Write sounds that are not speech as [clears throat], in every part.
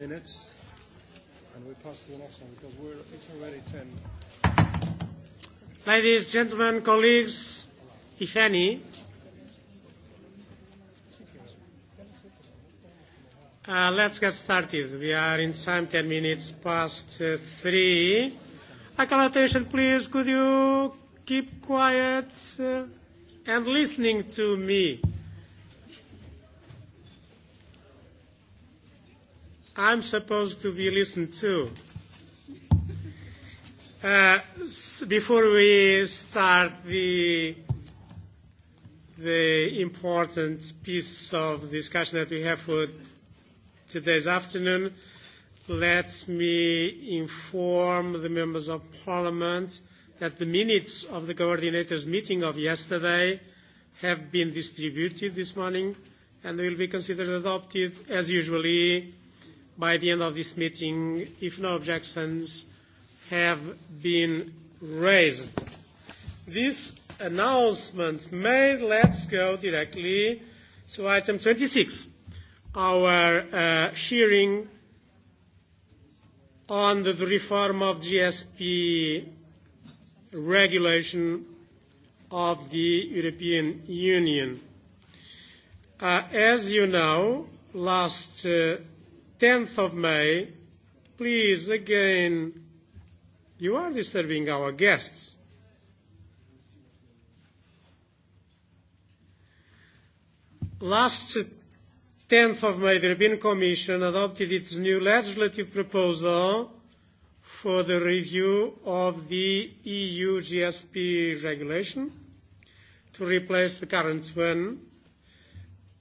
minutes and we pass to the next one because we're, it's already 10. Ladies, gentlemen, colleagues, if any, uh, let's get started. We are in time 10 minutes past uh, 3. I call attention, please. Could you keep quiet uh, and listening to me? I'm supposed to be listened to. Uh, before we start the the important piece of discussion that we have for today's afternoon, let me inform the members of parliament that the minutes of the coordinators' meeting of yesterday have been distributed this morning and will be considered adopted as usually by the end of this meeting, if no objections have been raised. This announcement made, let's go directly to item 26, our uh, hearing on the reform of GSP regulation of the European Union. Uh, as you know, last uh, 10th of May, please again, you are disturbing our guests. Last 10th of May, the European Commission adopted its new legislative proposal for the review of the EU GSP regulation to replace the current one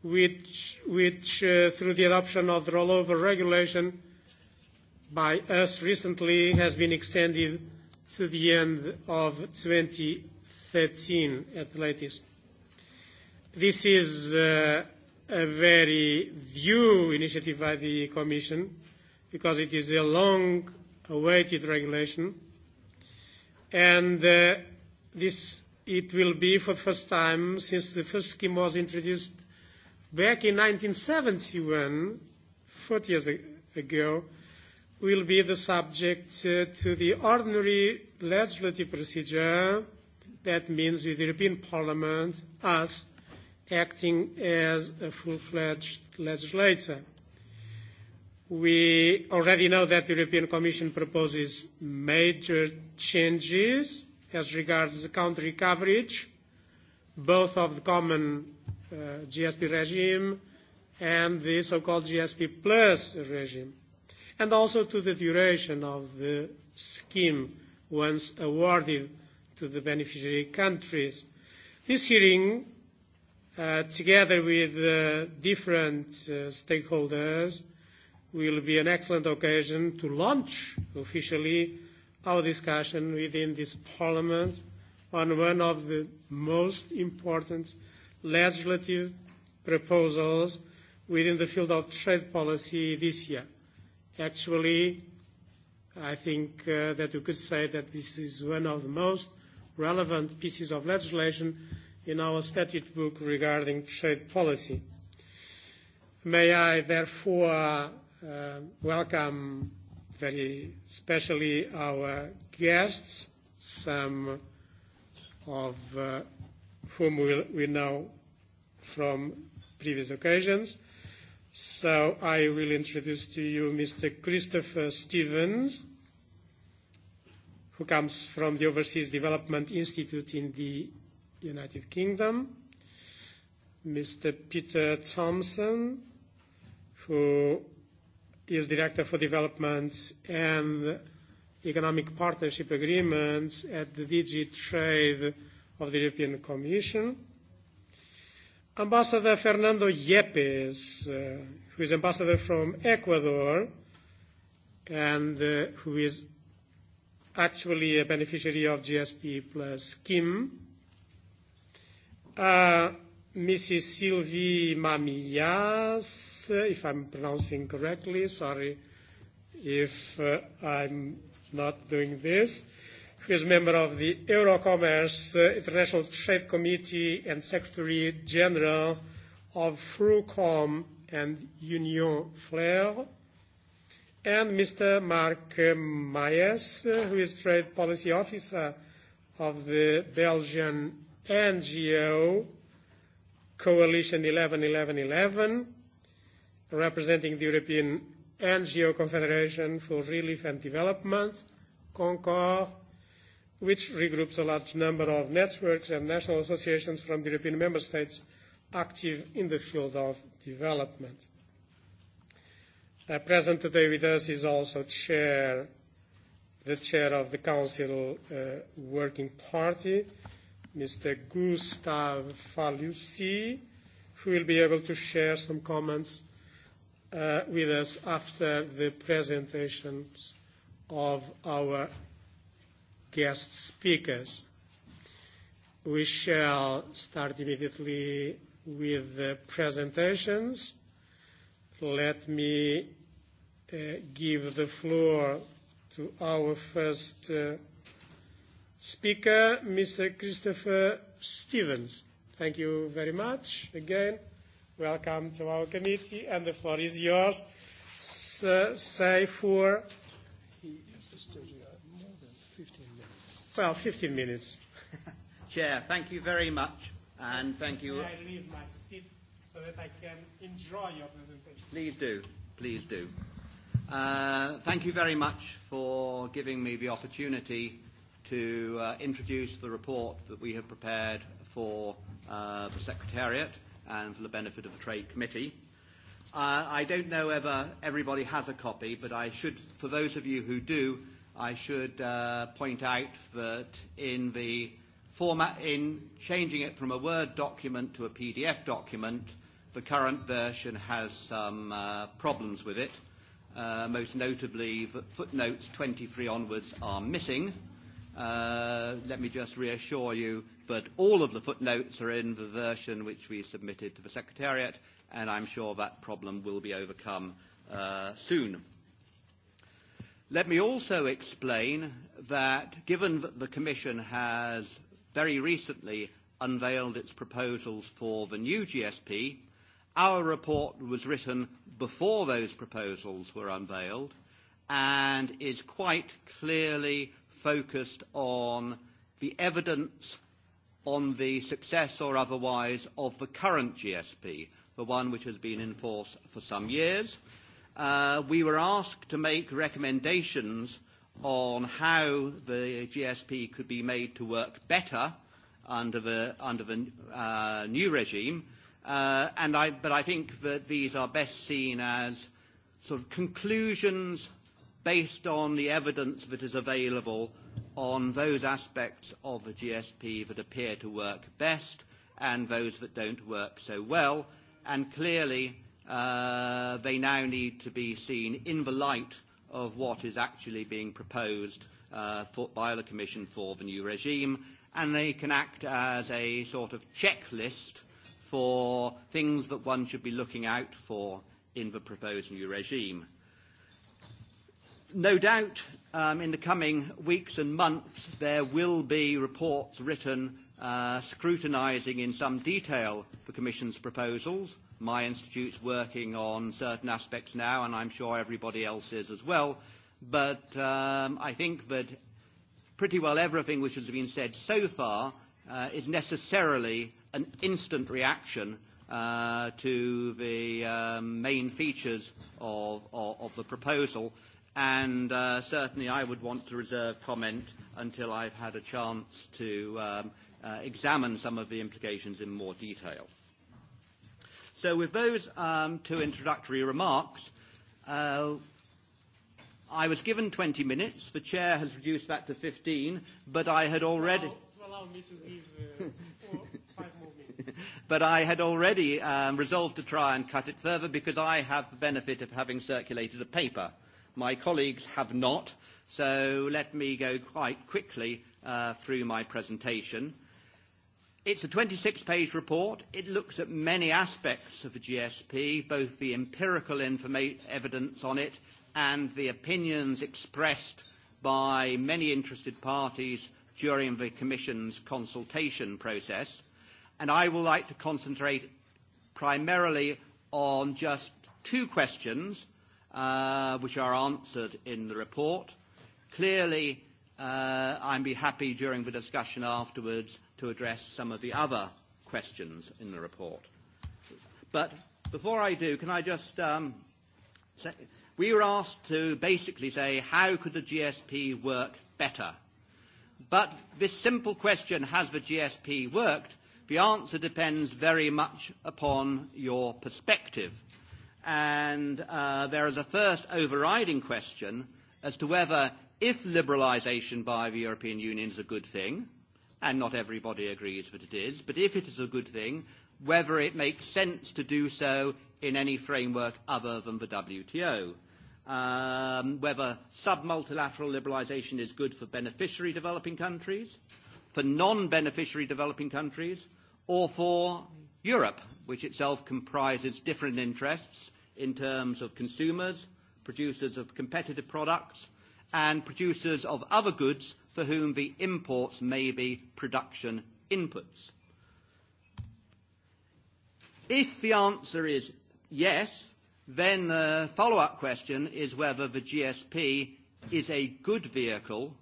which, which uh, through the adoption of the rollover regulation by us recently, has been extended to the end of 2013 at the latest. This is uh, a very new initiative by the Commission because it is a long-awaited regulation, and uh, this it will be for the first time since the first scheme was introduced back in 1971, 40 years ago, will be the subject uh, to the ordinary legislative procedure. That means the European Parliament, us, acting as a full-fledged legislator. We already know that the European Commission proposes major changes as regards the country coverage, both of the common uh, GSP regime and the so-called GSP plus regime, and also to the duration of the scheme once awarded to the beneficiary countries. This hearing, uh, together with uh, different uh, stakeholders, will be an excellent occasion to launch officially our discussion within this parliament on one of the most important legislative proposals within the field of trade policy this year. Actually, I think uh, that we could say that this is one of the most relevant pieces of legislation in our statute book regarding trade policy. May I therefore uh, welcome very specially our guests, some of uh, whom we, we know from previous occasions. So I will introduce to you Mr. Christopher Stevens, who comes from the Overseas Development Institute in the United Kingdom. Mr. Peter Thompson, who is Director for Developments and Economic Partnership Agreements at the DG Trade of the European Commission. Ambassador Fernando Yepes, uh, who is ambassador from Ecuador and uh, who is actually a beneficiary of GSP plus Kim, Uh, Mrs. Sylvie Mamillas, uh, if I'm pronouncing correctly, sorry if uh, I'm not doing this who is member of the Eurocommerce uh, International Trade Committee and Secretary General of FRUCOM and Union Flair, and Mr. Mark Mayes, uh, who is Trade Policy Officer of the Belgian NGO Coalition 111111, representing the European NGO Confederation for Relief and Development, CONCOR, which regroups a large number of networks and national associations from the European member states active in the field of development. Uh, present today with us is also chair, the chair of the Council uh, Working Party, Mr. Gustav Falusi, who will be able to share some comments uh, with us after the presentations of our guest speakers. We shall start immediately with the presentations. Let me uh, give the floor to our first uh, speaker, Mr. Christopher Stevens. Thank you very much again. Welcome to our committee, and the floor is yours. Say for Well, 15 minutes. [laughs] Chair, thank you very much, and thank you. May I leave my seat so that I can enjoy your presentation? Please do. Please do. Uh, thank you very much for giving me the opportunity to uh, introduce the report that we have prepared for uh, the Secretariat and for the benefit of the Trade Committee. Uh, I don't know whether everybody has a copy, but I should, for those of you who do, i should uh, point out that in the format, in changing it from a Word document to a PDF document, the current version has some uh, problems with it. Uh, most notably, that footnotes 23 onwards are missing. Uh, let me just reassure you that all of the footnotes are in the version which we submitted to the Secretariat, and I'm sure that problem will be overcome uh, soon. Let me also explain that given that the Commission has very recently unveiled its proposals for the new GSP, our report was written before those proposals were unveiled and is quite clearly focused on the evidence on the success or otherwise of the current GSP, the one which has been in force for some years, uh, we were asked to make recommendations on how the GSP could be made to work better under the, under the uh, new regime. Uh, and I, but I think that these are best seen as sort of conclusions based on the evidence that is available on those aspects of the GSP that appear to work best and those that don't work so well. And clearly, Uh, they now need to be seen in the light of what is actually being proposed uh, for, by the Commission for the new regime, and they can act as a sort of checklist for things that one should be looking out for in the proposed new regime. No doubt, um, in the coming weeks and months, there will be reports written uh, scrutinising in some detail the Commission's proposals, my institute's working on certain aspects now, and I'm sure everybody else is as well. But um, I think that pretty well everything which has been said so far uh, is necessarily an instant reaction uh, to the um, main features of, of, of the proposal. And uh, certainly I would want to reserve comment until I've had a chance to um, uh, examine some of the implications in more detail. So with those um, two introductory remarks, uh, I was given 20 minutes. The chair has reduced that to 15, but I had already... Allow, me to give uh, five more minutes. [laughs] but I had already um, resolved to try and cut it further because I have the benefit of having circulated a paper. My colleagues have not, so let me go quite quickly uh, through my presentation. It's a 26-page report. It looks at many aspects of the GSP, both the empirical evidence on it and the opinions expressed by many interested parties during the Commission's consultation process. And I would like to concentrate primarily on just two questions uh, which are answered in the report. Clearly, uh, I'd be happy during the discussion afterwards to address some of the other questions in the report. But before I do, can I just um, say, we were asked to basically say, how could the GSP work better? But this simple question, has the GSP worked, the answer depends very much upon your perspective. And uh, there is a first overriding question as to whether if liberalisation by the European Union is a good thing, and not everybody agrees that it is, but if it is a good thing, whether it makes sense to do so in any framework other than the WTO. Um, whether sub-multilateral liberalisation is good for beneficiary developing countries, for non-beneficiary developing countries, or for Europe, which itself comprises different interests in terms of consumers, producers of competitive products, and producers of other goods for whom the imports may be production inputs. If the answer is yes, then the follow-up question is whether the GSP is a good vehicle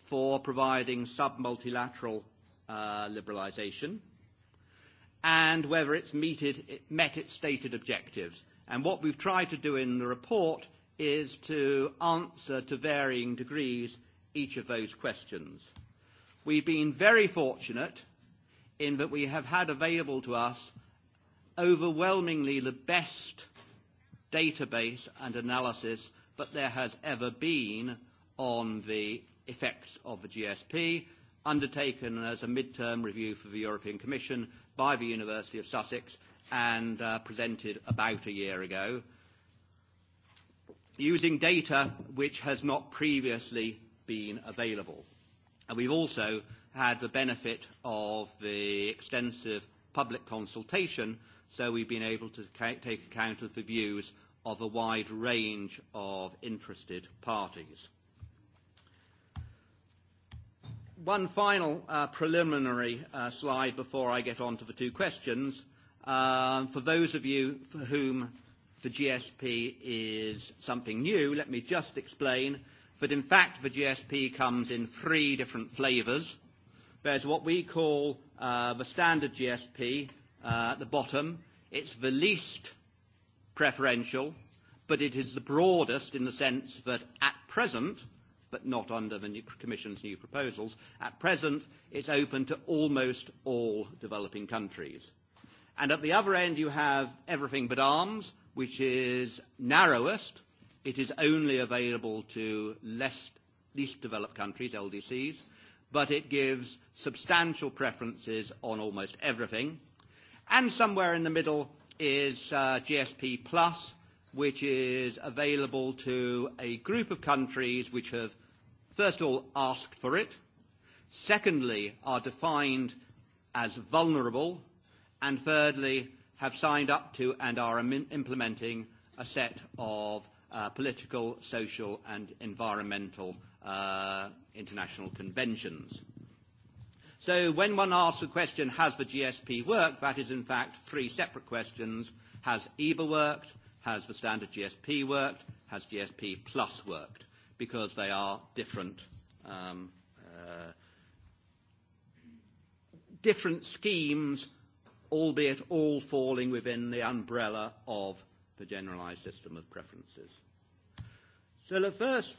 for providing sub-multilateral uh, liberalisation and whether it's meted, it met its stated objectives. And what we've tried to do in the report is to answer to varying degrees each of those questions. We've been very fortunate in that we have had available to us overwhelmingly the best database and analysis that there has ever been on the effects of the GSP, undertaken as a mid-term review for the European Commission by the University of Sussex and uh, presented about a year ago, using data which has not previously been available. And we've also had the benefit of the extensive public consultation, so we've been able to take account of the views of a wide range of interested parties. One final uh, preliminary uh, slide before I get on to the two questions. Uh, for those of you for whom the GSP is something new, let me just explain that in fact, the GSP comes in three different flavors. There's what we call uh, the standard GSP uh, at the bottom. It's the least preferential, but it is the broadest in the sense that at present, but not under the new Commission's new proposals, at present it's open to almost all developing countries. And at the other end you have everything but arms, which is narrowest, It is only available to less, least developed countries, LDCs, but it gives substantial preferences on almost everything. And somewhere in the middle is uh, GSP Plus, which is available to a group of countries which have, first of all, asked for it, secondly, are defined as vulnerable, and thirdly, have signed up to and are implementing a set of Uh, political, social and environmental uh, international conventions. So when one asks the question, has the GSP worked, that is in fact three separate questions. Has EBA worked? Has the standard GSP worked? Has GSP plus worked? Because they are different, um, uh, different schemes, albeit all falling within the umbrella of the generalized system of preferences. So the first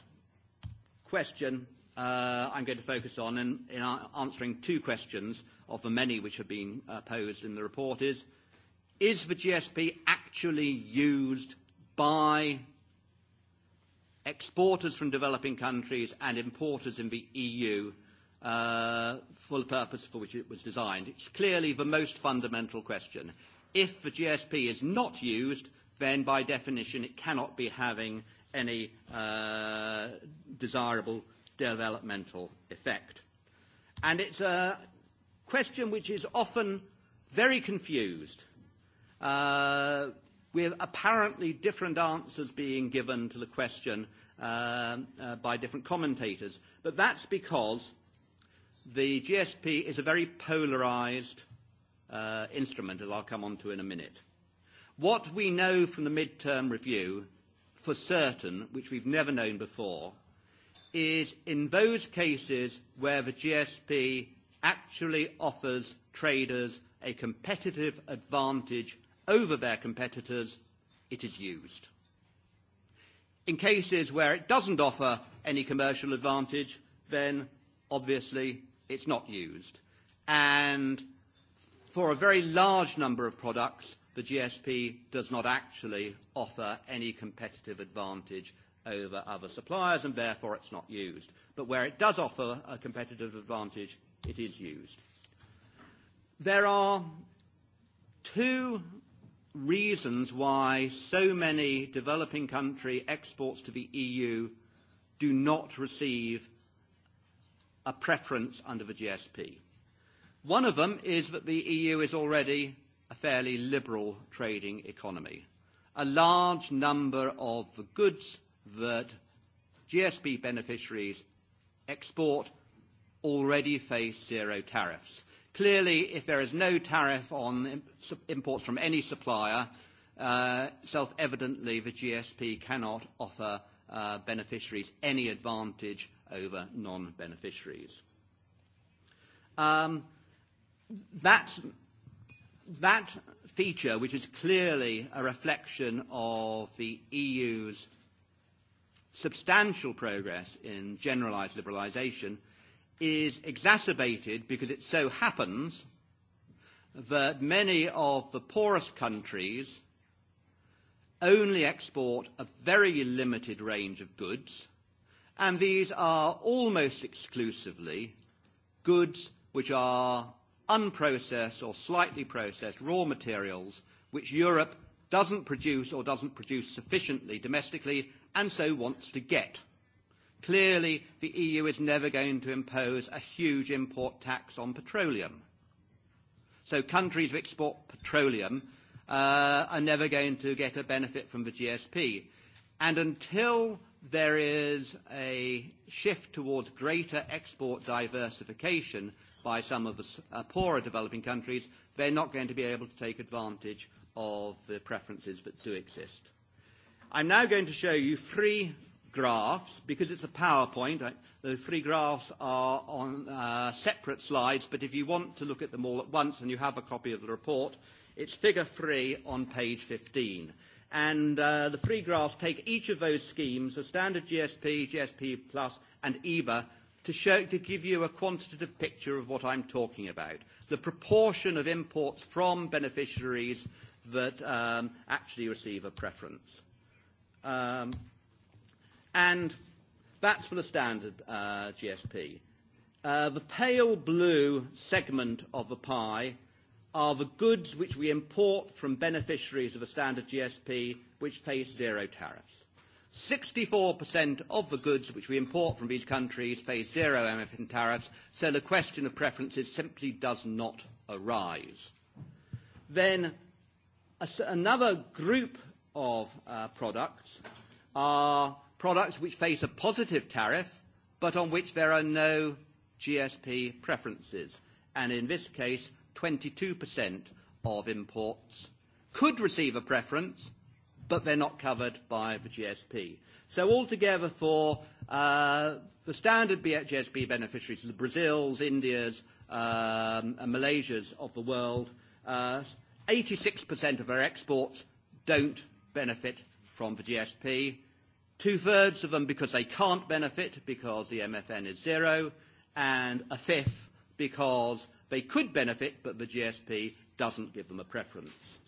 question uh, I'm going to focus on in, in answering two questions of the many which have been uh, posed in the report is, is the GSP actually used by exporters from developing countries and importers in the EU uh, for the purpose for which it was designed? It's clearly the most fundamental question. If the GSP is not used, then by definition it cannot be having any uh, desirable developmental effect. And it's a question which is often very confused, uh, with apparently different answers being given to the question uh, uh, by different commentators. But that's because the GSP is a very polarized uh, instrument, as I'll come on to in a minute. What we know from the midterm review for certain, which we've never known before, is in those cases where the GSP actually offers traders a competitive advantage over their competitors, it is used. In cases where it doesn't offer any commercial advantage, then obviously it's not used. And for a very large number of products, the GSP does not actually offer any competitive advantage over other suppliers, and therefore it's not used. But where it does offer a competitive advantage, it is used. There are two reasons why so many developing country exports to the EU do not receive a preference under the GSP. One of them is that the EU is already a fairly liberal trading economy. A large number of the goods that GSP beneficiaries export already face zero tariffs. Clearly, if there is no tariff on imports from any supplier, uh, self-evidently, the GSP cannot offer uh, beneficiaries any advantage over non-beneficiaries. Um, that, that feature, which is clearly a reflection of the EU's substantial progress in generalised liberalisation, is exacerbated because it so happens that many of the poorest countries only export a very limited range of goods, and these are almost exclusively goods which are unprocessed or slightly processed raw materials which Europe doesn't produce or doesn't produce sufficiently domestically and so wants to get. Clearly, the EU is never going to impose a huge import tax on petroleum. So countries that export petroleum uh, are never going to get a benefit from the GSP. And until there is a shift towards greater export diversification by some of the uh, poorer developing countries, they're not going to be able to take advantage of the preferences that do exist. I'm now going to show you three graphs because it's a PowerPoint. I, the three graphs are on uh, separate slides, but if you want to look at them all at once and you have a copy of the report, it's figure three on page 15 and uh, the free graphs take each of those schemes, a standard GSP, GSP Plus, and EBA, to, show, to give you a quantitative picture of what I'm talking about. The proportion of imports from beneficiaries that um, actually receive a preference. Um, and that's for the standard uh, GSP. Uh, the pale blue segment of the pie are the goods which we import from beneficiaries of a standard GSP which face zero tariffs. 64% of the goods which we import from these countries face zero MFN tariffs, so the question of preferences simply does not arise. Then another group of uh, products are products which face a positive tariff, but on which there are no GSP preferences. And in this case, 22% of imports could receive a preference, but they're not covered by the GSP. So altogether for uh, the standard GSP beneficiaries, the Brazils, Indias, um, and Malaysias of the world, uh, 86% of their exports don't benefit from the GSP. Two-thirds of them because they can't benefit because the MFN is zero, and a fifth because They could benefit, but the GSP doesn't give them a preference.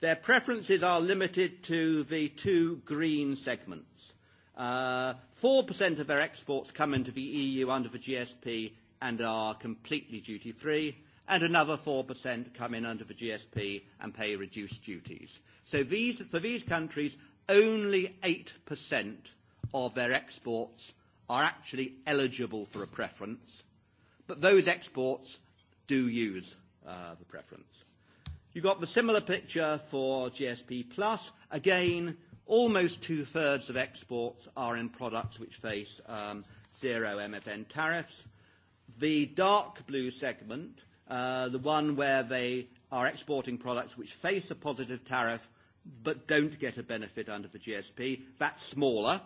Their preferences are limited to the two green segments. Uh, 4% of their exports come into the EU under the GSP and are completely duty-free, and another 4% come in under the GSP and pay reduced duties. So these, for these countries, only 8% of their exports are actually eligible for a preference, but those exports do use uh, the preference. You've got the similar picture for GSP+. Plus. Again, almost two-thirds of exports are in products which face um, zero MFN tariffs. The dark blue segment, uh, the one where they are exporting products which face a positive tariff but don't get a benefit under the GSP, that's smaller,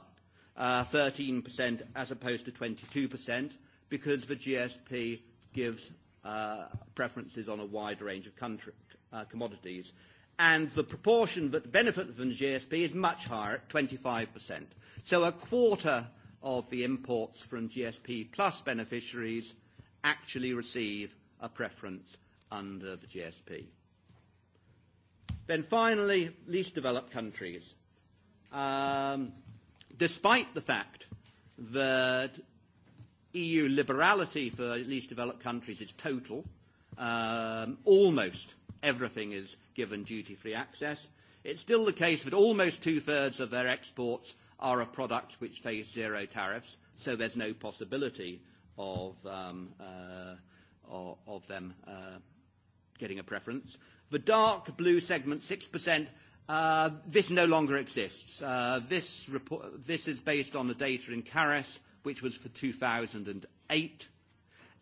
uh, 13% as opposed to 22%, because the GSP gives uh, preferences on a wide range of country, uh, commodities. And the proportion that benefit from the GSP is much higher at 25%. So a quarter of the imports from GSP plus beneficiaries actually receive a preference under the GSP. Then finally, least developed countries. Um, despite the fact that EU liberality for least developed countries is total. Um, almost everything is given duty-free access. It's still the case that almost two-thirds of their exports are a product which face zero tariffs, so there's no possibility of, um, uh, of, of them uh, getting a preference. The dark blue segment, 6%, uh, this no longer exists. Uh, This, report, this is based on the data in CARES, which was for 2008.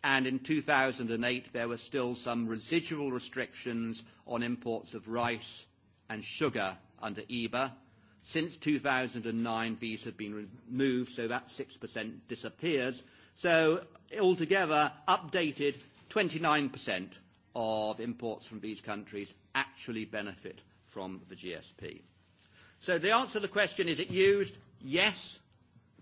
And in 2008, there were still some residual restrictions on imports of rice and sugar under EBA. Since 2009, these have been removed, so that 6% disappears. So altogether, updated, 29% of imports from these countries actually benefit from the GSP. So the answer to the question, is it used? Yes,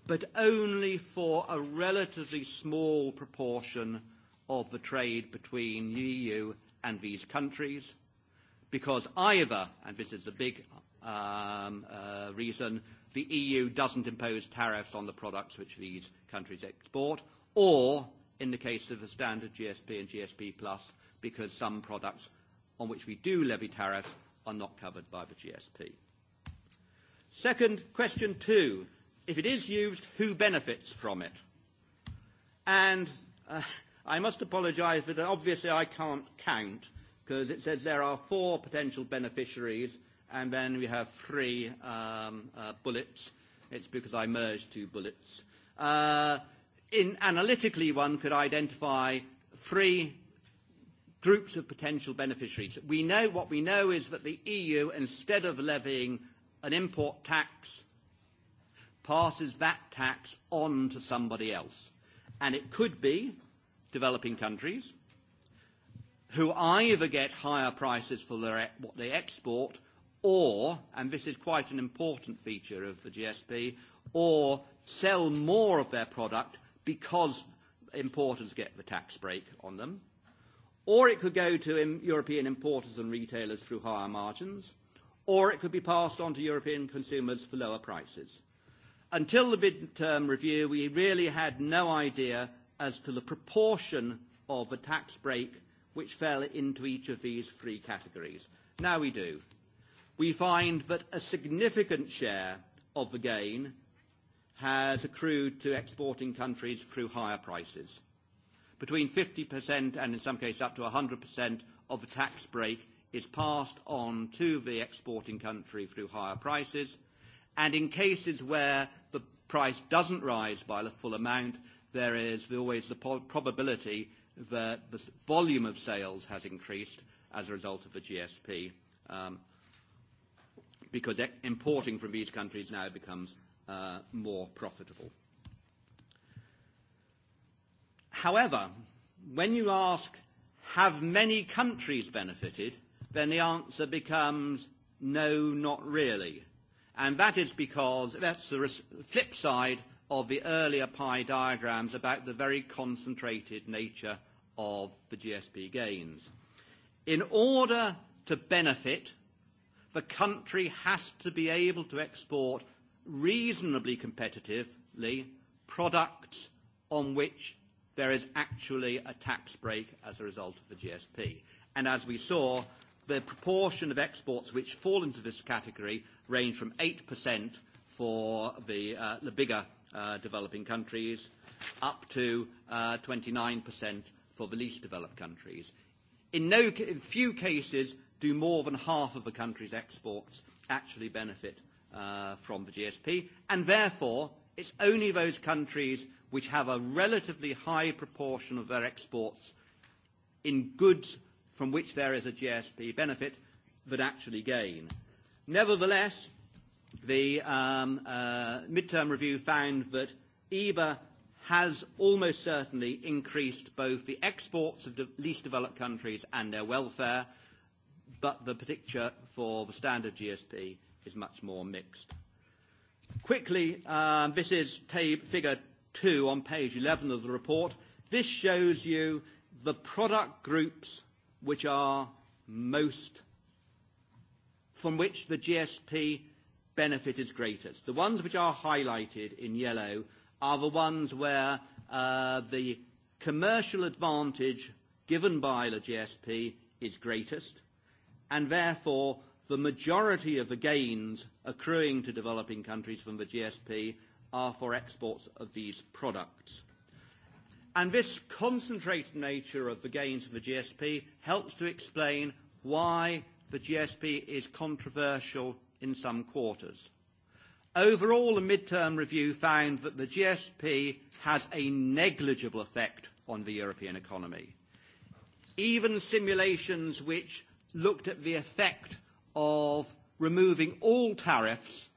but only for a relatively small proportion of the trade between the EU and these countries, because either, and this is the big um, uh, reason, the EU doesn't impose tariffs on the products which these countries export, or in the case of the standard GSP and GSP Plus, because some products on which we do levy tariffs are not covered by the GSP. Second, question two, if it is used, who benefits from it? And uh, [laughs] I must apologize, but obviously I can't count because it says there are four potential beneficiaries and then we have three um, uh, bullets. It's because I merged two bullets. Uh, in analytically, one could identify three groups of potential beneficiaries. We know what we know is that the EU, instead of levying an import tax passes that tax on to somebody else. And it could be developing countries who either get higher prices for their, what they export or, and this is quite an important feature of the GSP, or sell more of their product because importers get the tax break on them. Or it could go to um, European importers and retailers through higher margins. Or it could be passed on to European consumers for lower prices. Until the mid-term review, we really had no idea as to the proportion of the tax break which fell into each of these three categories. Now we do. We find that a significant share of the gain has accrued to exporting countries through higher prices. Between 50% and in some cases up to 100% of the tax break is passed on to the exporting country through higher prices – And in cases where the price doesn't rise by the full amount, there is always the probability that the volume of sales has increased as a result of the GSP, um, because e-, importing from these countries now becomes uh, more profitable. However, when you ask, have many countries benefited, then the answer becomes, no, not really. And that is because that's the flip side of the earlier pie diagrams about the very concentrated nature of the GSP gains. In order to benefit, the country has to be able to export reasonably competitively products on which there is actually a tax break as a result of the GSP. And as we saw, the proportion of exports which fall into this category range from 8% for the, uh, the bigger uh, developing countries up to uh, 29% for the least developed countries. In, no, in few cases do more than half of a country's exports actually benefit uh, from the GSP, and therefore it's only those countries which have a relatively high proportion of their exports in goods from which there is a GSP benefit that actually gain. Nevertheless, the um, uh, midterm review found that EBA has almost certainly increased both the exports of de least developed countries and their welfare, but the picture for the standard GSP is much more mixed. Quickly, um, this is tab- figure two on page 11 of the report. This shows you the product groups which are most from which the GSP benefit is greatest. The ones which are highlighted in yellow are the ones where uh, the commercial advantage given by the GSP is greatest, and therefore the majority of the gains accruing to developing countries from the GSP are for exports of these products. And this concentrated nature of the gains from the GSP helps to explain why for GSP is controversial in some quarters. Overall, the midterm review found that the GSP has a negligible effect on the European economy. Even simulations which looked at the effect of removing all tariffs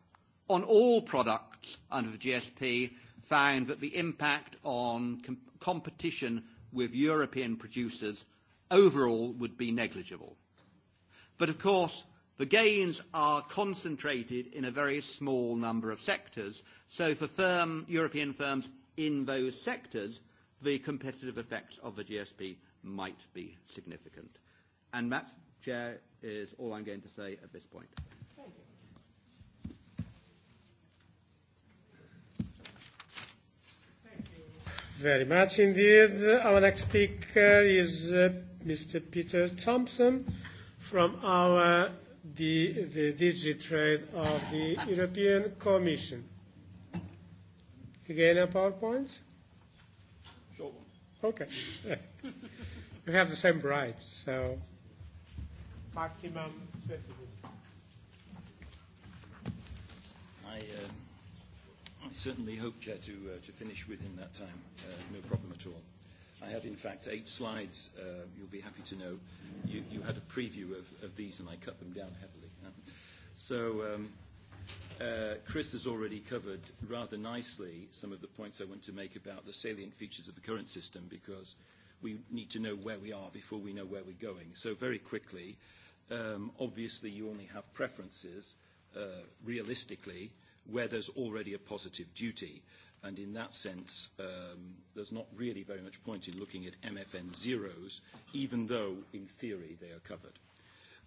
on all products under the GSP found that the impact on com competition with European producers overall would be negligible. But of course, the gains are concentrated in a very small number of sectors. So for firm, European firms in those sectors, the competitive effects of the GSP might be significant. And that, Chair, is all I'm going to say at this point. very much indeed. Our next speaker is uh, Mr. Peter Thompson from our the, the Digitrade of the European Commission. Again, a PowerPoint? Sure. Okay. [laughs] we have the same bribe, so maximum 20 I, uh, I certainly hope, Chair, to, uh, to finish within that time. Uh, no problem at all. I had, in fact, eight slides, uh, you'll be happy to know. You, you had a preview of, of these, and I cut them down heavily. So um, uh, Chris has already covered rather nicely some of the points I want to make about the salient features of the current system, because we need to know where we are before we know where we're going. So very quickly, um, obviously you only have preferences, uh, realistically, where there's already a positive duty and in that sense, um, there's not really very much point in looking at MFN zeros, even though in theory they are covered.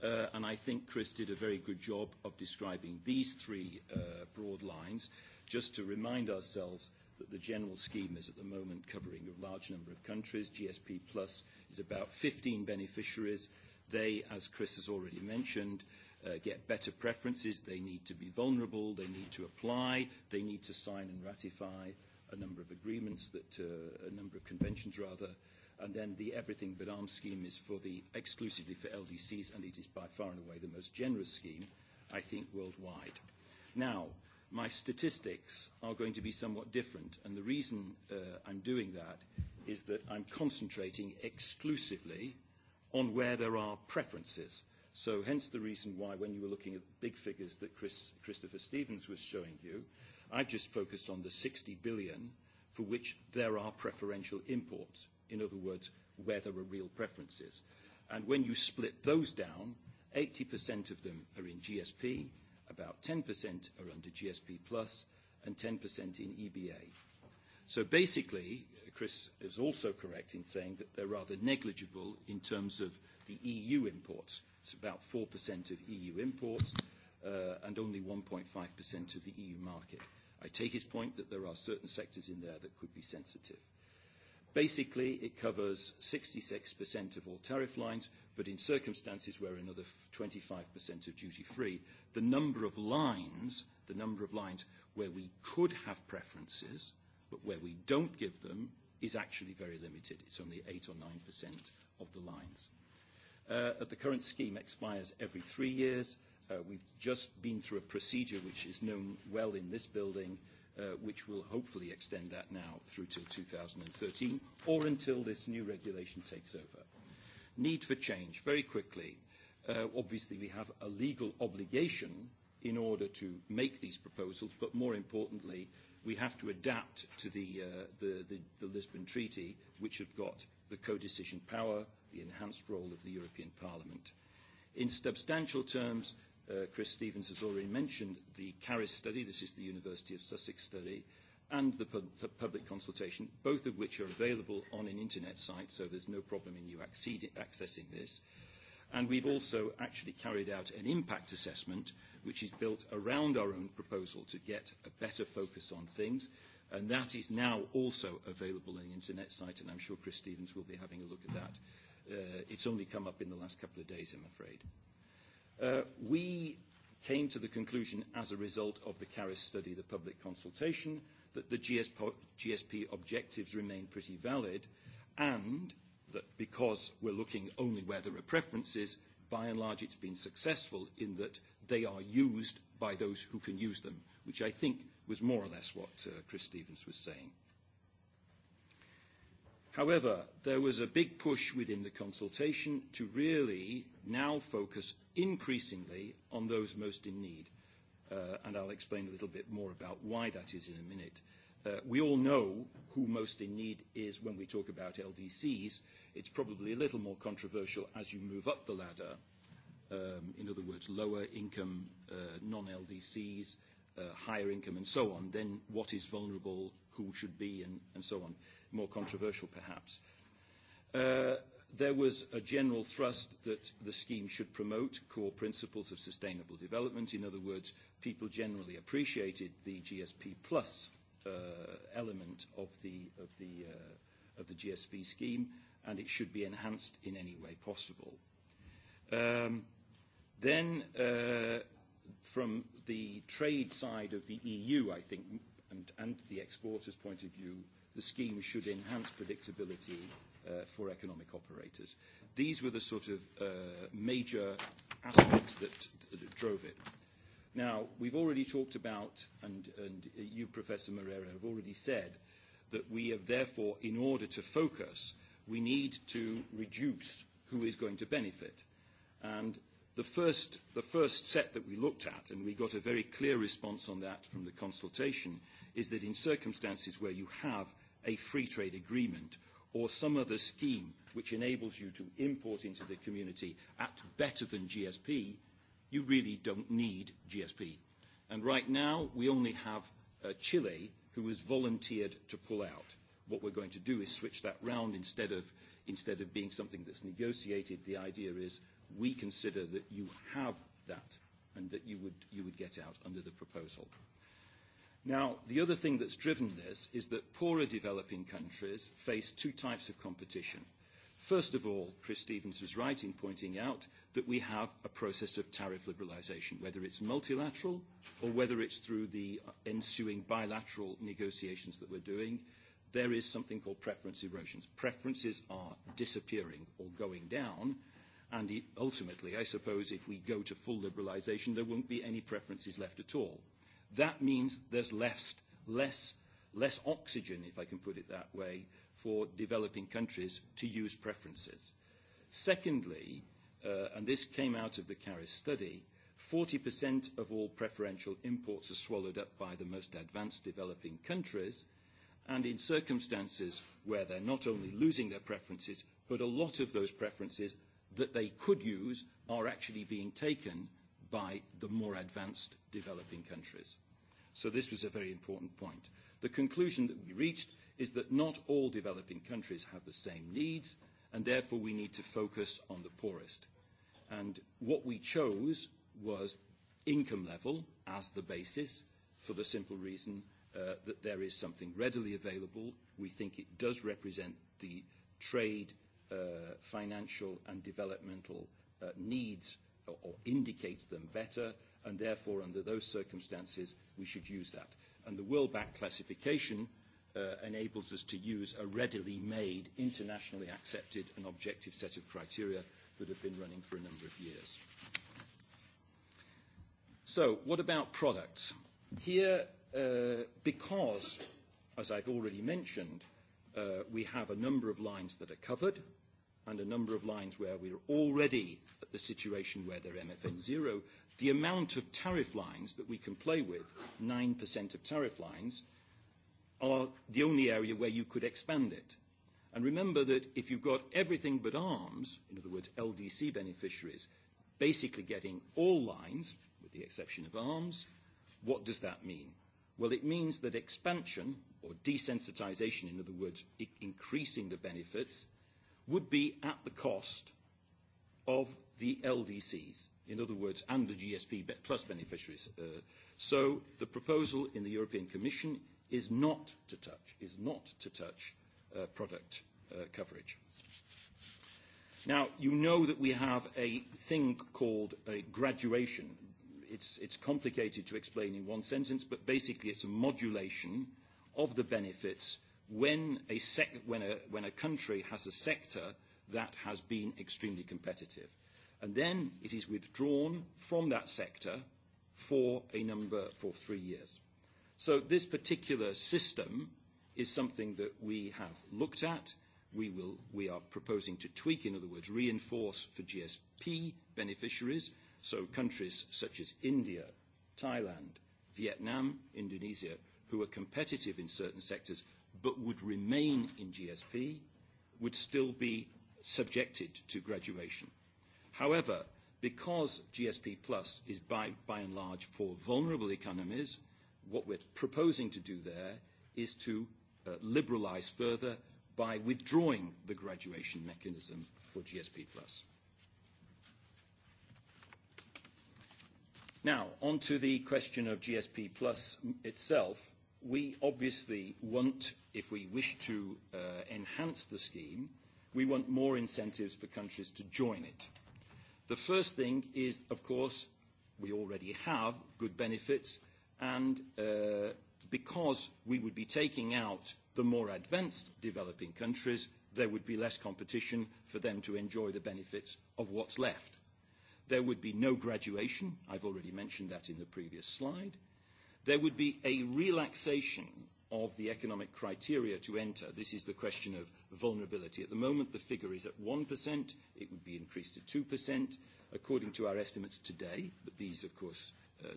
Uh, and I think Chris did a very good job of describing these three uh, broad lines, just to remind ourselves that the general scheme is at the moment covering a large number of countries. GSP Plus is about 15 beneficiaries. They, as Chris has already mentioned, uh, uh, get better preferences, they need to be vulnerable, they need to apply, they need to sign and ratify a number of agreements, that, uh, a number of conventions rather, and then the everything but arms scheme is for the exclusively for LDCs, and it is by far and away the most generous scheme, I think, worldwide. Now, my statistics are going to be somewhat different, and the reason uh, I'm doing that is that I'm concentrating exclusively on where there are preferences. So hence the reason why when you were looking at the big figures that Chris, Christopher Stevens was showing you, I've just focused on the 60 billion for which there are preferential imports. In other words, where there are real preferences. And when you split those down, 80% of them are in GSP, about 10% are under GSP plus, and 10% in EBA. So basically, Chris is also correct in saying that they're rather negligible in terms of the EU imports. It's about 4% of EU imports uh, and only 1.5% of the EU market. I take his point that there are certain sectors in there that could be sensitive. Basically, it covers 66% of all tariff lines, but in circumstances where another 25% are duty-free, the number of lines, the number of lines where we could have preferences, but where we don't give them, is actually very limited. It's only 8 or 9% of the lines. At uh, the current scheme expires every three years. Uh, we've just been through a procedure which is known well in this building, uh, which will hopefully extend that now through to 2013 or until this new regulation takes over. Need for change. Very quickly, uh, obviously we have a legal obligation in order to make these proposals, but more importantly, we have to adapt to the, uh, the, the, the Lisbon Treaty, which have got the co-decision power, the enhanced role of the European Parliament. In substantial terms, uh, Chris Stevens has already mentioned the CARIS study, this is the University of Sussex study, and the, pub the public consultation, both of which are available on an internet site, so there's no problem in you accessing this. And we've also actually carried out an impact assessment, which is built around our own proposal to get a better focus on things and that is now also available on the internet site, and I'm sure Chris Stevens will be having a look at that. Uh, it's only come up in the last couple of days, I'm afraid. Uh, we came to the conclusion as a result of the CARIS study, the public consultation, that the GSP, GSP objectives remain pretty valid and that because we're looking only where there are preferences, by and large it's been successful in that they are used by those who can use them, which I think was more or less what uh, Chris Stevens was saying. However, there was a big push within the consultation to really now focus increasingly on those most in need. Uh, and I'll explain a little bit more about why that is in a minute. Uh, we all know who most in need is when we talk about LDCs. It's probably a little more controversial as you move up the ladder. Um, in other words, lower income uh, non-LDCs, uh, higher income and so on, then what is vulnerable, who should be, and, and so on. More controversial, perhaps. Uh, there was a general thrust that the scheme should promote core principles of sustainable development. In other words, people generally appreciated the GSP plus uh, element of the, of, the, uh, of the GSP scheme, and it should be enhanced in any way possible. Um, then uh, from the trade side of the EU, I think, and, and the exporters' point of view, the scheme should enhance predictability uh, for economic operators. These were the sort of uh, major aspects that, that drove it. Now, we've already talked about, and, and you, Professor Moreira, have already said that we have therefore, in order to focus, we need to reduce who is going to benefit. And The first, the first set that we looked at, and we got a very clear response on that from the consultation, is that in circumstances where you have a free trade agreement or some other scheme which enables you to import into the community at better than GSP, you really don't need GSP. And right now, we only have uh, Chile who has volunteered to pull out. What we're going to do is switch that round instead of, instead of being something that's negotiated. The idea is we consider that you have that and that you would, you would get out under the proposal. Now, the other thing that's driven this is that poorer developing countries face two types of competition. First of all, Chris Stevens was right in pointing out that we have a process of tariff liberalisation, whether it's multilateral or whether it's through the ensuing bilateral negotiations that we're doing. There is something called preference erosions. Preferences are disappearing or going down, And ultimately, I suppose, if we go to full liberalisation, there won't be any preferences left at all. That means there's less, less, less oxygen, if I can put it that way, for developing countries to use preferences. Secondly, uh, and this came out of the CARIS study, 40% of all preferential imports are swallowed up by the most advanced developing countries, and in circumstances where they're not only losing their preferences, but a lot of those preferences that they could use are actually being taken by the more advanced developing countries. So this was a very important point. The conclusion that we reached is that not all developing countries have the same needs, and therefore we need to focus on the poorest. And what we chose was income level as the basis for the simple reason uh, that there is something readily available. We think it does represent the trade uh, financial and developmental uh, needs or, or indicates them better, and therefore, under those circumstances, we should use that. And the World Bank classification uh, enables us to use a readily made, internationally accepted and objective set of criteria that have been running for a number of years. So what about products? Here, uh, because, as I've already mentioned, uh, we have a number of lines that are covered and a number of lines where we're already at the situation where they're MFN zero. The amount of tariff lines that we can play with, 9% of tariff lines, are the only area where you could expand it. And remember that if you've got everything but arms, in other words, LDC beneficiaries, basically getting all lines, with the exception of arms, what does that mean? Well, it means that expansion, or desensitization, in other words, I- increasing the benefits, would be at the cost of the LDCs, in other words, and the GSP plus beneficiaries. Uh, so the proposal in the European Commission is not to touch, is not to touch uh, product uh, coverage. Now, you know that we have a thing called a graduation it's, it's complicated to explain in one sentence, but basically it's a modulation of the benefits when a, sec- when a, when a country has a sector that has been extremely competitive. And then it is withdrawn from that sector for a number for three years. So this particular system is something that we have looked at. We, will, we are proposing to tweak, in other words, reinforce for GSP beneficiaries – So countries such as India, Thailand, Vietnam, Indonesia, who are competitive in certain sectors but would remain in GSP, would still be subjected to graduation. However, because GSP Plus is by, by and large for vulnerable economies, what we're proposing to do there is to uh, liberalize further by withdrawing the graduation mechanism for GSP Plus. Now, on to the question of GSP Plus itself. We obviously want, if we wish to uh, enhance the scheme, we want more incentives for countries to join it. The first thing is, of course, we already have good benefits, and uh, because we would be taking out the more advanced developing countries, there would be less competition for them to enjoy the benefits of what's left. There would be no graduation. I've already mentioned that in the previous slide. There would be a relaxation of the economic criteria to enter. This is the question of vulnerability. At the moment, the figure is at 1%. It would be increased to 2%, according to our estimates today. But these, of course, uh,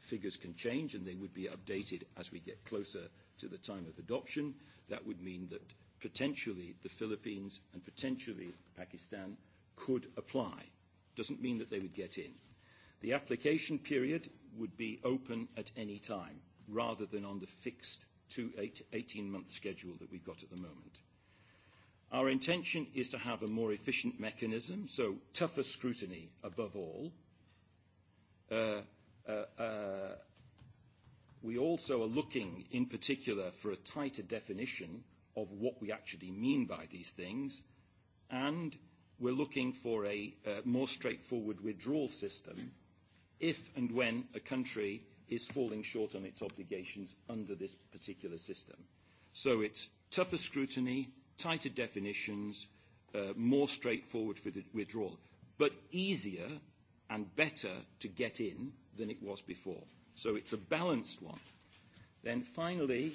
figures can change, and they would be updated as we get closer to the time of adoption. That would mean that potentially the Philippines and potentially Pakistan could apply Doesn't mean that they would get in. The application period would be open at any time rather than on the fixed two, eight, 18-month schedule that we've got at the moment. Our intention is to have a more efficient mechanism, so tougher scrutiny above all. Uh, uh, uh, we also are looking in particular for a tighter definition of what we actually mean by these things and we're looking for a uh, more straightforward withdrawal system if and when a country is falling short on its obligations under this particular system. So it's tougher scrutiny, tighter definitions, uh, more straightforward for the withdrawal, but easier and better to get in than it was before. So it's a balanced one. Then finally,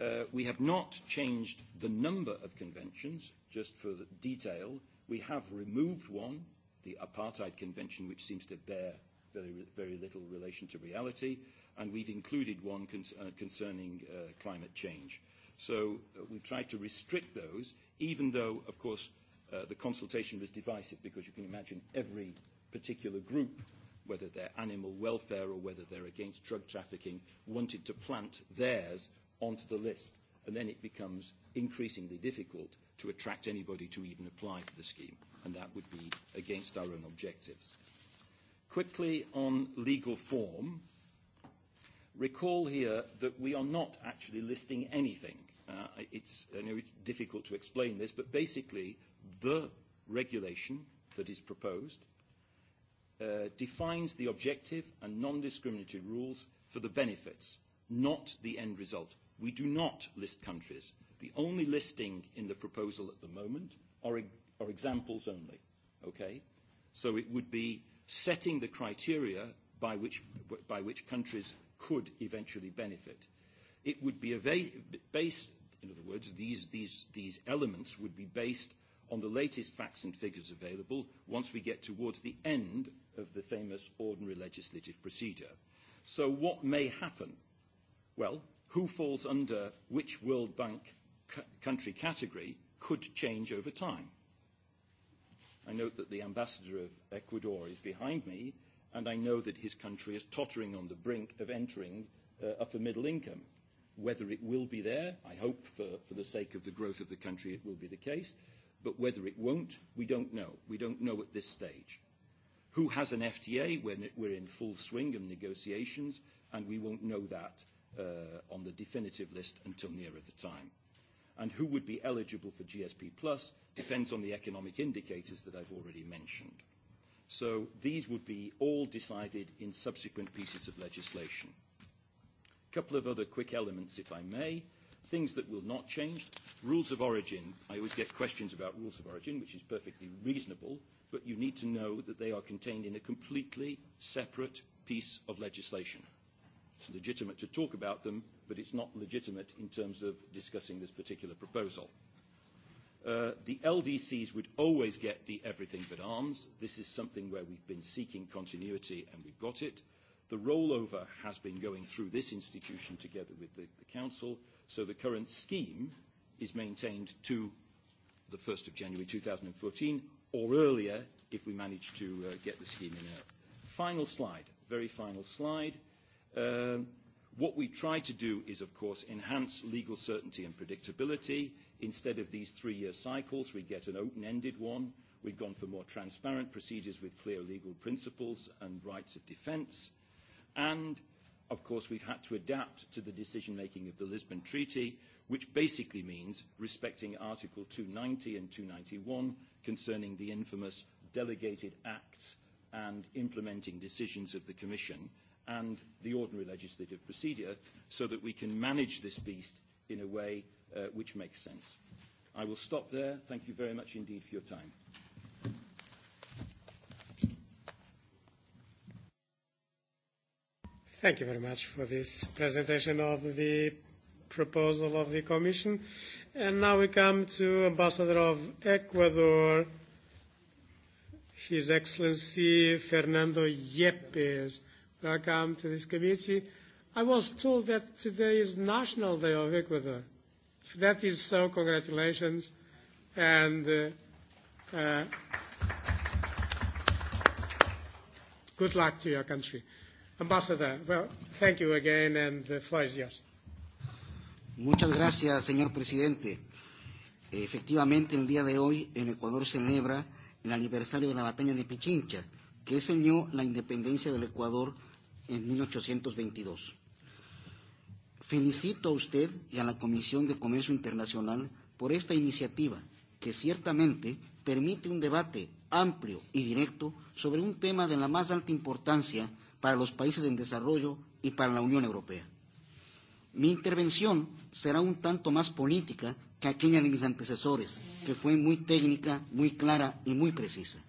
uh, we have not changed the number of conventions, just for the detail. We have removed one, the Apartheid Convention, which seems to bear very, very little relation to reality, and we've included one con- uh, concerning uh, climate change. So uh, we tried to restrict those, even though, of course, uh, the consultation was divisive because you can imagine every particular group, whether they're animal welfare or whether they're against drug trafficking, wanted to plant theirs onto the list. And then it becomes increasingly difficult to attract anybody to even apply for the scheme, and that would be against our own objectives. Quickly on legal form, recall here that we are not actually listing anything. Uh, it's, I know it's difficult to explain this, but basically the regulation that is proposed uh, defines the objective and non-discriminatory rules for the benefits, not the end result. We do not list countries. The only listing in the proposal at the moment are, e, are examples only. Okay? So it would be setting the criteria by which, by which countries could eventually benefit. It would be based, in other words, these, these, these elements would be based on the latest facts and figures available once we get towards the end of the famous ordinary legislative procedure. So what may happen? Well, who falls under which World Bank country category could change over time. I note that the ambassador of Ecuador is behind me, and I know that his country is tottering on the brink of entering uh, upper middle income. Whether it will be there, I hope for, for the sake of the growth of the country it will be the case, but whether it won't, we don't know. We don't know at this stage. Who has an FTA when we're in full swing of negotiations, and we won't know that uh, on the definitive list until nearer the time and who would be eligible for GSP Plus depends on the economic indicators that I've already mentioned. So these would be all decided in subsequent pieces of legislation. A couple of other quick elements, if I may. Things that will not change. Rules of origin. I always get questions about rules of origin, which is perfectly reasonable, but you need to know that they are contained in a completely separate piece of legislation. It's legitimate to talk about them, but it's not legitimate in terms of discussing this particular proposal. Uh, the LDCs would always get the everything but arms. This is something where we've been seeking continuity and we've got it. The rollover has been going through this institution together with the, the Council, so the current scheme is maintained to the 1st of January 2014 or earlier if we manage to uh, get the scheme in there. Final slide, very final slide. Um, uh, What we've tried to do is, of course, enhance legal certainty and predictability. Instead of these three-year cycles, we get an open-ended one. We've gone for more transparent procedures with clear legal principles and rights of defence. And, of course, we've had to adapt to the decision-making of the Lisbon Treaty, which basically means respecting Article 290 and 291 concerning the infamous delegated acts and implementing decisions of the Commission – and the ordinary legislative procedure so that we can manage this beast in a way uh, which makes sense. I will stop there. Thank you very much indeed for your time. Thank you very much for this presentation of the proposal of the Commission. And now we come to Ambassador of Ecuador, His Excellency Fernando Yepes. Welcome to this committee. I was told that today is National Day of Ecuador. If that is so, congratulations. And uh, uh, good luck to your country. Ambassador, well, thank you again, and the floor is yours. Muchas gracias, señor presidente. Efectivamente, el día de hoy en Ecuador celebra el aniversario de la batalla de Pichincha, que enseñó la independencia del Ecuador en 1822. Felicito a usted y a la Comisión de Comercio Internacional por esta iniciativa que ciertamente permite un debate amplio y directo sobre un tema de la más alta importancia para los países en desarrollo y para la Unión Europea. Mi intervención será un tanto más política que aquella de mis antecesores, que fue muy técnica, muy clara y muy precisa.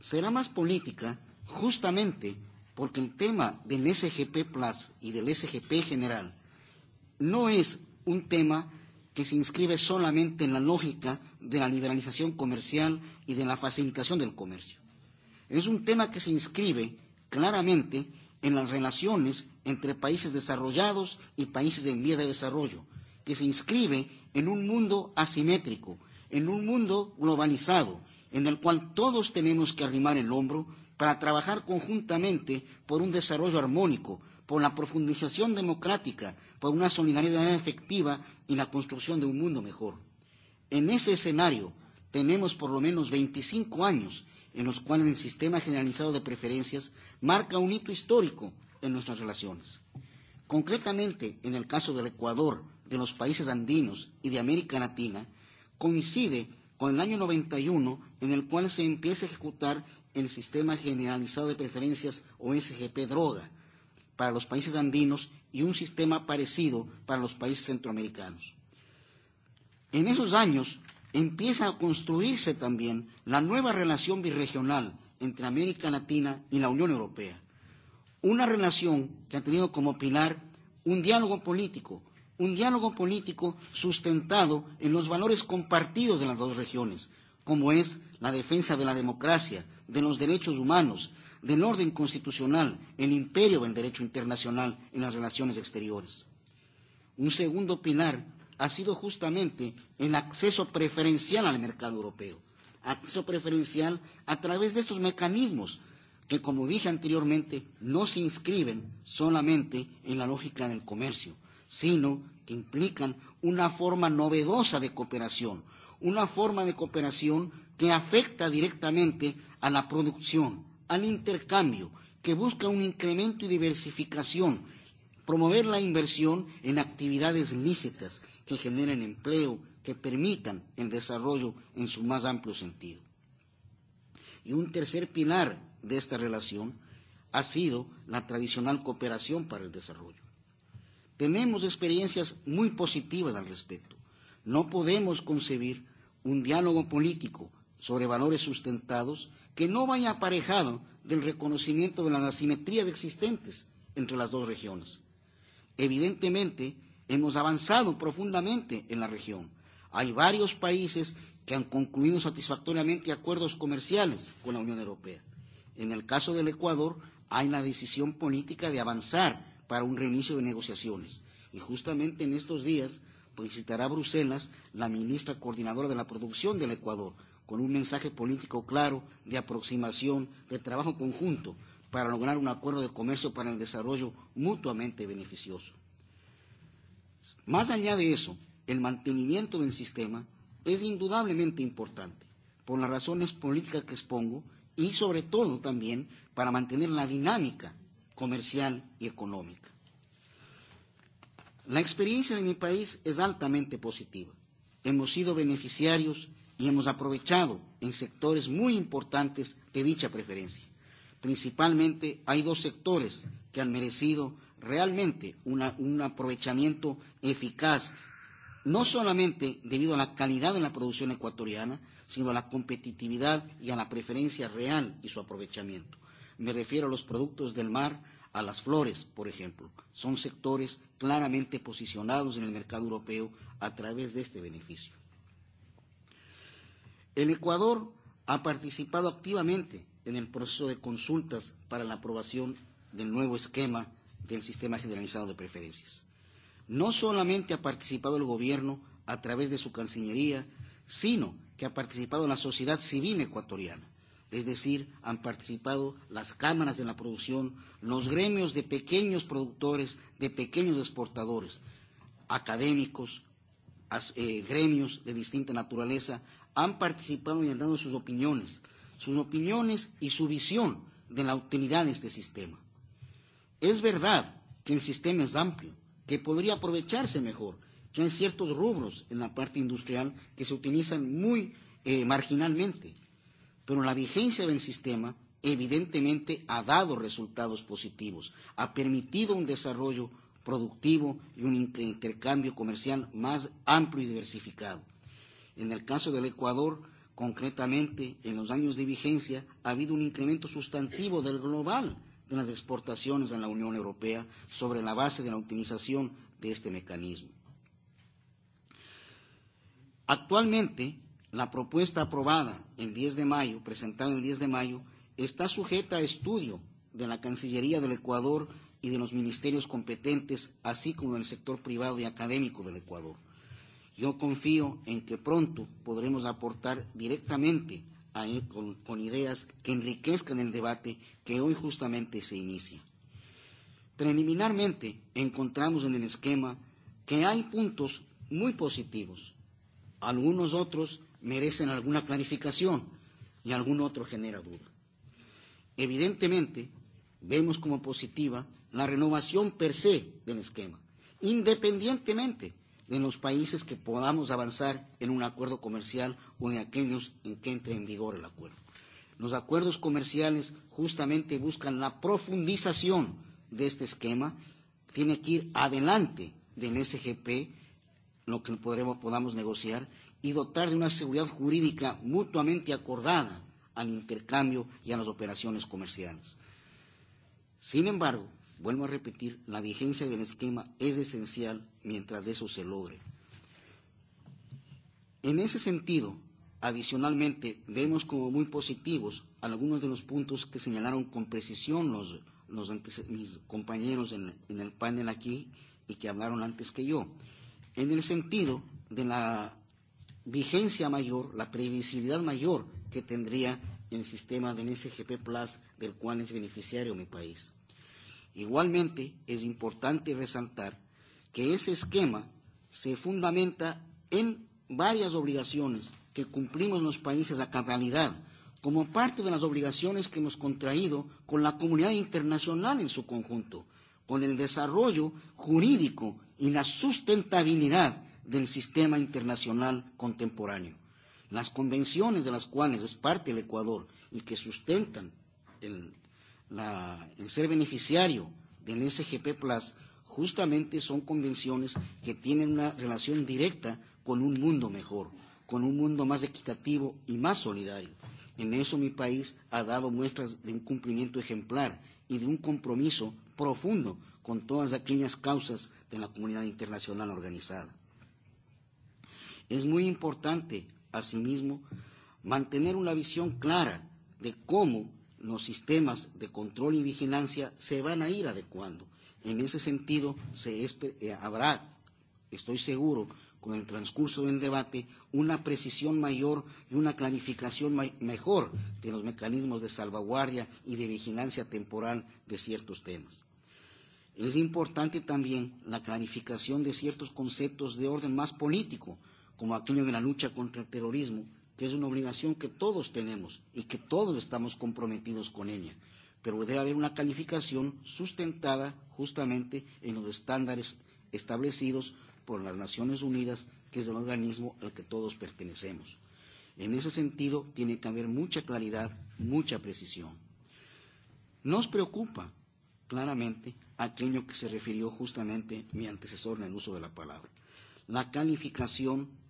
Será más política justamente porque el tema del SGP Plus y del SGP general no es un tema que se inscribe solamente en la lógica de la liberalización comercial y de la facilitación del comercio. Es un tema que se inscribe claramente en las relaciones entre países desarrollados y países en vías de desarrollo, que se inscribe en un mundo asimétrico, en un mundo globalizado, en el cual todos tenemos que arrimar el hombro para trabajar conjuntamente por un desarrollo armónico, por la profundización democrática, por una solidaridad efectiva y la construcción de un mundo mejor. En ese escenario tenemos por lo menos 25 años en los cuales el sistema generalizado de preferencias marca un hito histórico en nuestras relaciones. Concretamente, en el caso del Ecuador, de los países andinos y de América Latina, coincide con el año 91, en el cual se empieza a ejecutar el Sistema Generalizado de Preferencias o SGP Droga para los países andinos y un sistema parecido para los países centroamericanos. En esos años empieza a construirse también la nueva relación birregional entre América Latina y la Unión Europea. Una relación que ha tenido como pilar un diálogo político un diálogo político sustentado en los valores compartidos de las dos regiones, como es la defensa de la democracia, de los derechos humanos, del orden constitucional, el imperio del derecho internacional en las relaciones exteriores. Un segundo pilar ha sido justamente el acceso preferencial al mercado europeo, acceso preferencial a través de estos mecanismos que, como dije anteriormente, no se inscriben solamente en la lógica del comercio, sino que implican una forma novedosa de cooperación, una forma de cooperación que afecta directamente a la producción, al intercambio, que busca un incremento y diversificación, promover la inversión en actividades lícitas que generen empleo, que permitan el desarrollo en su más amplio sentido. Y un tercer pilar de esta relación ha sido la tradicional cooperación para el desarrollo. Tenemos experiencias muy positivas al respecto. No podemos concebir un diálogo político sobre valores sustentados que no vaya aparejado del reconocimiento de las asimetrías existentes entre las dos regiones. Evidentemente, hemos avanzado profundamente en la región. Hay varios países que han concluido satisfactoriamente acuerdos comerciales con la Unión Europea. En el caso del Ecuador, hay la decisión política de avanzar para un reinicio de negociaciones. Y justamente en estos días visitará Bruselas la ministra coordinadora de la producción del Ecuador, con un mensaje político claro de aproximación, de trabajo conjunto, para lograr un acuerdo de comercio para el desarrollo mutuamente beneficioso. Más allá de eso, el mantenimiento del sistema es indudablemente importante, por las razones políticas que expongo y sobre todo también para mantener la dinámica comercial y económica. La experiencia de mi país es altamente positiva. Hemos sido beneficiarios y hemos aprovechado en sectores muy importantes de dicha preferencia. Principalmente hay dos sectores que han merecido realmente una, un aprovechamiento eficaz, no solamente debido a la calidad de la producción ecuatoriana, sino a la competitividad y a la preferencia real y su aprovechamiento me refiero a los productos del mar, a las flores, por ejemplo. Son sectores claramente posicionados en el mercado europeo a través de este beneficio. El Ecuador ha participado activamente en el proceso de consultas para la aprobación del nuevo esquema del sistema generalizado de preferencias. No solamente ha participado el gobierno a través de su Cancillería, sino que ha participado la sociedad civil ecuatoriana es decir, han participado las cámaras de la producción, los gremios de pequeños productores, de pequeños exportadores, académicos, as, eh, gremios de distinta naturaleza, han participado y han dado sus opiniones, sus opiniones y su visión de la utilidad de este sistema. Es verdad que el sistema es amplio, que podría aprovecharse mejor, que hay ciertos rubros en la parte industrial que se utilizan muy eh, marginalmente, Pero la vigencia del sistema evidentemente ha dado resultados positivos, ha permitido un desarrollo productivo y un intercambio comercial más amplio y diversificado. En el caso del Ecuador, concretamente, en los años de vigencia ha habido un incremento sustantivo del global de las exportaciones a la Unión Europea sobre la base de la utilización de este mecanismo. Actualmente, La propuesta aprobada el 10 de mayo, presentada el 10 de mayo, está sujeta a estudio de la Cancillería del Ecuador y de los ministerios competentes, así como del sector privado y académico del Ecuador. Yo confío en que pronto podremos aportar directamente a, con, con ideas que enriquezcan el debate que hoy justamente se inicia. Preliminarmente encontramos en el esquema que hay puntos muy positivos, algunos otros merecen alguna clarificación y algún otro genera duda. Evidentemente, vemos como positiva la renovación per se del esquema, independientemente de los países que podamos avanzar en un acuerdo comercial o en aquellos en que entre en vigor el acuerdo. Los acuerdos comerciales justamente buscan la profundización de este esquema, tiene que ir adelante del SGP, lo que podremos, podamos negociar, y dotar de una seguridad jurídica mutuamente acordada al intercambio y a las operaciones comerciales. Sin embargo, vuelvo a repetir, la vigencia del esquema es esencial mientras eso se logre. En ese sentido, adicionalmente, vemos como muy positivos algunos de los puntos que señalaron con precisión los, los antes, mis compañeros en, en el panel aquí y que hablaron antes que yo, en el sentido de la vigencia mayor, la previsibilidad mayor que tendría el sistema del SGP Plus del cual es beneficiario mi país. Igualmente, es importante resaltar que ese esquema se fundamenta en varias obligaciones que cumplimos los países a cabalidad, como parte de las obligaciones que hemos contraído con la comunidad internacional en su conjunto, con el desarrollo jurídico y la sustentabilidad del sistema internacional contemporáneo. Las convenciones de las cuales es parte el Ecuador y que sustentan el, la, el ser beneficiario del SGP Plus justamente son convenciones que tienen una relación directa con un mundo mejor, con un mundo más equitativo y más solidario. En eso mi país ha dado muestras de un cumplimiento ejemplar y de un compromiso profundo con todas aquellas causas de la comunidad internacional organizada. Es muy importante, asimismo, mantener una visión clara de cómo los sistemas de control y vigilancia se van a ir adecuando. En ese sentido, se eh, habrá, estoy seguro, con el transcurso del debate, una precisión mayor y una clarificación mejor de los mecanismos de salvaguardia y de vigilancia temporal de ciertos temas. Es importante también la clarificación de ciertos conceptos de orden más político, como aquello en la lucha contra el terrorismo, que es una obligación que todos tenemos y que todos estamos comprometidos con ella. Pero debe haber una calificación sustentada justamente en los estándares establecidos por las Naciones Unidas, que es el organismo al que todos pertenecemos. En ese sentido, tiene que haber mucha claridad, mucha precisión. Nos preocupa claramente aquello que se refirió justamente mi antecesor en el uso de la palabra, la calificación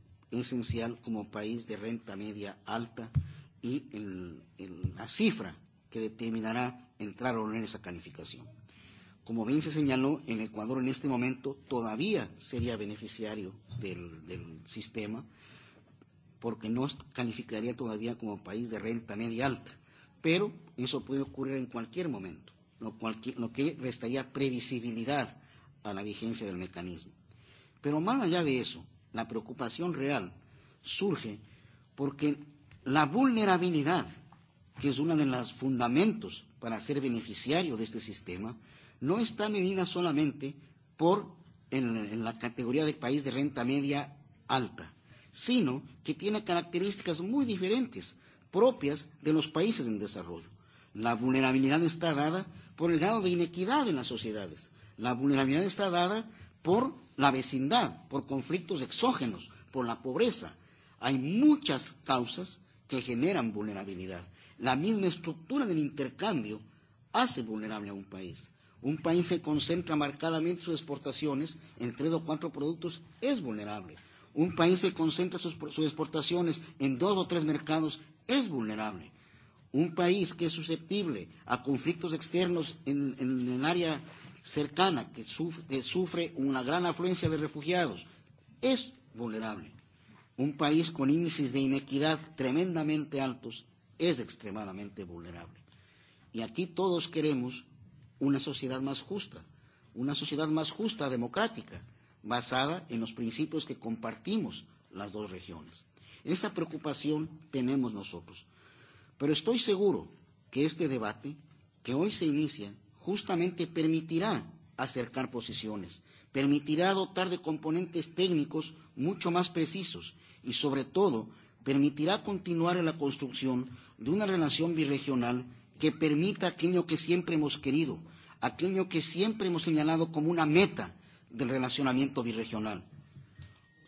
esencial como país de renta media alta y el, el, la cifra que determinará entrar o no en esa calificación. Como bien se señaló, en Ecuador en este momento todavía sería beneficiario del, del sistema porque no calificaría todavía como país de renta media alta. Pero eso puede ocurrir en cualquier momento, lo, cualquier, lo que restaría previsibilidad a la vigencia del mecanismo. Pero más allá de eso, la preocupación real surge porque la vulnerabilidad, que es uno de los fundamentos para ser beneficiario de este sistema, no está medida solamente por en, en la categoría de país de renta media alta, sino que tiene características muy diferentes propias de los países en desarrollo. La vulnerabilidad está dada por el grado de inequidad en las sociedades. La vulnerabilidad está dada por la vecindad, por conflictos exógenos, por la pobreza. Hay muchas causas que generan vulnerabilidad. La misma estructura del intercambio hace vulnerable a un país. Un país que concentra marcadamente sus exportaciones en tres o cuatro productos es vulnerable. Un país que concentra sus, sus exportaciones en dos o tres mercados es vulnerable. Un país que es susceptible a conflictos externos en, en, en el área cercana que sufre una gran afluencia de refugiados es vulnerable. Un país con índices de inequidad tremendamente altos es extremadamente vulnerable. Y aquí todos queremos una sociedad más justa, una sociedad más justa, democrática, basada en los principios que compartimos las dos regiones. Esa preocupación tenemos nosotros. Pero estoy seguro que este debate que hoy se inicia justamente permitirá acercar posiciones, permitirá dotar de componentes técnicos mucho más precisos y, sobre todo, permitirá continuar en la construcción de una relación birregional que permita aquello que siempre hemos querido, aquello que siempre hemos señalado como una meta del relacionamiento birregional.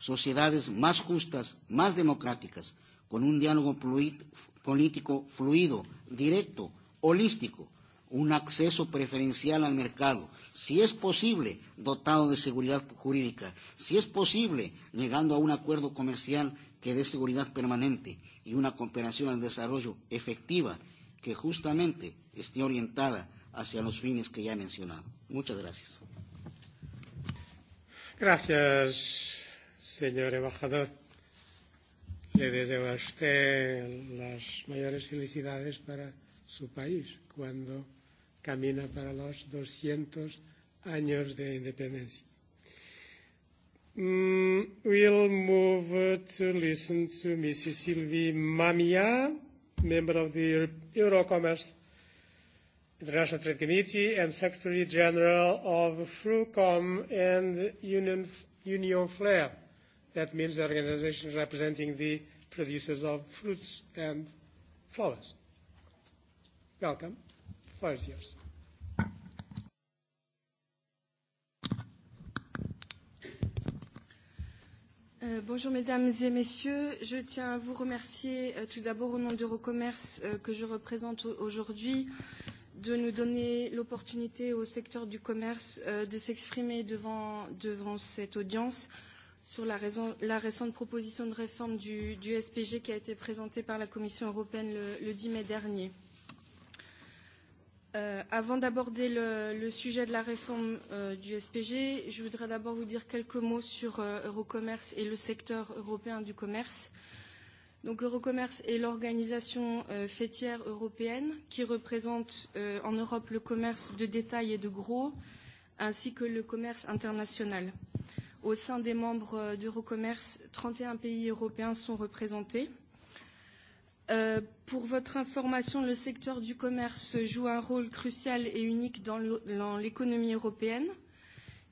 Sociedades más justas, más democráticas, con un diálogo fluid, político fluido, directo, holístico, un acceso preferencial al mercado, si es posible, dotado de seguridad jurídica, si es posible, llegando a un acuerdo comercial que dé seguridad permanente y una cooperación al desarrollo efectiva que justamente esté orientada hacia los fines que ya he mencionado. Muchas gracias. Gracias, señor embajador. Le deseo a usted las mayores felicidades para su país cuando camina para los 200 años de independencia. Mm, we'll move uh, to listen to Mrs. Sylvie Mamia, member of the Eurocommerce International Trade Committee and Secretary General of FRUCOM and Union, Union Flair. That means the organization representing the producers of fruits and flowers. Welcome floor is euh, bonjour mesdames et messieurs, je tiens à vous remercier euh, tout d'abord au nom d'Eurocommerce euh, que je représente aujourd'hui de nous donner l'opportunité au secteur du commerce de s'exprimer devant, devant cette audience sur la, raison, la récente proposition de réforme du, du SPG qui a été présentée par la Commission européenne le, le 10 mai dernier. Euh, Euh, avant d'aborder le, le sujet de la réforme euh, du SPG, je voudrais d'abord vous dire quelques mots sur euh, Eurocommerce et le secteur européen du commerce. Donc Eurocommerce est l'organisation euh, fêtière européenne qui représente euh, en Europe le commerce de détail et de gros, ainsi que le commerce international. Au sein des membres euh, d'Eurocommerce, 31 pays européens sont représentés. Euh, pour votre information, le secteur du commerce joue un rôle crucial et unique dans l'économie européenne.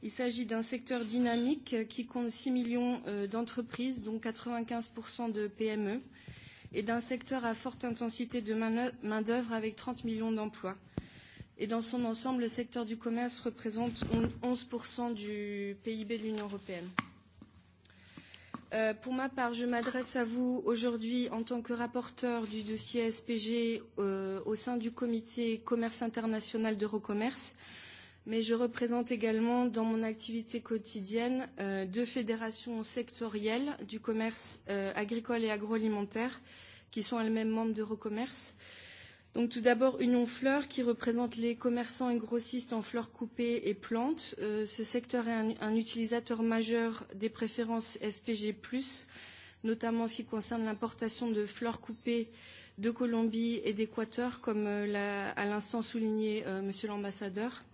Il s'agit d'un secteur dynamique qui compte 6 millions euh, d'entreprises, dont 95% de PME, et d'un secteur à forte intensité de main-d'œuvre avec 30 millions d'emplois. Et dans son ensemble, le secteur du commerce représente 11% du PIB de l'Union européenne. Euh, pour ma part, je m'adresse à vous aujourd'hui en tant que rapporteur du dossier SPG euh, au sein du comité commerce international d'Eurocommerce, mais je représente également dans mon activité quotidienne euh, deux fédérations sectorielles du commerce euh, agricole et agroalimentaire qui sont elles-mêmes membres d'Eurocommerce. Euh, Donc tout d'abord, Union Fleur, qui représente les commerçants et grossistes en fleurs coupées et plantes. Euh, ce secteur est un, un utilisateur majeur des préférences SPG+, notamment en ce qui concerne l'importation de fleurs coupées de Colombie et d'Équateur, comme euh, l'a à l'instant souligné euh, Monsieur l'ambassadeur.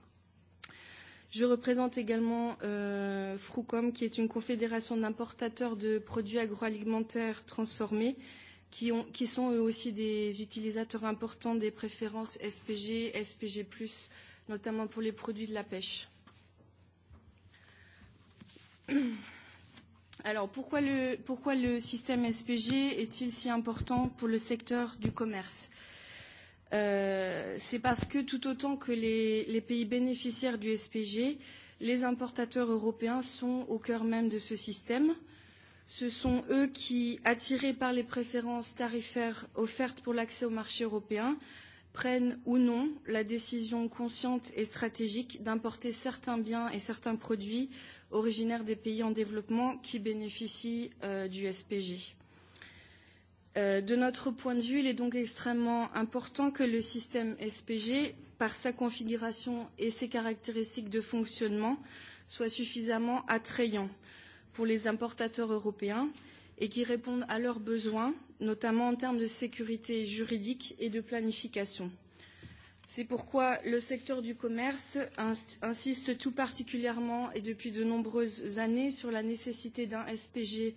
Je représente également euh, Frucom, qui est une confédération d'importateurs de produits agroalimentaires transformés, euh, qui, ont, qui sont eux aussi des utilisateurs importants des préférences SPG, SPG+, notamment pour les produits de la pêche. [clears throat] Alors pourquoi le, pourquoi le système SPG est-il si important pour le secteur du commerce euh, C'est parce que tout autant que les, les pays bénéficiaires du SPG, les importateurs européens sont au cœur même de ce système. Euh, Ce sont eux qui, attirés par les préférences tarifaires offertes pour l'accès au marché européen, prennent ou non la décision consciente et stratégique d'importer certains biens et certains produits originaires des pays en développement qui bénéficient euh, du SPG. Euh, de notre point de vue, il est donc extrêmement important que le système SPG, par sa configuration et ses caractéristiques de fonctionnement, soit suffisamment attrayant. Euh, pour les importateurs européens et qui répondent à leurs besoins, notamment en termes de sécurité juridique et de planification. C'est pourquoi le secteur du commerce insiste tout particulièrement et depuis de nombreuses années sur la nécessité d'un SPG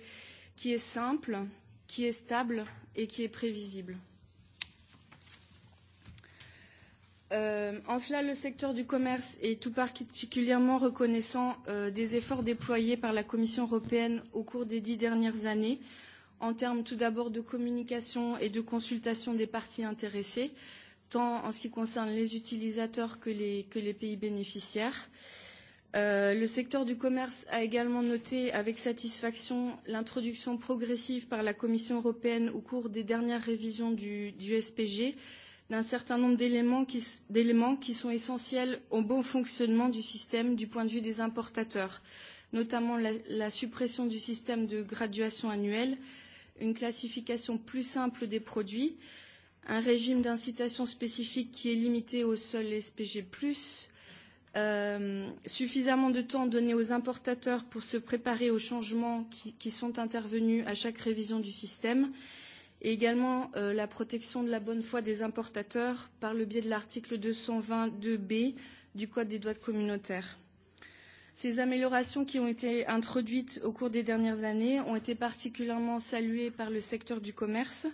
qui est simple, qui est stable et qui est prévisible. Euh, en cela, le secteur du commerce est tout particulièrement reconnaissant euh, des efforts déployés par la Commission européenne au cours des dix dernières années, en termes tout d'abord de communication et de consultation des parties intéressées, tant en ce qui concerne les utilisateurs que les, que les pays bénéficiaires. Euh, le secteur du commerce a également noté avec satisfaction l'introduction progressive par la Commission européenne au cours des dernières révisions du, du SPG d'un certain nombre d'éléments qui, qui sont essentiels au bon fonctionnement du système du point de vue des importateurs, notamment la, la suppression du système de graduation annuelle, une classification plus simple des produits, un régime d'incitation spécifique qui est limité au seul SPG, euh, suffisamment de temps donné aux importateurs pour se préparer aux changements qui, qui sont intervenus à chaque révision du système, euh, et également euh, la protection de la bonne foi des importateurs par le biais de l'article 222b du Code des droits communautaires. Ces améliorations qui ont été introduites au cours des dernières années ont été particulièrement saluées par le secteur du commerce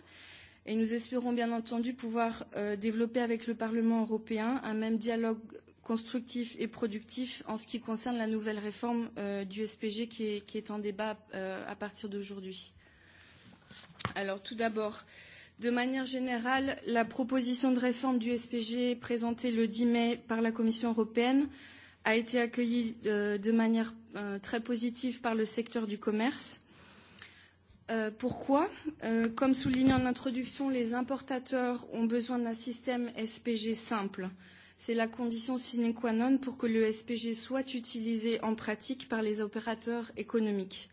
et nous espérons bien entendu pouvoir euh, développer avec le Parlement européen un même dialogue constructif et productif en ce qui concerne la nouvelle réforme euh, du SPG qui est, qui est en débat euh, à partir d'aujourd'hui. Alors tout d'abord, de manière générale, la proposition de réforme du SPG présentée le 10 mai par la Commission européenne a été accueillie euh, de manière euh, très positive par le secteur du commerce. Euh, pourquoi euh, Comme souligné en introduction, les importateurs ont besoin d'un système SPG simple. C'est la condition sine qua non pour que le SPG soit utilisé en pratique par les opérateurs économiques.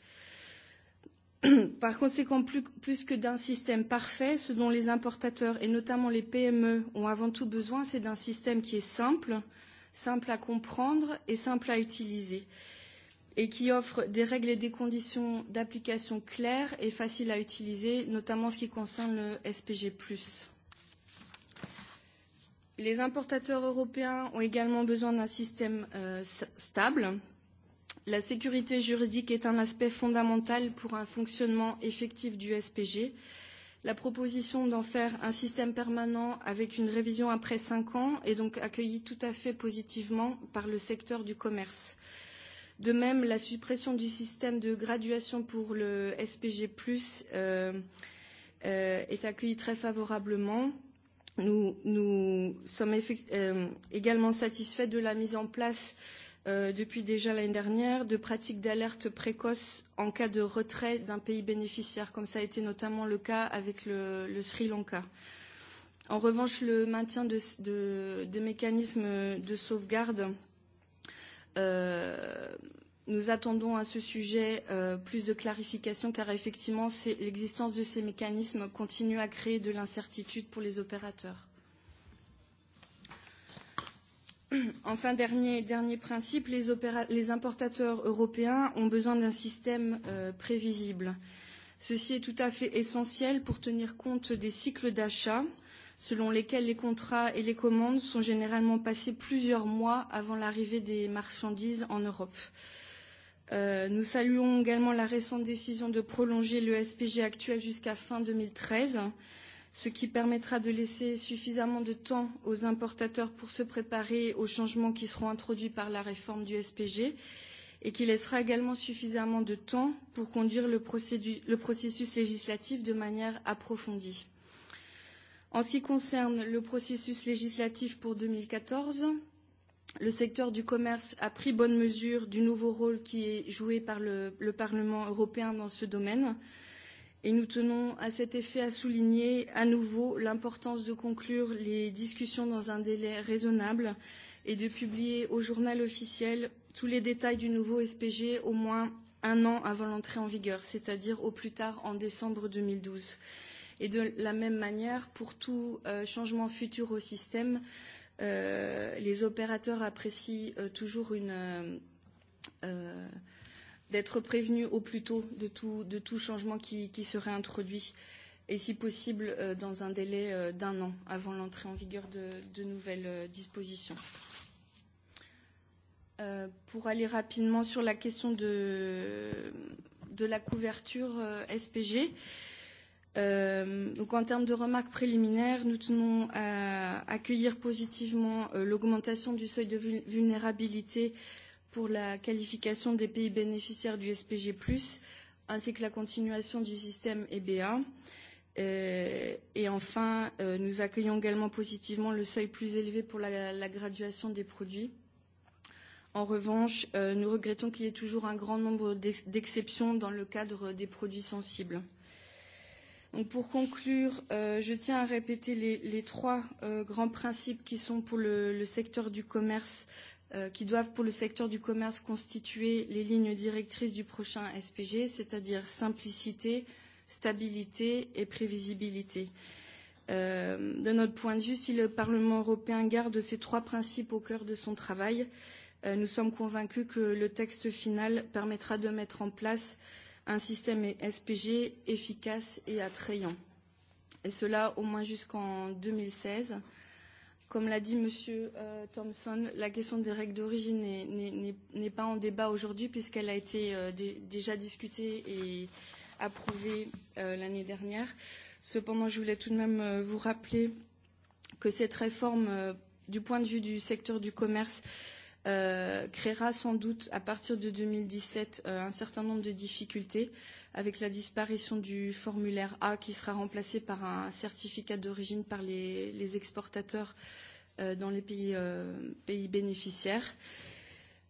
[clears throat] Par conséquent, plus, plus que d'un système parfait, ce dont les importateurs et notamment les PME ont avant tout besoin, c'est d'un système qui est simple, simple à comprendre et simple à utiliser, et qui offre des règles et des conditions d'application claires et faciles à utiliser, notamment ce qui concerne le SPG. Les importateurs européens ont également besoin d'un système euh, stable La sécurité juridique est un aspect fondamental pour un fonctionnement effectif du SPG. La proposition d'en faire un système permanent avec une révision après cinq ans est donc accueillie tout à fait positivement par le secteur du commerce. De même, la suppression du système de graduation pour le SPG euh, euh, est accueillie très favorablement. Nous, nous sommes euh, également satisfaits de la mise en place euh, euh, depuis déjà l'année dernière de pratiques d'alerte précoce en cas de retrait d'un pays bénéficiaire, comme ça a été notamment le cas avec le, le Sri Lanka. En revanche, le maintien de, de, de mécanismes de sauvegarde, euh, nous attendons à ce sujet euh, plus de clarification car effectivement l'existence de ces mécanismes continue à créer de l'incertitude pour les opérateurs. [clears throat] Enfin, dernier, dernier principe, les, les importateurs européens ont besoin d'un système euh, prévisible. Ceci est tout à fait essentiel pour tenir compte des cycles d'achat, selon lesquels les contrats et les commandes sont généralement passés plusieurs mois avant l'arrivée des marchandises en Europe. Euh, nous saluons également la récente décision de prolonger le SPG actuel jusqu'à fin 2013 ce qui permettra de laisser suffisamment de temps aux importateurs pour se préparer aux changements qui seront introduits par la réforme du SPG et qui laissera également suffisamment de temps pour conduire le, le processus législatif de manière approfondie. En ce qui concerne le processus législatif pour 2014, le secteur du commerce a pris bonne mesure du nouveau rôle qui est joué par le, le Parlement européen dans ce domaine. Euh, Et nous tenons à cet effet à souligner à nouveau l'importance de conclure les discussions dans un délai raisonnable et de publier au journal officiel tous les détails du nouveau SPG au moins un an avant l'entrée en vigueur, c'est-à-dire au plus tard en décembre 2012. Et de la même manière, pour tout euh, changement futur au système, euh, les opérateurs apprécient euh, toujours une. Euh, euh, d'être prévenu au plus tôt de tout, de tout changement qui, qui serait introduit et si possible euh, dans un délai euh, d'un an avant l'entrée en vigueur de, de nouvelles euh, dispositions. Euh, pour aller rapidement sur la question de, de la couverture euh, SPG, euh, donc en termes de remarques préliminaires, nous tenons à accueillir positivement euh, l'augmentation du seuil de vulnérabilité euh, pour la qualification des pays bénéficiaires du SPG+, ainsi que la continuation du système EBA. Euh, et enfin, euh, nous accueillons également positivement le seuil plus élevé pour la, la graduation des produits. En revanche, euh, nous regrettons qu'il y ait toujours un grand nombre d'exceptions dans le cadre des produits sensibles. Donc pour conclure, euh, je tiens à répéter les, les trois euh, grands principes qui sont pour le, le secteur du commerce Euh, qui doivent pour le secteur du commerce constituer les lignes directrices du prochain SPG, c'est-à-dire simplicité, stabilité et prévisibilité. Euh, de notre point de vue, si le Parlement européen garde ces trois principes au cœur de son travail, euh, nous sommes convaincus que le texte final permettra de mettre en place un système SPG efficace et attrayant. Et cela au moins jusqu'en 2016 Comme l'a dit Monsieur euh, Thompson, la question des règles d'origine n'est pas en débat aujourd'hui puisqu'elle a été euh, déjà discutée et approuvée euh, l'année dernière. Cependant, je voulais tout de même euh, vous rappeler que cette réforme, euh, du point de vue du secteur du commerce, euh, Euh, créera sans doute à partir de 2017 euh, un certain nombre de difficultés avec la disparition du formulaire A qui sera remplacé par un certificat d'origine par les, les exportateurs euh, dans les pays, euh, pays bénéficiaires.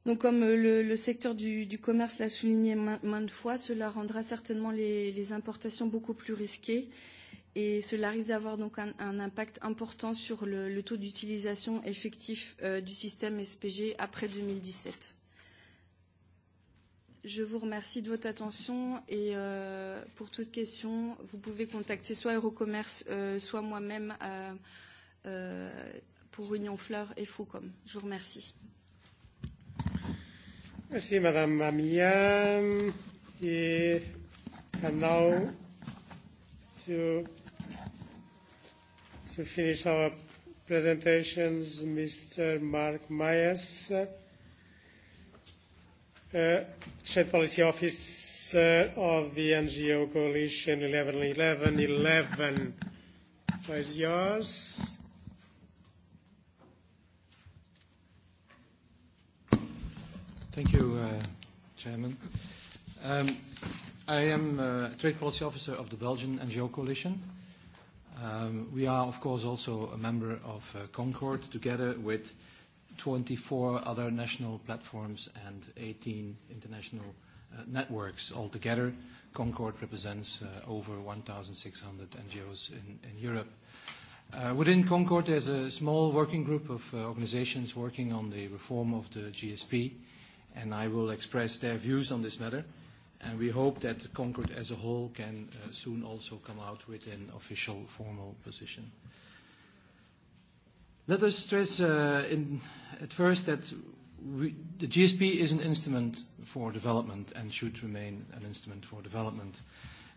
Donc, comme euh, le, le secteur du, du commerce l'a souligné maintes fois, cela rendra certainement les, les importations beaucoup plus risquées. Euh, et cela risque d'avoir donc un, un impact important sur le, le taux d'utilisation effectif euh, du système SPG après 2017. Je vous remercie de votre attention et euh, pour toute question, vous pouvez contacter soit Eurocommerce, euh, soit moi-même euh, euh, pour Union Fleur et Foucom. Je vous remercie. Merci Madame Mamia. Et, maintenant, now to finish our presentations, Mr. Mark Myers, uh, Trade Policy Officer of the NGO Coalition 1111. 11. Where's yours? Thank you, uh, Chairman. Um, I am uh, Trade Policy Officer of the Belgian NGO Coalition. Um, we are, of course, also a member of uh, Concord, together with 24 other national platforms and 18 international uh, networks altogether. Concord represents uh, over 1,600 NGOs in, in Europe. Uh, within Concord, there's a small working group of uh, organizations working on the reform of the GSP, and I will express their views on this matter. Uh, and we hope that Concord as a whole can uh, soon also come out with an official formal position. Let us stress uh, in, at first that we, the GSP is an instrument for development and should remain an instrument for development.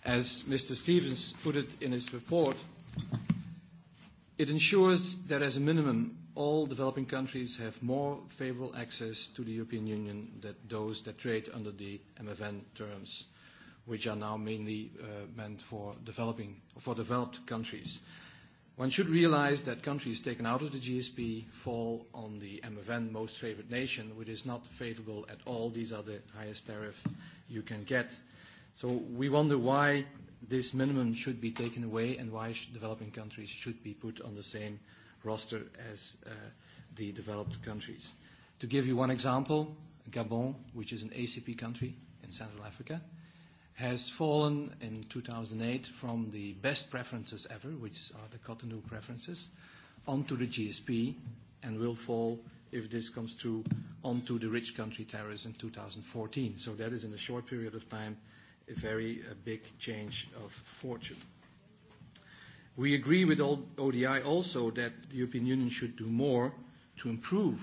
As Mr. Stevens put it in his report, it ensures that as a minimum all developing countries have more favorable access to the European Union than those that trade under the MFN terms, which are now mainly uh, meant for, developing, for developed countries. One should realize that countries taken out of the GSP fall on the MFN most favored nation, which is not favorable at all. These are the highest tariffs you can get. So we wonder why this minimum should be taken away and why developing countries should be put on the same roster as uh, the developed countries. To give you one example, Gabon, which is an ACP country in Central Africa, has fallen in 2008 from the best preferences ever, which are the Cotonou preferences, onto the GSP and will fall, if this comes true, onto the rich country tariffs in 2014. So that is, in a short period of time, a very uh, big change of fortune. We agree with ODI also that the European Union should do more to improve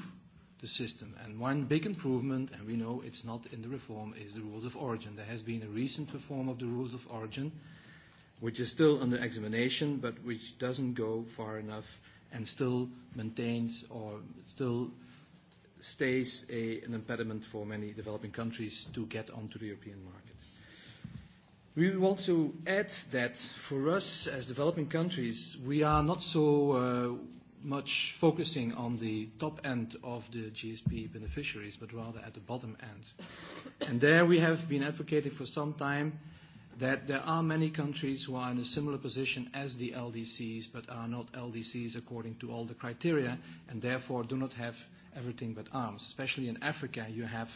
the system. And one big improvement, and we know it's not in the reform, is the rules of origin. There has been a recent reform of the rules of origin, which is still under examination, but which doesn't go far enough and still maintains or still stays a, an impediment for many developing countries to get onto the European market. We want to add that for us as developing countries, we are not so uh, much focusing on the top end of the GSP beneficiaries, but rather at the bottom end. And there we have been advocating for some time that there are many countries who are in a similar position as the LDCs, but are not LDCs according to all the criteria, and therefore do not have everything but arms. Especially in Africa, you have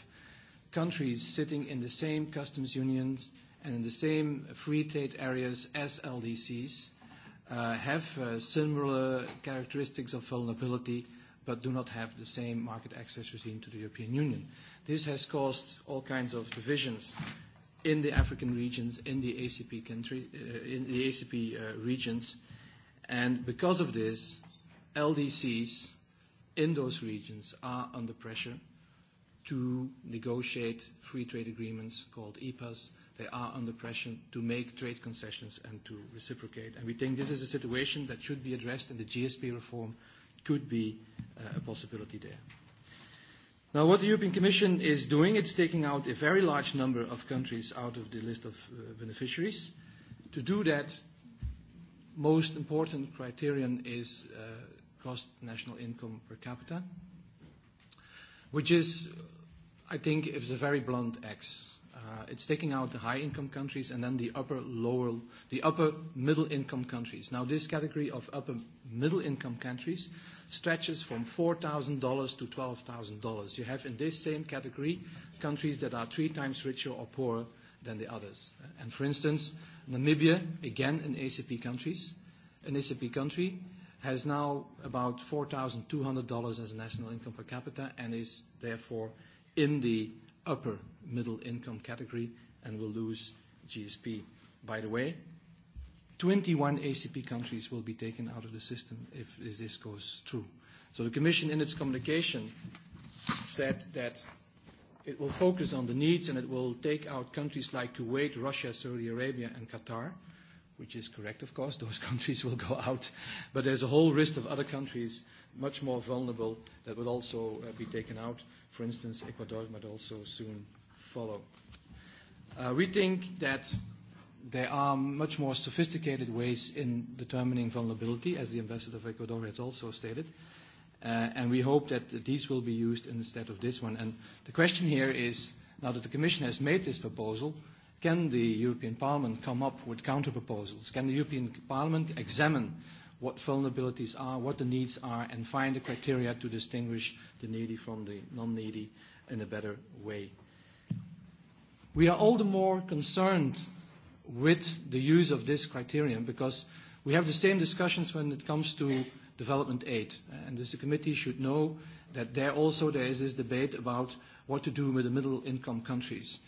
countries sitting in the same customs unions and in the same free trade areas as LDCs uh, have uh, similar characteristics of vulnerability but do not have the same market access regime to the European Union. This has caused all kinds of divisions in the African regions, in the ACP, country, uh, in the ACP uh, regions, and because of this, LDCs in those regions are under pressure to negotiate free trade agreements called EPAs they are under pressure to make trade concessions and to reciprocate. And we think this is a situation that should be addressed, and the GSP reform could be uh, a possibility there. Now, what the European Commission is doing, it's taking out a very large number of countries out of the list of uh, beneficiaries. To do that, most important criterion is uh, cost national income per capita, which is, I think, is a very blunt axe uh, it's taking out the high income countries and then the upper lower, the upper middle income countries. Now this category of upper middle income countries stretches from $4,000 to $12,000. You have in this same category countries that are three times richer or poorer than the others. Uh, and for instance, Namibia, again in ACP countries, an ACP country, has now about $4,200 as a national income per capita and is therefore in the upper middle income category and will lose GSP. By the way, 21 ACP countries will be taken out of the system if this goes through. So the Commission, in its communication, said that it will focus on the needs and it will take out countries like Kuwait, Russia, Saudi Arabia, and Qatar which is correct, of course. [laughs] Those countries will go out. But there's a whole list of other countries much more vulnerable that will also uh, be taken out. For instance, Ecuador might also soon follow. Uh, we think that there are much more sophisticated ways in determining vulnerability, as the ambassador of Ecuador has also stated. Uh, and we hope that these will be used instead of this one. And the question here is, now that the Commission has made this proposal, uh, Can the European Parliament come up with counter proposals? Can the European Parliament examine what vulnerabilities are, what the needs are, and find a criteria to distinguish the needy from the non-needy in a better way? We are all the more concerned with the use of this criterion because we have the same discussions when it comes to development aid. And this committee should know that there also there is this debate about what to do with the middle income countries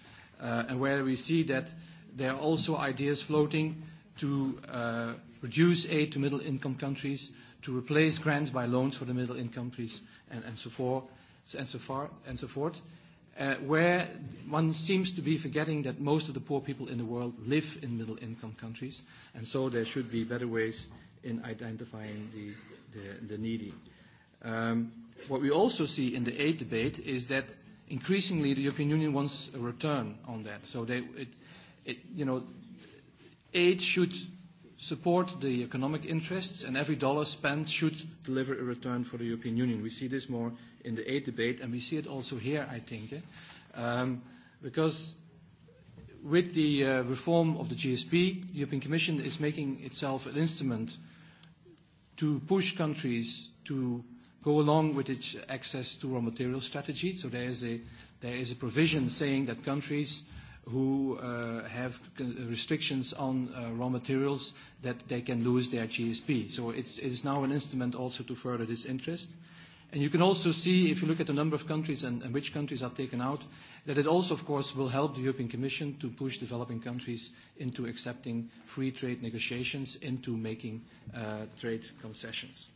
uh, and where we see that there are also ideas floating to uh, reduce aid to middle-income countries, to replace grants by loans for the middle-income countries, and, and, so forth, and, so far, and so forth. Uh, where one seems to be forgetting that most of the poor people in the world live in middle-income countries, and so there should be better ways in identifying the, the, the needy. Um, what we also see in the aid debate is that increasingly the European Union wants a return on that. So they, it, it, you know, aid should support the economic interests, and every dollar spent should deliver a return for the European Union. We see this more in the aid debate, and we see it also here, I think, eh? um, because with the uh, reform of the GSP, the European Commission is making itself an instrument to push countries to go along with its access to raw material strategy. So there is a, there is a provision saying that countries who uh, have restrictions on uh, raw materials that they can lose their GSP. So it's, it is now an instrument also to further this interest. And you can also see, if you look at the number of countries and, and which countries are taken out, that it also, of course, will help the European Commission to push developing countries into accepting free trade negotiations, into making uh, trade concessions.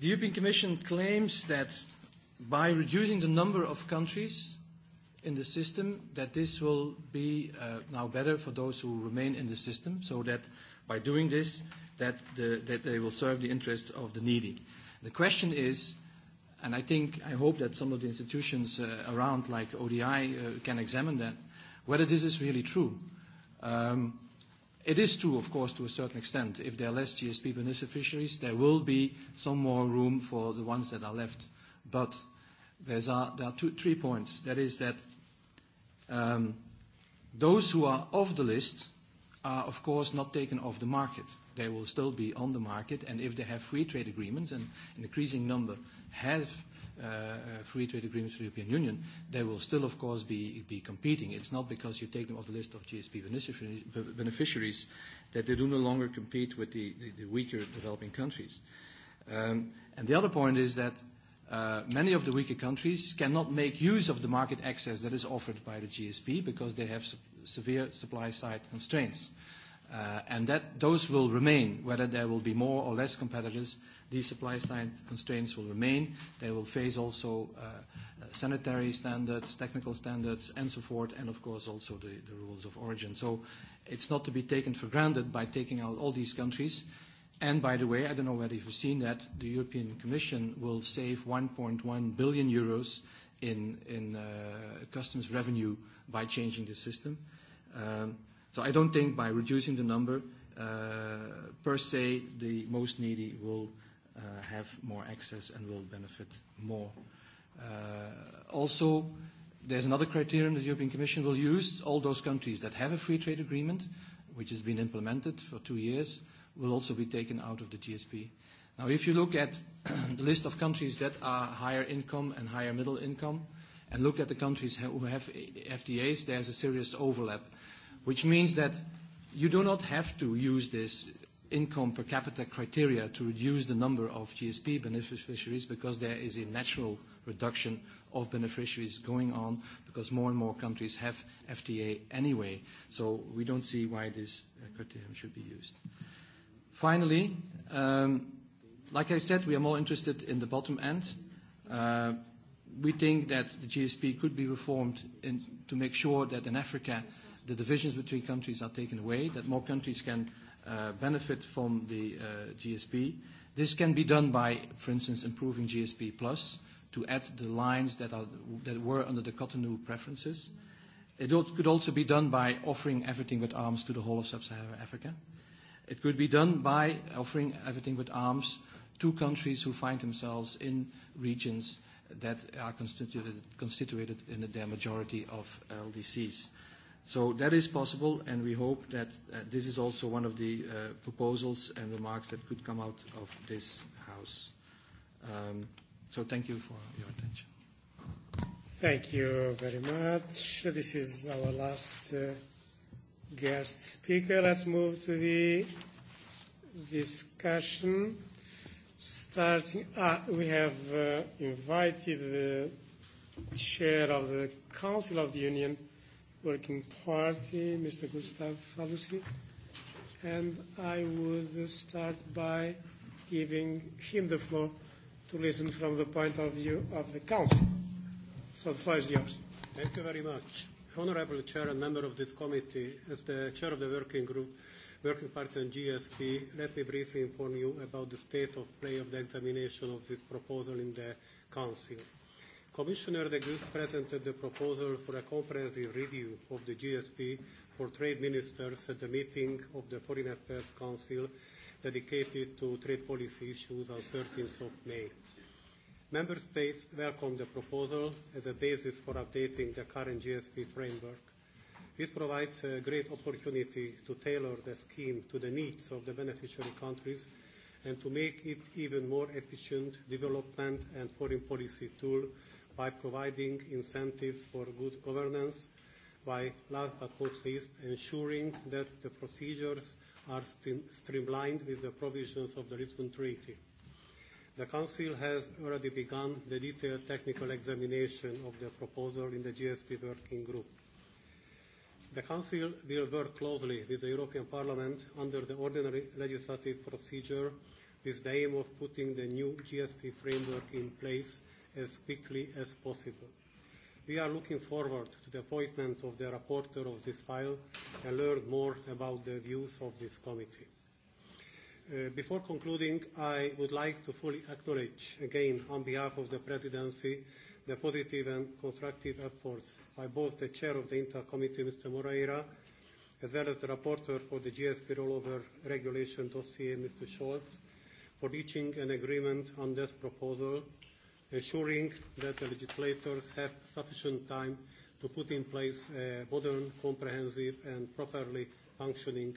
The European Commission claims that by reducing the number of countries in the system, that this will be uh, now better for those who remain in the system, so that by doing this, that, the, that they will serve the interests of the needy. The question is, and I think, I hope that some of the institutions uh, around, like ODI, uh, can examine that, whether this is really true. Um, It is true, of course, to a certain extent, if there are less GSP beneficiaries, there will be some more room for the ones that are left. But there are two, three points. That is that um, those who are off the list are, of course, not taken off the market. They will still be on the market, and if they have free trade agreements, and an increasing number have Uh, uh, free trade agreements with the European Union, they will still, of course, be, be competing. It's not because you take them off the list of GSP beneficiaries, that they do no longer compete with the, the, the weaker developing countries. Um, and the other point is that uh, many of the weaker countries cannot make use of the market access that is offered by the GSP because they have su- severe supply-side constraints. Uh, and that those will remain, whether there will be more or less competitors These supply side constraints will remain. They will face also uh, uh, sanitary standards, technical standards, and so forth, and of course also the, the rules of origin. So it's not to be taken for granted by taking out all these countries. And by the way, I don't know whether you've seen that, the European Commission will save 1.1 billion euros in, in uh, customs revenue by changing the system. Um, so I don't think by reducing the number, uh, per se, the most needy will uh, uh, have more access and will benefit more. Uh, also, there's another criterion the European Commission will use. All those countries that have a free trade agreement, which has been implemented for two years, will also be taken out of the GSP. Now, if you look at [clears throat] the list of countries that are higher income and higher middle income, and look at the countries who have FDAs, there's a serious overlap, which means that you do not have to use this income per capita criteria to reduce the number of GSP beneficiaries because there is a natural reduction of beneficiaries going on because more and more countries have FTA anyway. So we don't see why this uh, criterion should be used. Finally, um, like I said, we are more interested in the bottom end. Uh, we think that the GSP could be reformed in, to make sure that in Africa the divisions between countries are taken away, that more countries can Uh, benefit from the uh, GSP. This can be done by, for instance, improving GSP Plus to add the lines that, were under the Cotonou preferences. It could also be done by offering everything but arms to the whole of sub-Saharan Africa. It could be done by offering everything but arms to countries who find themselves in regions that are constituted, constituted in their majority of LDCs. So that is possible, and we hope that uh, this is also one of the uh, proposals and remarks that could come out of this House. Um, so thank you for your attention. Thank you very much. This is our last uh, guest speaker. Let's move to the discussion. Starting, ah, we have invited the chair of the Council of the Union Working Party, Mr. Gustav Falusi, and I would start by giving him the floor to listen from the point of view of the Council. So the floor is yours. Thank you very much. Honorable Chair and member of this committee, as the Chair of the Working Group, Working Party on GSP, let me briefly inform you about the state of play of the examination of this proposal in the Council. Commissioner de Gucht presented the proposal for a comprehensive review of the GSP for trade ministers at the meeting of the Foreign Affairs Council dedicated to trade policy issues on 13th of May. Member States welcomed the proposal as a basis for updating the current GSP framework. It provides a great opportunity to tailor the scheme to the needs of the beneficiary countries and to make it even more efficient development and foreign policy tool by providing incentives for good governance, by last but not least ensuring that the procedures are streamlined with the provisions of the Lisbon Treaty. The Council has already begun the detailed technical examination of the proposal in the GSP Working Group. The Council will work closely with the European Parliament under the ordinary legislative procedure with the aim of putting the new GSP framework in place as quickly as possible. We are looking forward to the appointment of the rapporteur of this file and learn more about the views of this committee. Uh, before concluding, I would like to fully acknowledge again on behalf of the presidency the positive and constructive efforts by both the chair of the Inter committee, Mr. Moreira, as well as the rapporteur for the GSP rollover regulation dossier, Mr. Schultz, for reaching an agreement on that proposal ensuring that the legislators have sufficient time to put in place a modern, comprehensive and properly functioning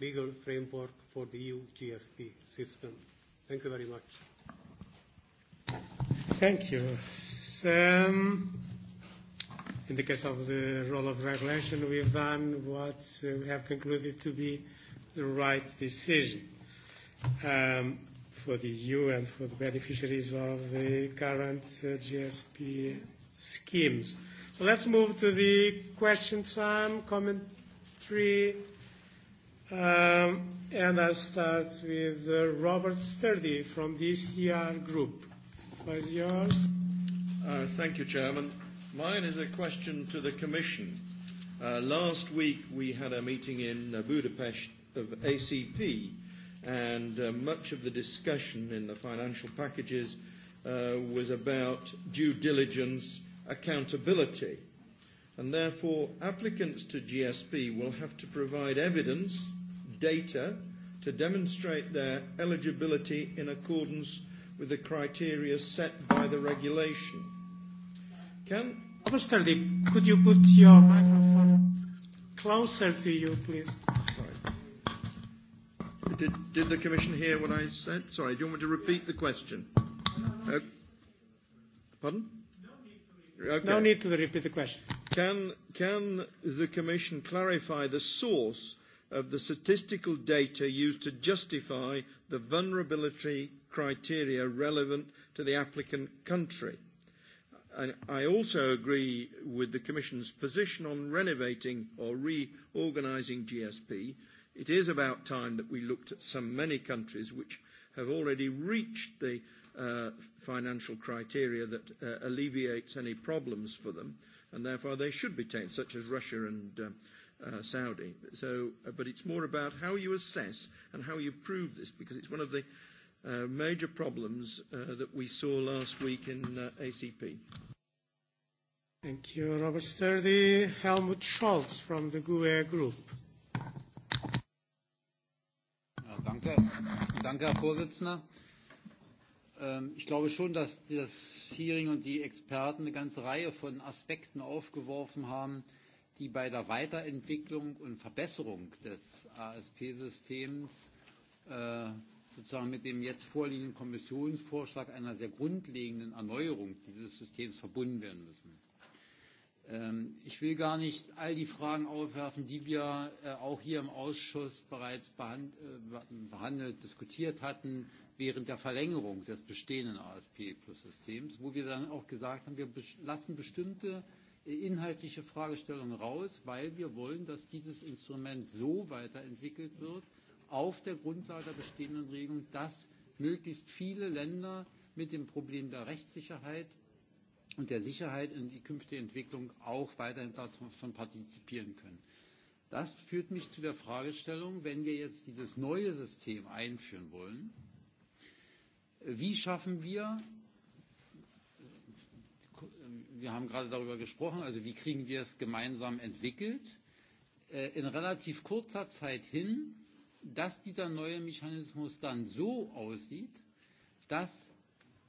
legal framework for the EU GSP system. Thank you very much. Thank you. So, um, in the case of the role of regulation, we've done what uh, we have concluded to be the right decision. Um, for the EU and for the beneficiaries of the current uh, GSP schemes. So let's move to the question time, comment three, um, and I'll start with uh, Robert Sturdy from the ECR Group. What is yours? Uh, thank you, Chairman. Mine is a question to the Commission. Uh, last week we had a meeting in uh, Budapest of ACP and uh, much of the discussion in the financial packages uh, was about due diligence accountability. And therefore, applicants to GSP will have to provide evidence, data, to demonstrate their eligibility in accordance with the criteria set by the regulation. Can Mr. Deep, could you put your microphone closer to you, please? Sorry. Did, did the Commission hear what I said? Sorry, do you want me to repeat the question? No. Uh, pardon? No okay. No need to repeat the question. Can, can the Commission clarify the source of the statistical data used to justify the vulnerability criteria relevant to the applicant country? And I also agree with the Commission's position on renovating or reorganising GSP It is about time that we looked at some many countries which have already reached the uh, financial criteria that uh, alleviates any problems for them, and therefore they should be taken, such as Russia and uh, Uh, Saudi. So, uh, but it's more about how you assess and how you prove this, because it's one of the uh, major problems uh, that we saw last week in uh, ACP. Thank you, Robert Sturdy. Helmut Scholz from the GUE Group. Danke, danke Herr Vorsitzender. Ähm, ich glaube schon, dass das Hearing und die Experten eine ganze Reihe von Aspekten aufgeworfen haben, die bei der Weiterentwicklung und Verbesserung des ASP-Systems äh, sozusagen mit dem jetzt vorliegenden Kommissionsvorschlag einer sehr grundlegenden Erneuerung dieses Systems verbunden werden müssen. Ähm, ich will gar nicht all die Fragen aufwerfen, die wir äh, auch hier im Ausschuss bereits äh, behandelt, diskutiert hatten während der Verlängerung des bestehenden ASP-Plus-Systems, wo wir dann auch gesagt haben, wir lassen bestimmte äh, inhaltliche Fragestellungen raus, weil wir wollen, dass dieses Instrument so weiterentwickelt wird, auf der Grundlage der bestehenden Regelung, dass möglichst viele Länder mit dem Problem der Rechtssicherheit und der Sicherheit in die künftige Entwicklung auch weiterhin davon partizipieren können. Das führt mich zu der Fragestellung, wenn wir jetzt dieses neue System einführen wollen, wie schaffen wir, wir haben gerade darüber gesprochen, also wie kriegen wir es gemeinsam entwickelt, äh, in relativ kurzer Zeit hin, dass dieser neue Mechanismus dann so aussieht, dass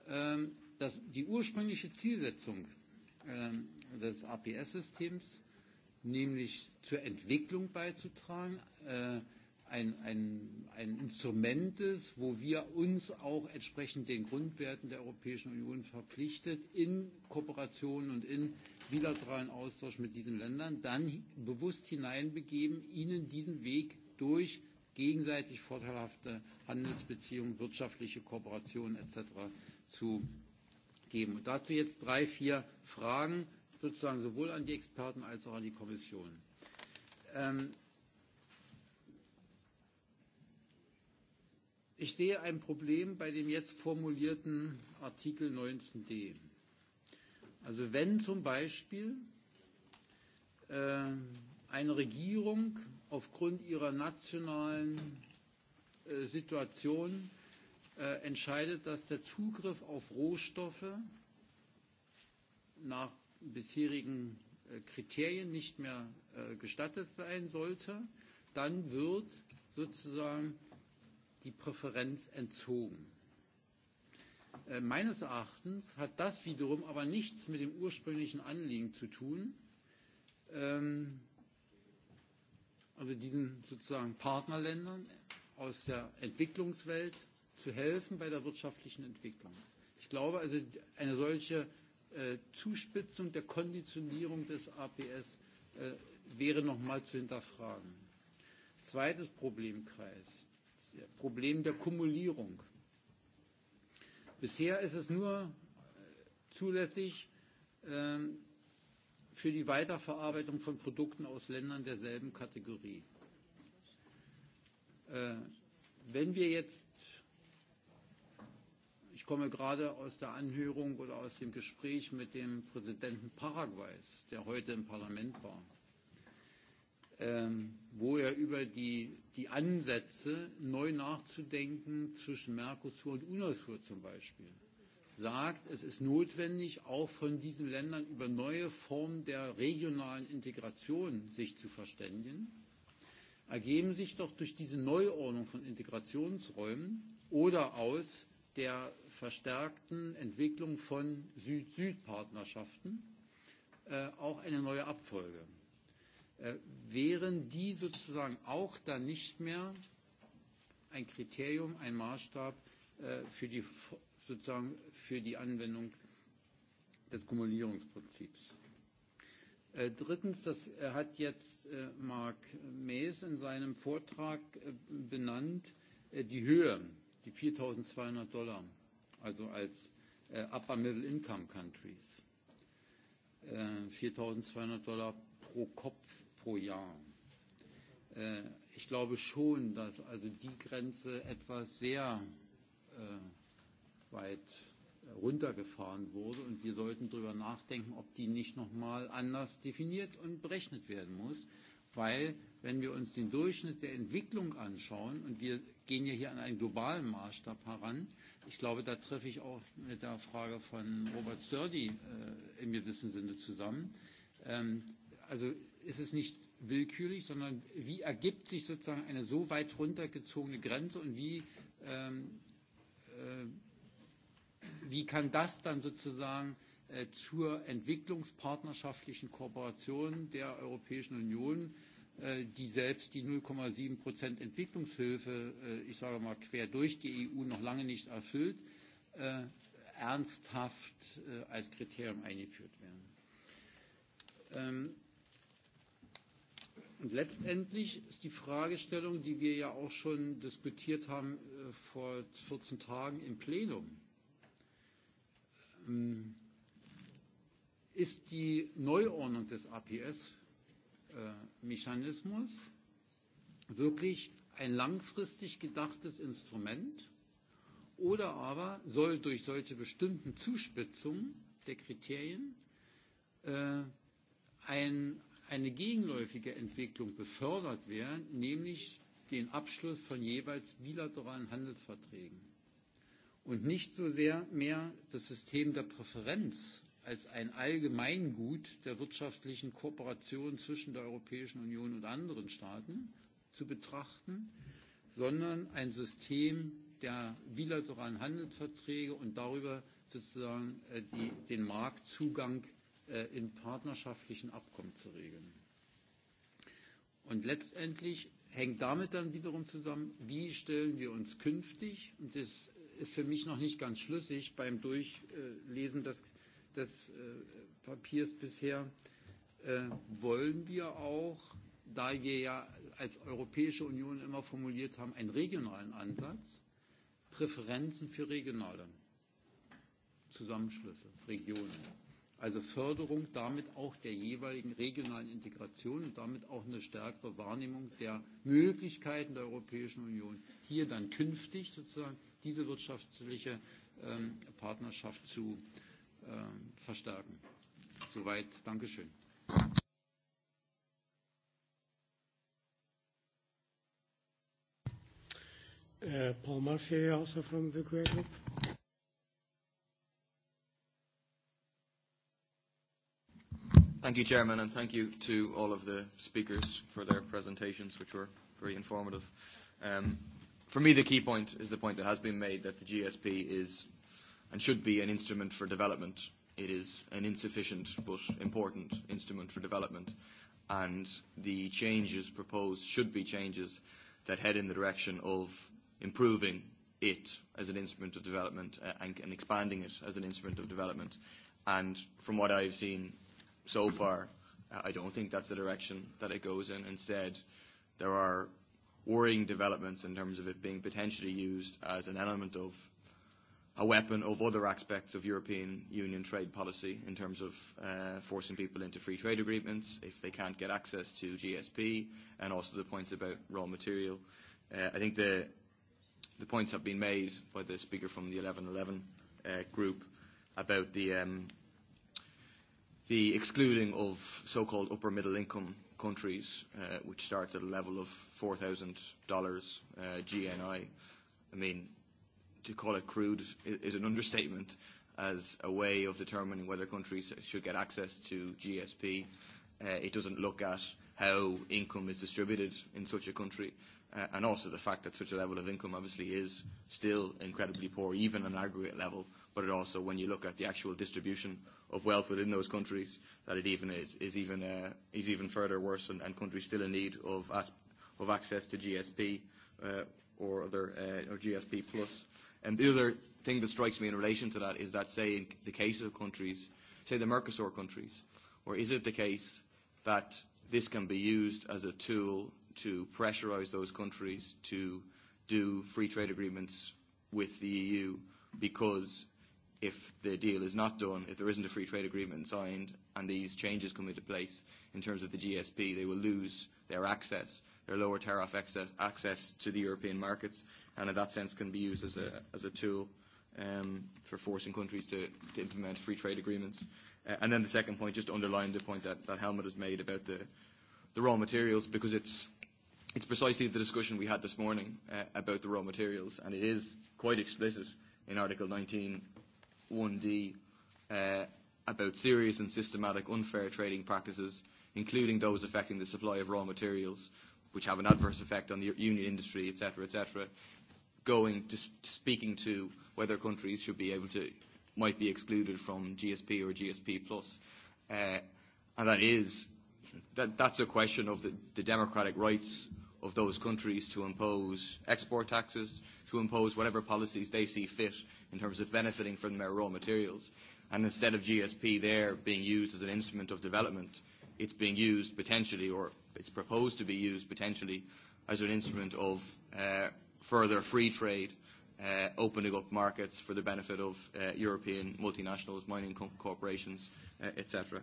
ähm, dass die ursprüngliche Zielsetzung ähm, des APS-Systems, nämlich zur Entwicklung beizutragen, äh, ein, ein, ein Instrument ist, wo wir uns auch entsprechend den Grundwerten der Europäischen Union verpflichtet, in Kooperation und in bilateralen Austausch mit diesen Ländern, dann bewusst hineinbegeben, ihnen diesen Weg durch gegenseitig vorteilhafte Handelsbeziehungen, wirtschaftliche Kooperation etc. zu geben. Und dazu jetzt drei, vier Fragen sozusagen sowohl an die Experten als auch an die Kommission. Ähm ich sehe ein Problem bei dem jetzt formulierten Artikel 19d. Also wenn zum Beispiel äh, eine Regierung aufgrund ihrer nationalen äh, Situation Äh, entscheidet, dass der Zugriff auf Rohstoffe nach bisherigen äh, Kriterien nicht mehr äh, gestattet sein sollte, dann wird sozusagen die Präferenz entzogen. meines Erachtens hat das wiederum aber nichts mit dem ursprünglichen Anliegen zu tun, ähm, also diesen sozusagen Partnerländern aus der Entwicklungswelt zu helfen bei der wirtschaftlichen Entwicklung. Ich glaube also, eine solche äh, Zuspitzung der Konditionierung des APS äh, wäre nochmal zu hinterfragen. Zweites Problemkreis, das Problem der Kumulierung. Bisher ist es nur äh, zulässig äh, für die Weiterverarbeitung von Produkten aus Ländern derselben Kategorie. Äh, wenn wir jetzt komme gerade aus der Anhörung oder aus dem Gespräch mit dem Präsidenten Paraguays, der heute im Parlament war, ähm, wo er über die, die Ansätze, neu nachzudenken zwischen Mercosur und UNASUR zum Beispiel, sagt, es ist notwendig, auch von diesen Ländern über neue Formen der regionalen Integration sich zu verständigen, ergeben sich doch durch diese Neuordnung von Integrationsräumen oder aus der verstärkten Entwicklung von Süd-Süd-Partnerschaften äh, auch eine neue Abfolge. Äh, wären die sozusagen auch dann nicht mehr ein Kriterium, ein Maßstab äh, für die sozusagen für die Anwendung des Kumulierungsprinzips? Äh, drittens, das äh, hat jetzt äh, Mark Mees in seinem Vortrag benannt, die Höhe die 4.200 Dollar, also als äh, Upper Middle Income Countries, äh, 4.200 Dollar pro Kopf pro Jahr. Äh, ich glaube schon, dass also die Grenze etwas sehr äh, weit runtergefahren wurde und wir sollten darüber nachdenken, ob die nicht nochmal anders definiert und berechnet werden muss, weil wenn wir uns den Durchschnitt der Entwicklung anschauen und wir gehen ja hier an einen globalen Maßstab heran. Ich glaube, da treffe ich auch mit der Frage von Robert Sturdy äh, im gewissen Sinne zusammen. Ähm, also ist es nicht willkürlich, sondern wie ergibt sich sozusagen eine so weit runtergezogene Grenze und wie, ähm, äh, wie kann das dann sozusagen äh, zur entwicklungspartnerschaftlichen Kooperation der Europäischen Union äh, Äh, die selbst die 0,7 Prozent Entwicklungshilfe, äh, ich sage mal quer durch die EU, noch lange nicht erfüllt, äh, ernsthaft als Kriterium eingeführt werden. Ähm, und letztendlich ist die Fragestellung, die wir ja auch schon diskutiert haben vor 14 Tagen im Plenum, ähm, ist die Neuordnung des APS Äh, Mechanismus wirklich ein langfristig gedachtes Instrument oder aber soll durch solche bestimmten Zuspitzungen der Kriterien äh, ein, eine gegenläufige Entwicklung befördert werden, nämlich den Abschluss von jeweils bilateralen Handelsverträgen und nicht so sehr mehr das System der Präferenz als ein Allgemeingut der wirtschaftlichen Kooperation zwischen der Europäischen Union und anderen Staaten zu betrachten, sondern ein System der bilateralen Handelsverträge und darüber sozusagen äh, die, den Marktzugang äh, in partnerschaftlichen Abkommen zu regeln. Und letztendlich hängt damit dann wiederum zusammen, wie stellen wir uns künftig, und das ist für mich noch nicht ganz schlüssig beim Durchlesen des des äh, Papiers bisher äh, wollen wir auch, da wir ja als Europäische Union immer formuliert haben, einen regionalen Ansatz, Präferenzen für regionale Zusammenschlüsse, Regionen. Also Förderung damit auch der jeweiligen regionalen Integration und damit auch eine stärkere Wahrnehmung der Möglichkeiten der Europäischen Union, hier dann künftig sozusagen diese wirtschaftliche ähm, Partnerschaft zu äh, Äh, verstärken. Soweit. Dankeschön. Uh, Paul Murphy, also from the Grey Group. Thank you, Chairman, and thank you to all of the speakers for their presentations, which were very informative. Um, for me, the key point is the point that has been made that the GSP is and should be an instrument for development. It is an insufficient but important instrument for development, and the changes proposed should be changes that head in the direction of improving it as an instrument of development uh, and, and expanding it as an instrument of development. And from what I've seen so far, I don't think that's the direction that it goes in. Instead, there are worrying developments in terms of it being potentially used as an element of a weapon of other aspects of European Union trade policy in terms of uh, forcing people into free trade agreements if they can't get access to GSP and also the points about raw material. Uh, I think the, the points have been made by the speaker from the 1111 uh, group about the, um, the excluding of so-called upper middle income countries, uh, which starts at a level of $4,000 uh, GNI. I mean, to call it crude is is an understatement as a way of determining whether countries should get access to GSP. Uh, it doesn't look at how income is distributed in such a country, uh, and also the fact that such a level of income obviously is still incredibly poor, even on an aggregate level, but it also, when you look at the actual distribution of wealth within those countries, that it even is, is, even, uh, is even further worse, and, and countries still in need of, of access to GSP uh, or other uh, or GSP plus. And the other thing that strikes me in relation to that is that, say, in the case of countries, say the Mercosur countries, or is it the case that this can be used as a tool to pressurize those countries to do free trade agreements with the EU because if the deal is not done, if there isn't a free trade agreement signed and these changes come into place in terms of the GSP, they will lose their access, their lower tariff access, access to the European markets and in that sense can be used as a, as a tool um, for forcing countries to, to implement free trade agreements. Uh, and then the second point, just to underline the point that, that Helmut has made about the, the raw materials, because it's, it's precisely the discussion we had this morning uh, about the raw materials, and it is quite explicit in Article 191 d uh, about serious and systematic unfair trading practices, including those affecting the supply of raw materials, which have an adverse effect on the union industry, etc., etc going to speaking to whether countries should be able to might be excluded from GSP or GSP plus, uh, and that is that that's a question of the, the democratic rights of those countries to impose export taxes, to impose whatever policies they see fit in terms of benefiting from their raw materials. And instead of GSP there being used as an instrument of development, it's being used potentially, or it's proposed to be used potentially, as an instrument of uh, further free trade, uh, opening up markets for the benefit of uh, European multinationals, mining co- corporations, uh, etc.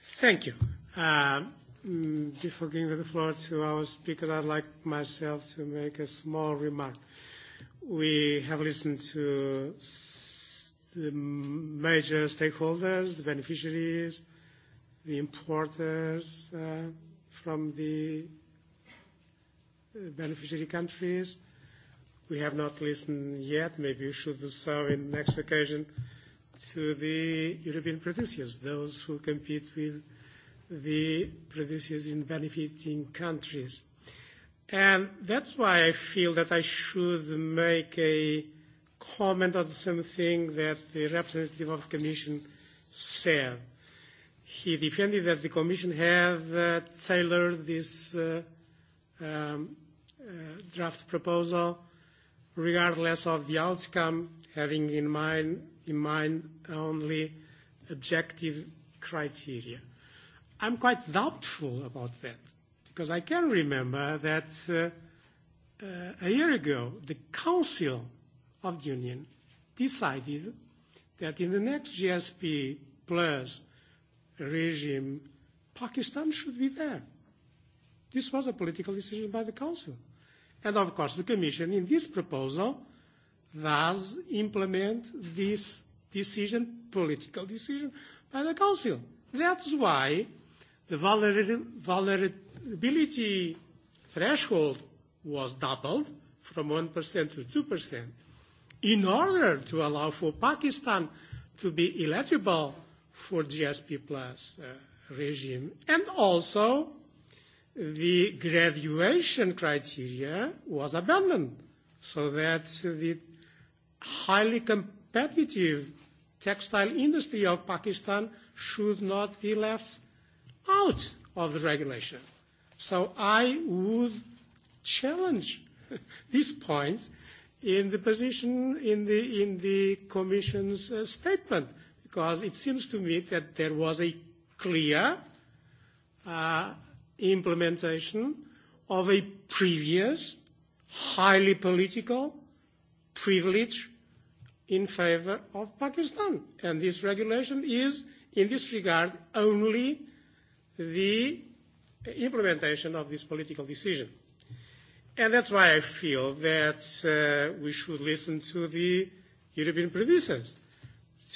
Thank you. Uh, before giving the floor to our speaker, I'd like myself to make a small remark. We have listened to the major stakeholders, the beneficiaries, the importers, uh, from the uh, beneficiary countries. We have not listened yet, maybe we should do so in the next occasion, to the European producers, those who compete with the producers in benefiting countries. And that's why I feel that I should make a comment on something that the representative of the Commission said he defended that the Commission had uh, tailored this uh, um, uh, draft proposal regardless of the outcome, having in mind, in mind only objective criteria. I'm quite doubtful about that because I can remember that uh, uh, a year ago the Council of the Union decided that in the next GSP plus regime, Pakistan should be there. This was a political decision by the Council. And of course, the Commission in this proposal does implement this decision, political decision, by the Council. That's why the vulnerability threshold was doubled from 1% to 2% in order to allow for Pakistan to be eligible for GSP plus uh, regime. And also, the graduation criteria was abandoned so that the highly competitive textile industry of Pakistan should not be left out of the regulation. So I would challenge [laughs] these points in the position in the, in the Commission's uh, statement because it seems to me that there was a clear uh, implementation of a previous highly political privilege in favor of Pakistan. And this regulation is, in this regard, only the implementation of this political decision. And that's why I feel that uh, we should listen to the European producers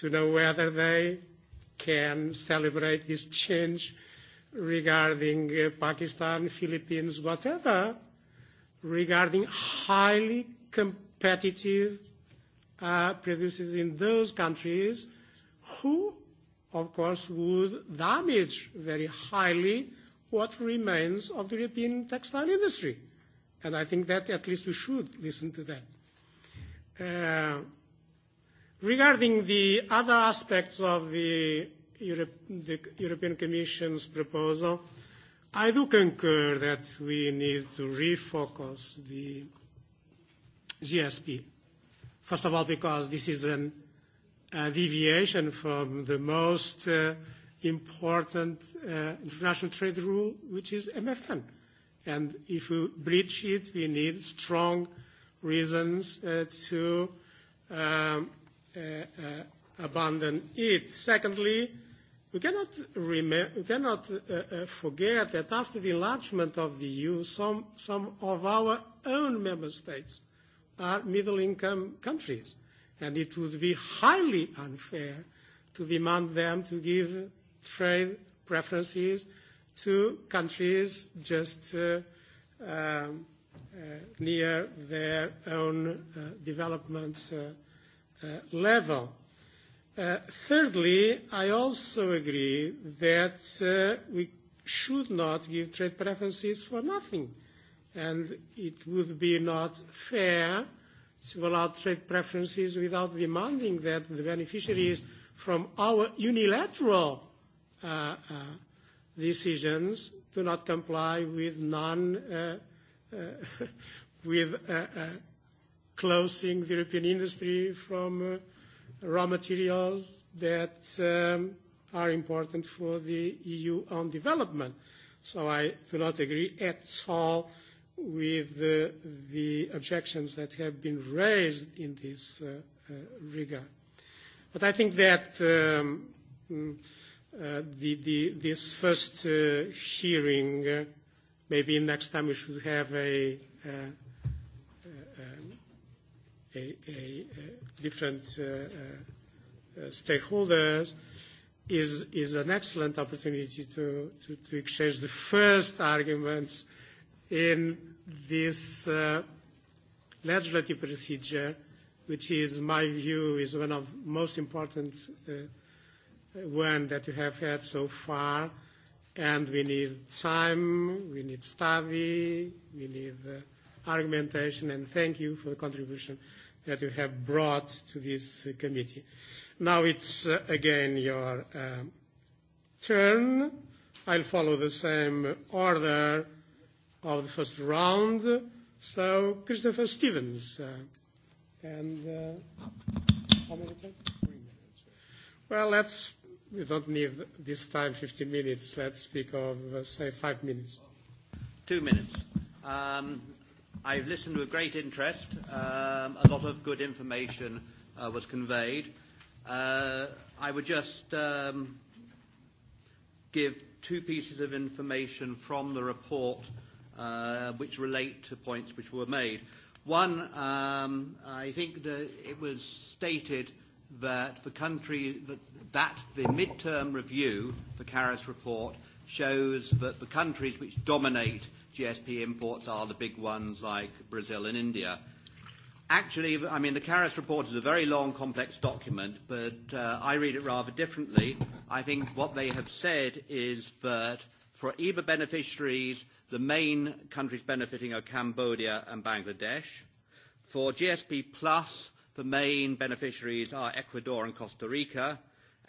to know whether they can celebrate this change regarding uh, Pakistan, Philippines, whatever, regarding highly competitive uh, producers in those countries who, of course, would damage very highly what remains of the European textile industry. And I think that at least we should listen to that. Uh, Regarding the other aspects of the, Europe, the European Commission's proposal, I do concur that we need to refocus the GSP. First of all, because this is an, a deviation from the most uh, important uh, international trade rule, which is MFN. And if we breach it, we need strong reasons uh, to um, Uh, uh, abandon it. Secondly, we cannot, we cannot uh, uh, forget that after the enlargement of the EU, some, some of our own member states are middle-income countries, and it would be highly unfair to demand them to give trade preferences to countries just uh, um, uh, near their own uh, development uh, Uh, level. Uh, thirdly, I also agree that uh, we should not give trade preferences for nothing, and it would be not fair to allow trade preferences without demanding that the beneficiaries from our unilateral uh, uh, decisions do not comply with non uh, uh, [laughs] with uh, uh, closing the European industry from uh, raw materials that um, are important for the EU on development. So I do not agree at all with the, the objections that have been raised in this uh, uh, regard. But I think that um, mm, uh, the, the, this first uh, hearing, uh, maybe next time we should have a uh, different uh, uh, uh, stakeholders is, is an excellent opportunity to, to, to exchange the first arguments in this uh, legislative procedure, which is, my view, is one of most important uh, one that you have had so far. And we need time, we need study, we need uh, argumentation, and thank you for the contribution that you have brought to this committee. Now it's uh, again your um, turn. I'll follow the same order of the first round. So Christopher Stevens. Uh, and uh, how many Three minutes. Well, let's, we don't need this time 15 minutes. Let's speak of, uh, say, five minutes. Two minutes. Um, I've listened with great interest. Um, a lot of good information uh, was conveyed. Uh, I would just um, give two pieces of information from the report uh, which relate to points which were made. One, um, I think that it was stated that the country that, that the midterm review, the Karas report, shows that the countries which dominate GSP imports are the big ones like Brazil and India. Actually, I mean, the Karras report is a very long, complex document, but uh, I read it rather differently. I think what they have said is that for EBA beneficiaries, the main countries benefiting are Cambodia and Bangladesh. For GSP Plus, the main beneficiaries are Ecuador and Costa Rica.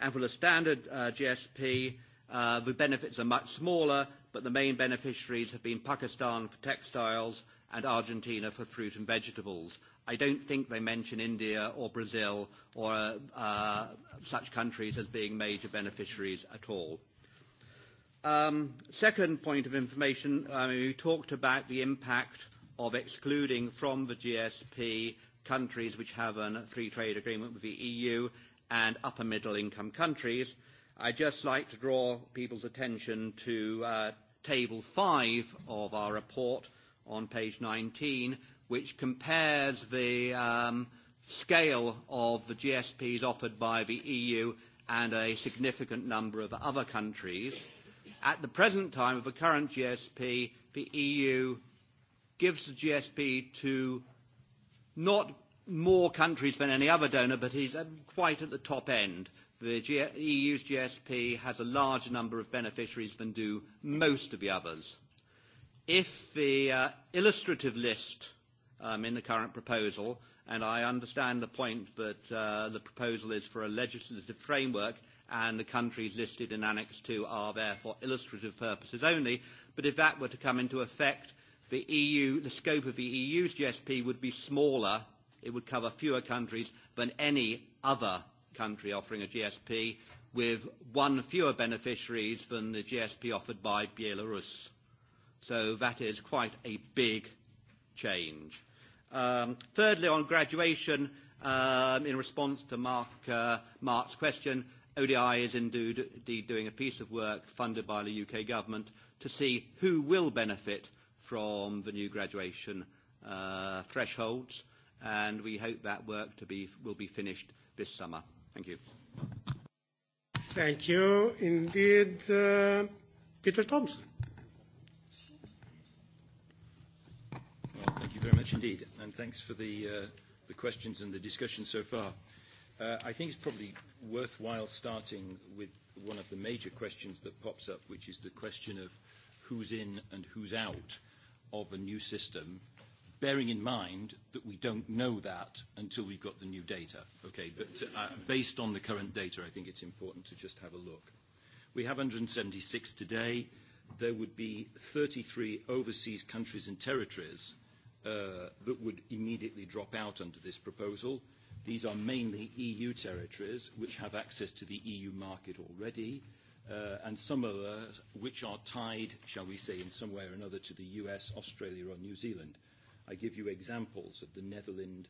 And for the standard uh, GSP, uh, the benefits are much smaller, but the main beneficiaries have been Pakistan for textiles and Argentina for fruit and vegetables. I don't think they mention India or Brazil or uh, uh such countries as being major beneficiaries at all. Um, second point of information, I um, mean, we talked about the impact of excluding from the GSP countries which have a free trade agreement with the EU and upper middle income countries. Uh, I'd just like to draw people's attention to uh, Table 5 of our report on page 19, which compares the um, scale of the GSPs offered by the EU and a significant number of other countries. At the present time of the current GSP, the EU gives the GSP to not more countries than any other donor, but is um, quite at the top end. The G EU's GSP has a larger number of beneficiaries than do most of the others. If the uh, illustrative list um, in the current proposal, and I understand the point that uh, the proposal is for a legislative framework, and the countries listed in Annex 2 are there for illustrative purposes only, but if that were to come into effect, the EU, the scope of the EU's GSP would be smaller, it would cover fewer countries than any other country offering a GSP with one fewer beneficiaries than the GSP offered by Belarus. So that is quite a big change. Um, thirdly, on graduation, um, in response to Mark, uh, Mark's question, ODI is indeed, doing a piece of work funded by the UK government to see who will benefit from the new graduation uh, thresholds, and we hope that work to be, will be finished this summer. Thank you. Thank you indeed, uh, Peter Thompson. Well, thank you very much indeed, and thanks for the, uh, the questions and the discussion so far. Uh, I think it's probably worthwhile starting with one of the major questions that pops up, which is the question of who's in and who's out of a new system bearing in mind that we don't know that until we've got the new data. Okay, but uh, based on the current data, I think it's important to just have a look. We have 176 today. There would be 33 overseas countries and territories uh, that would immediately drop out under this proposal. These are mainly EU territories which have access to the EU market already, uh, and some of which are tied, shall we say, in some way or another to the US, Australia, or New Zealand. I give you examples of the Netherlands,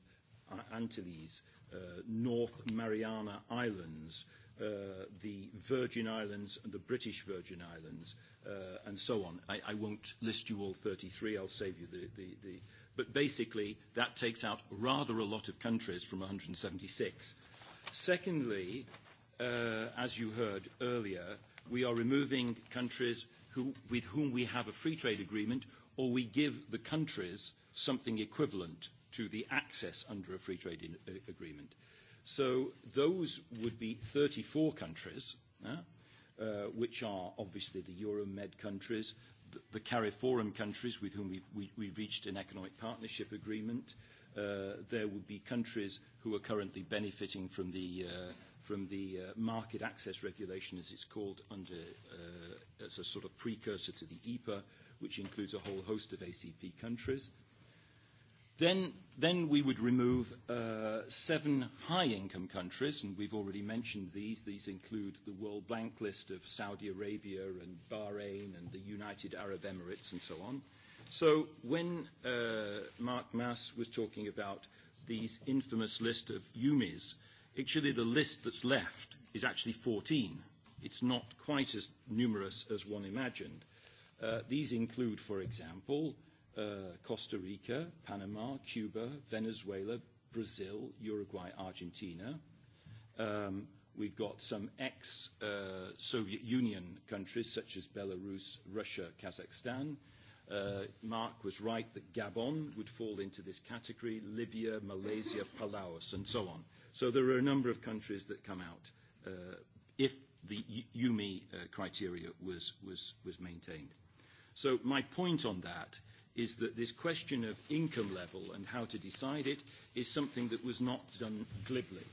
uh, Antilles, uh, North Mariana Islands, uh, the Virgin Islands and the British Virgin Islands, uh, and so on. I, I won't list you all 33. I'll save you the, the, the. But basically, that takes out rather a lot of countries from 176. Secondly, uh, as you heard earlier, we are removing countries who, with whom we have a free trade agreement, or we give the countries uh, something equivalent to the access under a free trade in, uh, agreement. So those would be 34 countries, uh, uh, which are obviously the Euromed countries, the, the CARIFORUM countries with whom we, we, we've reached an economic partnership agreement. Uh, there would be countries who are currently benefiting from the, uh, from the uh, market access regulation, as it's called, under, uh, as a sort of precursor to the EPA, which includes a whole host of ACP countries. Then, then we would remove uh, seven high-income countries, and we've already mentioned these. These include the World Bank list of Saudi Arabia and Bahrain and the United Arab Emirates and so on. So when uh, Mark Mass was talking about these infamous list of UMIs, actually the list that's left is actually 14. It's not quite as numerous as one imagined. Uh, these include, for example, uh, Costa Rica, Panama, Cuba, Venezuela, Brazil, Uruguay, Argentina. Um, we've got some ex-Soviet uh, Union countries such as Belarus, Russia, Kazakhstan. Uh, Mark was right that Gabon would fall into this category, Libya, Malaysia, Palaus, and so on. So there are a number of countries that come out uh, if the UMI e, uh, criteria was, was, was maintained. So my point on that is that this question of income level and how to decide it is something that was not done glibly.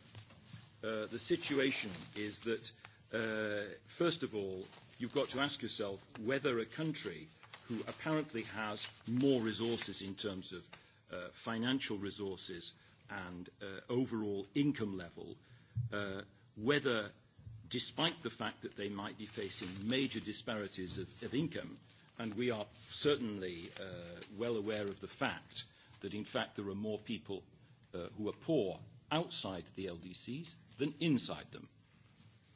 Uh, the situation is that, uh, first of all, you've got to ask yourself whether a country who apparently has more resources in terms of uh, financial resources and uh, overall income level, uh, whether, despite the fact that they might be facing major disparities of, of income, And we are certainly uh, well aware of the fact that, in fact, there are more people uh, who are poor outside the LDCs than inside them.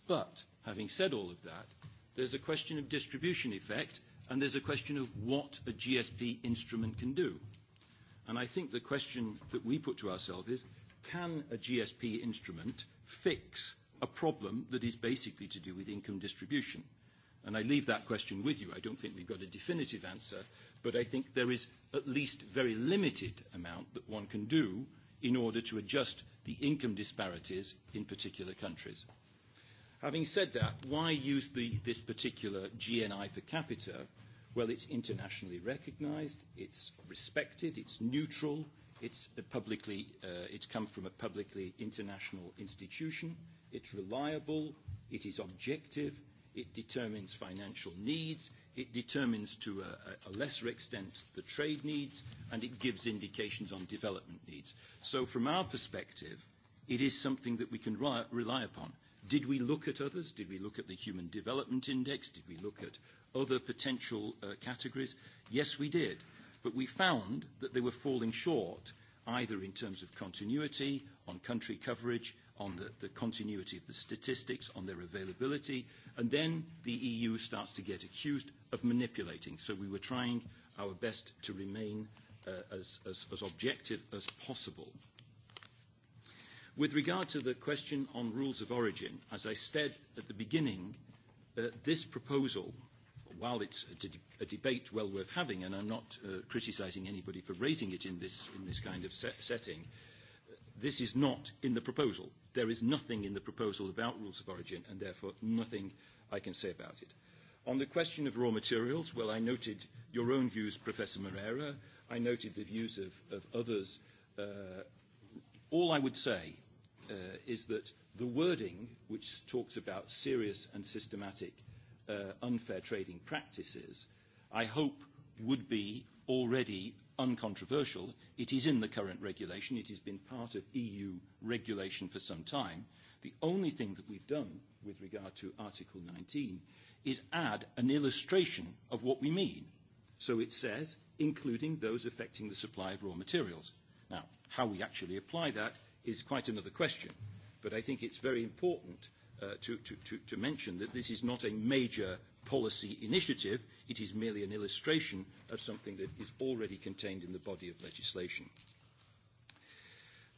But having said all of that, there's a question of distribution effect, and there's a question of what a GSP instrument can do. And I think the question that we put to ourselves is, can a GSP instrument fix a problem that is basically to do with income distribution? And I leave that question with you. I don't think we've got a definitive answer, but I think there is at least very limited amount that one can do in order to adjust the income disparities in particular countries. Having said that, why use the, this particular GNI per capita? Well, it's internationally recognized, it's respected, it's neutral, it's, a publicly, uh, it's come from a publicly international institution, it's reliable, it is objective, It determines financial needs. It determines to a, a lesser extent the trade needs, and it gives indications on development needs. So from our perspective, it is something that we can rely upon. Did we look at others? Did we look at the Human Development Index? Did we look at other potential uh, categories? Yes, we did. But we found that they were falling short either in terms of continuity, on country coverage, on the, the continuity of the statistics, on their availability, and then the EU starts to get accused of manipulating. So we were trying our best to remain uh, as, as, as objective as possible. With regard to the question on rules of origin, as I said at the beginning, uh, this proposal, while it's a, de- a debate well worth having, and I'm not uh, criticizing anybody for raising it in this, in this kind of set- setting, uh, This is not in the proposal. There is nothing in the proposal about rules of origin, and therefore nothing I can say about it. On the question of raw materials, well, I noted your own views, Professor Moreira. I noted the views of, of others. Uh, all I would say uh, is that the wording, which talks about serious and systematic uh, unfair trading practices, I hope would be already uncontroversial. It is in the current regulation. It has been part of EU regulation for some time. The only thing that we've done with regard to Article 19 is add an illustration of what we mean. So it says, including those affecting the supply of raw materials. Now, how we actually apply that is quite another question, but I think it's very important uh, to, to, to, to mention that this is not a major policy initiative. It is merely an illustration of something that is already contained in the body of legislation.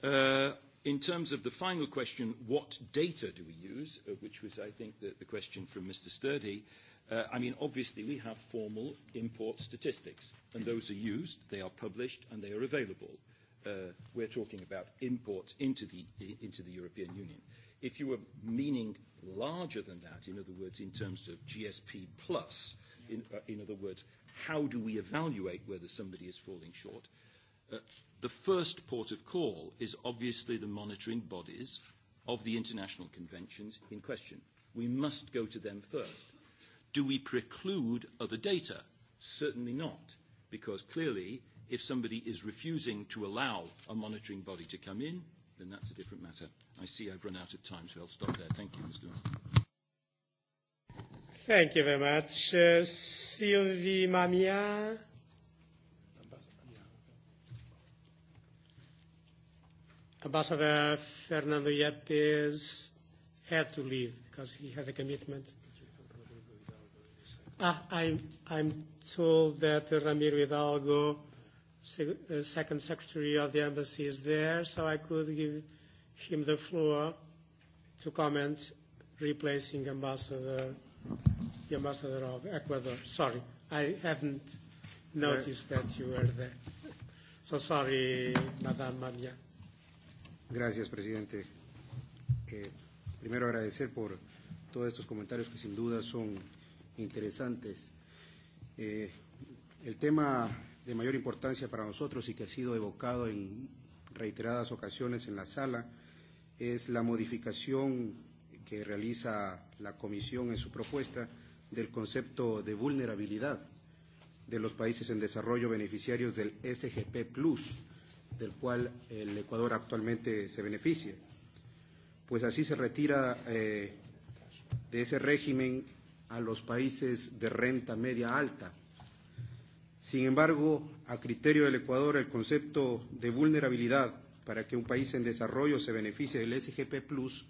Uh, in terms of the final question, what data do we use, uh, which was, I think, the, the question from Mr. Sturdy, uh, I mean, obviously we have formal import statistics, and those are used, they are published, and they are available. Uh, we're talking about imports into the, into the European Union. If you were meaning larger than that, in other words, in terms of GSP plus, in, uh, in other words, how do we evaluate whether somebody is falling short? Uh, the first port of call is obviously the monitoring bodies of the international conventions in question. We must go to them first. Do we preclude other data? Certainly not, because clearly, if somebody is refusing to allow a monitoring body to come in, then that's a different matter. I see I've run out of time, so I'll stop there. Thank you, Mr. Mayor. Thank you very much. Uh, Sylvie Mamia. Ambassador Fernando Yepes had to leave because he had a commitment. Ah, I'm, I'm told that Ramiro Hidalgo Uh, second Secretary of the Embassy is there, so I could give him the floor to comment, replacing Ambassador, the Ambassador of Ecuador. Sorry, I haven't noticed that you were there. So sorry, Madame Mamia. Gracias, presidente. Eh, primero agradecer por todos estos comentarios que sin duda son interesantes. Eh, el tema de mayor importancia para nosotros y que ha sido evocado en reiteradas ocasiones en la sala es la modificación que realiza la Comisión en su propuesta del concepto de vulnerabilidad de los países en desarrollo beneficiarios del SGP Plus, del cual el Ecuador actualmente se beneficia. Pues así se retira eh, de ese régimen a los países de renta media alta, Sin embargo, a criterio del Ecuador, el concepto de vulnerabilidad para que un país en desarrollo se beneficie del SGP Plus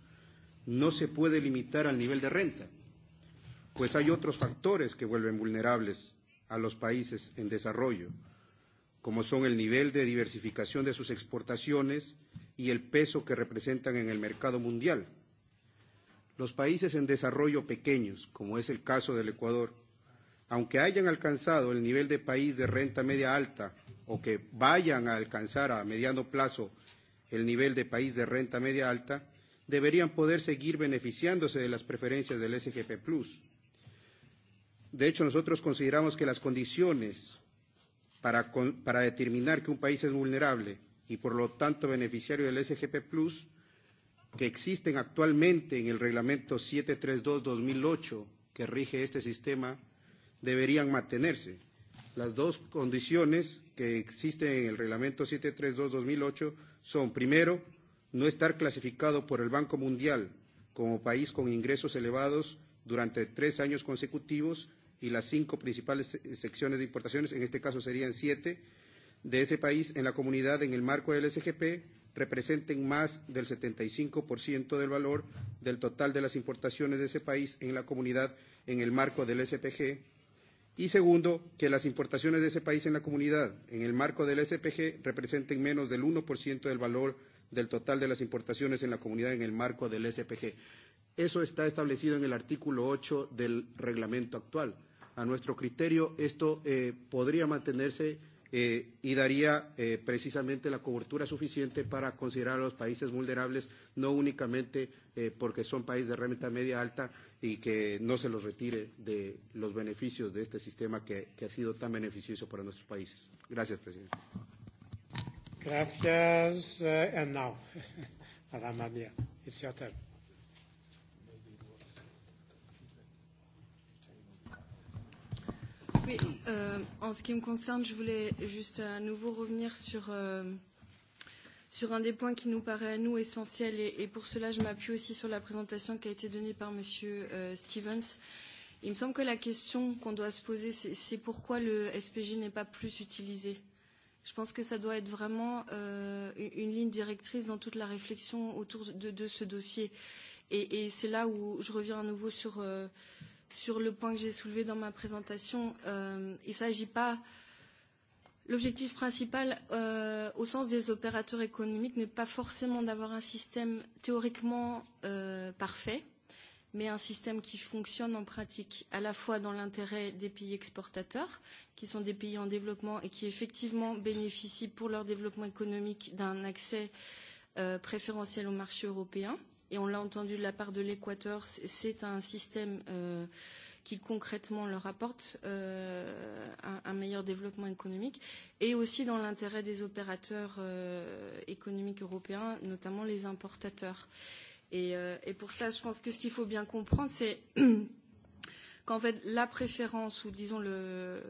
no se puede limitar al nivel de renta, pues hay otros factores que vuelven vulnerables a los países en desarrollo, como son el nivel de diversificación de sus exportaciones y el peso que representan en el mercado mundial. Los países en desarrollo pequeños, como es el caso del Ecuador, aunque hayan alcanzado el nivel de país de renta media alta o que vayan a alcanzar a mediano plazo el nivel de país de renta media alta, deberían poder seguir beneficiándose de las preferencias del SGP Plus. De hecho, nosotros consideramos que las condiciones para, con, para determinar que un país es vulnerable y, por lo tanto, beneficiario del SGP Plus, que existen actualmente en el Reglamento 732-2008 que rige este sistema deberían mantenerse. Las dos condiciones que existen en el Reglamento 732-2008 son, primero, no estar clasificado por el Banco Mundial como país con ingresos elevados durante tres años consecutivos y las cinco principales secciones de importaciones, en este caso serían siete, de ese país en la comunidad en el marco del SGP representen más del 75% del valor del total de las importaciones de ese país en la comunidad en el marco del SPG Y segundo, que las importaciones de ese país en la comunidad, en el marco del SPG, representen menos del 1% del valor del total de las importaciones en la comunidad en el marco del SPG. Eso está establecido en el artículo 8 del reglamento actual. A nuestro criterio, esto eh, podría mantenerse eh, y daría eh, precisamente la cobertura suficiente para considerar a los países vulnerables, no únicamente eh, porque son países de renta media alta, y que no se los retire de los beneficios de este sistema que, que ha sido tan beneficioso para nuestros países. Gracias, presidente. Gracias. Uh, and now, [laughs] Madame Amia, it's your turn. Oui, euh, en ce qui me concerne, je voulais juste à nouveau revenir sur euh, sur un des points qui nous paraît à nous essentiel et, et pour cela je m'appuie aussi sur la présentation qui a été donnée par Monsieur euh, Stevens. Il me semble que la question qu'on doit se poser, c'est pourquoi le SPG n'est pas plus utilisé. Je pense que ça doit être vraiment euh, une ligne directrice dans toute la réflexion autour de, de ce dossier. Et, et c'est là où je reviens à nouveau sur, euh, sur le point que j'ai soulevé dans ma présentation. Euh, il ne s'agit pas euh, L'objectif principal, euh, au sens des opérateurs économiques, n'est pas forcément d'avoir un système théoriquement euh, parfait, mais un système qui fonctionne en pratique, à la fois dans l'intérêt des pays exportateurs, qui sont des pays en développement et qui effectivement bénéficient pour leur développement économique d'un accès euh, préférentiel au marché européen. Et on l'a entendu de la part de l'Équateur, c'est un système euh, qui concrètement leur apportent euh, un, un meilleur développement économique et aussi dans l'intérêt des opérateurs euh, économiques européens, notamment les importateurs. Et, euh, et pour ça, je pense que ce qu'il faut bien comprendre, c'est [clears throat] qu'en fait, la préférence ou disons le,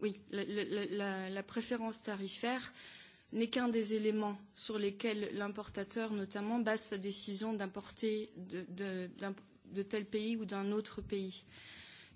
oui, la, la, la, la préférence tarifaire n'est qu'un des éléments sur lesquels l'importateur, notamment, base sa décision d'importer de, de, de tel pays ou d'un autre pays. Euh,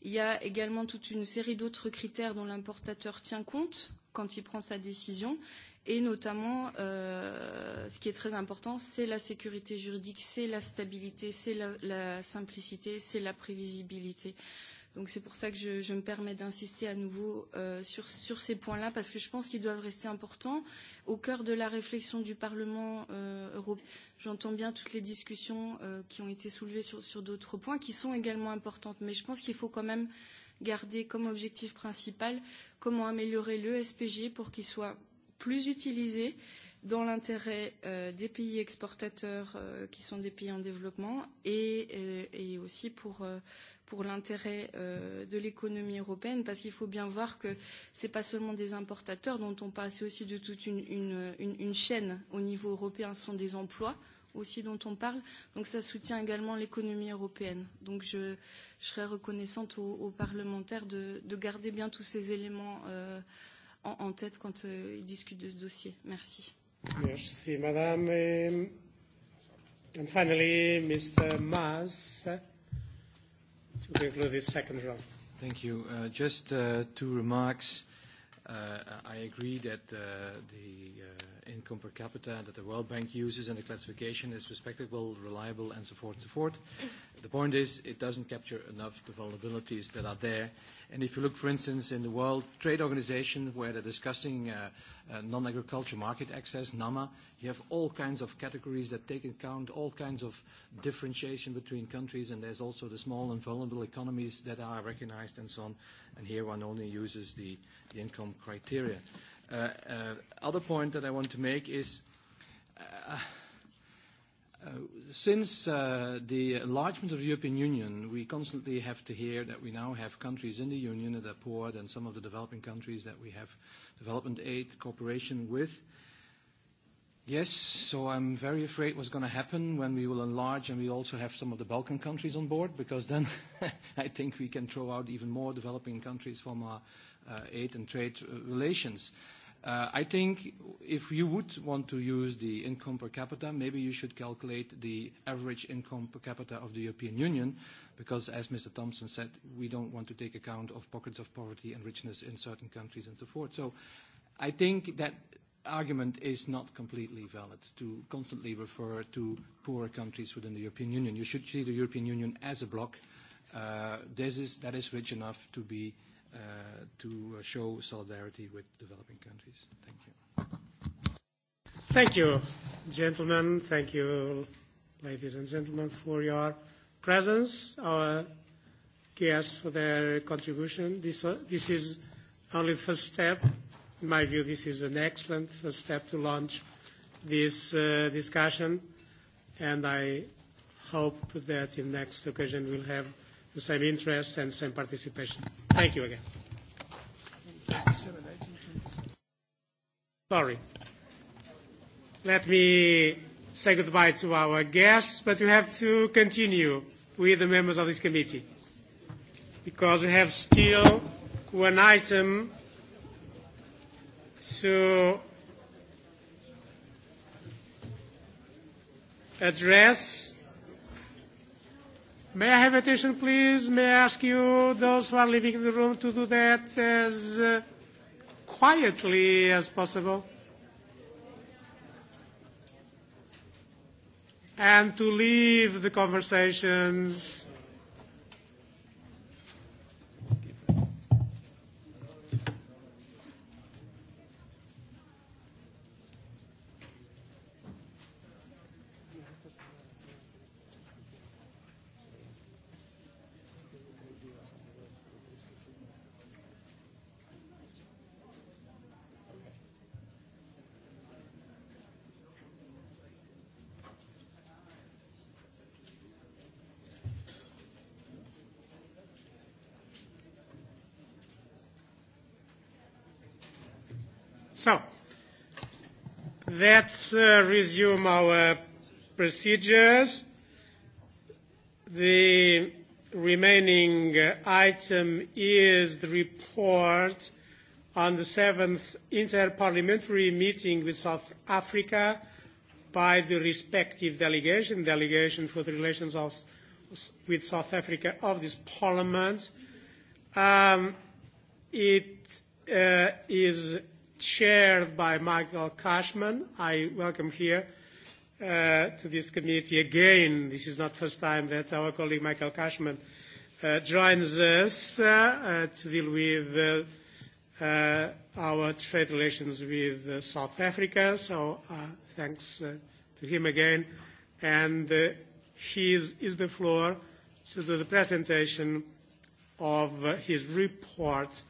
Il y a également toute une série d'autres critères dont l'importateur tient compte quand il prend sa décision. Et notamment, euh, ce qui est très important, c'est la sécurité juridique, c'est la stabilité, c'est la, la simplicité, c'est la prévisibilité. Euh, Donc c'est pour ça que je, je me permets d'insister à nouveau euh, sur, sur ces points-là, parce que je pense qu'ils doivent rester importants au cœur de la réflexion du Parlement euh, européen. J'entends bien toutes les discussions euh, qui ont été soulevées sur, sur d'autres points, qui sont également importantes, mais je pense qu'il faut quand même garder comme objectif principal comment améliorer le SPG pour qu'il soit plus utilisé euh, dans l'intérêt euh, des pays exportateurs euh, qui sont des pays en développement et, et, euh, et aussi pour, euh, pour l'intérêt euh, de l'économie européenne parce qu'il faut bien voir que ce n'est pas seulement des importateurs dont on parle, c'est aussi de toute une, une, une, une chaîne au niveau européen, ce sont des emplois aussi dont on parle. Donc ça soutient également l'économie européenne. Donc je, je serais reconnaissante aux, aux parlementaires de, de garder bien tous ces éléments euh, en, en tête quand euh, ils discutent de ce dossier. Merci. Merci, madame. And finally, Mr. Maas, to conclude this second round. Thank you. Uh, just uh, two remarks. Uh, I agree that uh, the uh, income per capita that the World Bank uses and the classification is respectable, reliable, and so forth and so forth. The point is, it doesn't capture enough the vulnerabilities that are there And if you look, for instance, in the World Trade Organization, where they're discussing uh, uh, non-agriculture market access, NAMA, you have all kinds of categories that take account all kinds of differentiation between countries, and there's also the small and vulnerable economies that are recognized and so on. And here one only uses the, the income criteria. Uh, uh, other point that I want to make is uh, since uh, the enlargement of the European Union, we constantly have to hear that we now have countries in the Union that are poorer than some of the developing countries that we have development aid cooperation with. Yes, so I'm very afraid what's going to happen when we will enlarge and we also have some of the Balkan countries on board, because then [laughs] I think we can throw out even more developing countries from our uh, aid and trade relations. Uh, Uh, I think if you would want to use the income per capita, maybe you should calculate the average income per capita of the European Union, because as Mr. Thompson said, we don't want to take account of pockets of poverty and richness in certain countries and so forth. So I think that argument is not completely valid to constantly refer to poorer countries within the European Union. You should see the European Union as a block. Uh, that is rich enough to be uh, to show solidarity with developing countries. Thank you. Thank you, gentlemen. Thank you, ladies and gentlemen, for your presence, our guests for their contribution. This, uh, this is only the first step. In my view, this is an excellent first step to launch this uh, discussion, and I hope that in next occasion we'll have the same interest and same participation. Thank you again. Sorry. Let me say goodbye to our guests, but we have to continue with the members of this committee because we have still one item to address May I have attention, please? May I ask you, those who are leaving the room, to do that as uh, quietly as possible? And to leave the conversations let's uh, resume our procedures. The remaining uh, item is the report on the seventh interparliamentary meeting with South Africa by the respective delegation, delegation for the relations with South Africa of this parliament. Um, it uh, is chaired by Michael Cashman. I welcome here uh, to this committee again. This is not the first time that our colleague Michael Cashman uh, joins us uh, uh to deal with uh, uh, our trade relations with South Africa. So thanks to him again. And he is, is the floor to do the presentation of his report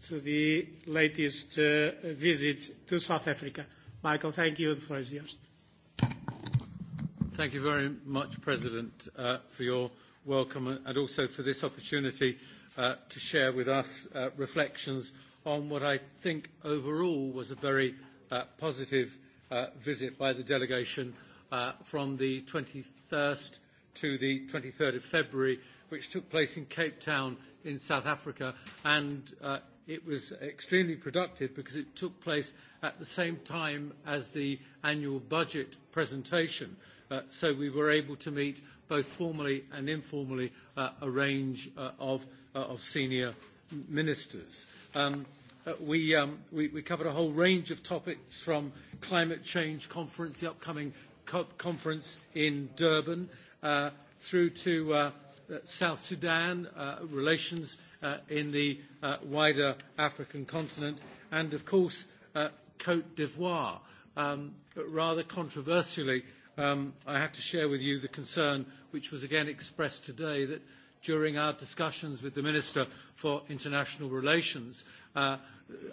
to the latest uh, visit to South Africa. Michael, thank you. The floor is yours. Thank you very much, President, uh, for your welcome and also for this opportunity uh, to share with us uh, reflections on what I think overall was a very uh, positive uh, visit by the delegation uh, from the 21st to the 23rd of February, which took place in Cape Town in South Africa and uh, it was extremely productive because it took place at the same time as the annual budget presentation. Uh, so we were able to meet both formally and informally uh, a range uh, of, uh, of, senior ministers. Um, uh, we, um, we, we, covered a whole range of topics from climate change conference, the upcoming COP conference in Durban, uh, through to uh, uh South Sudan, uh, relations uh, in the uh, wider African continent, and of course, uh, Cote d'Ivoire. Um, rather controversially, um, I have to share with you the concern which was again expressed today that during our discussions with the Minister for International Relations, uh,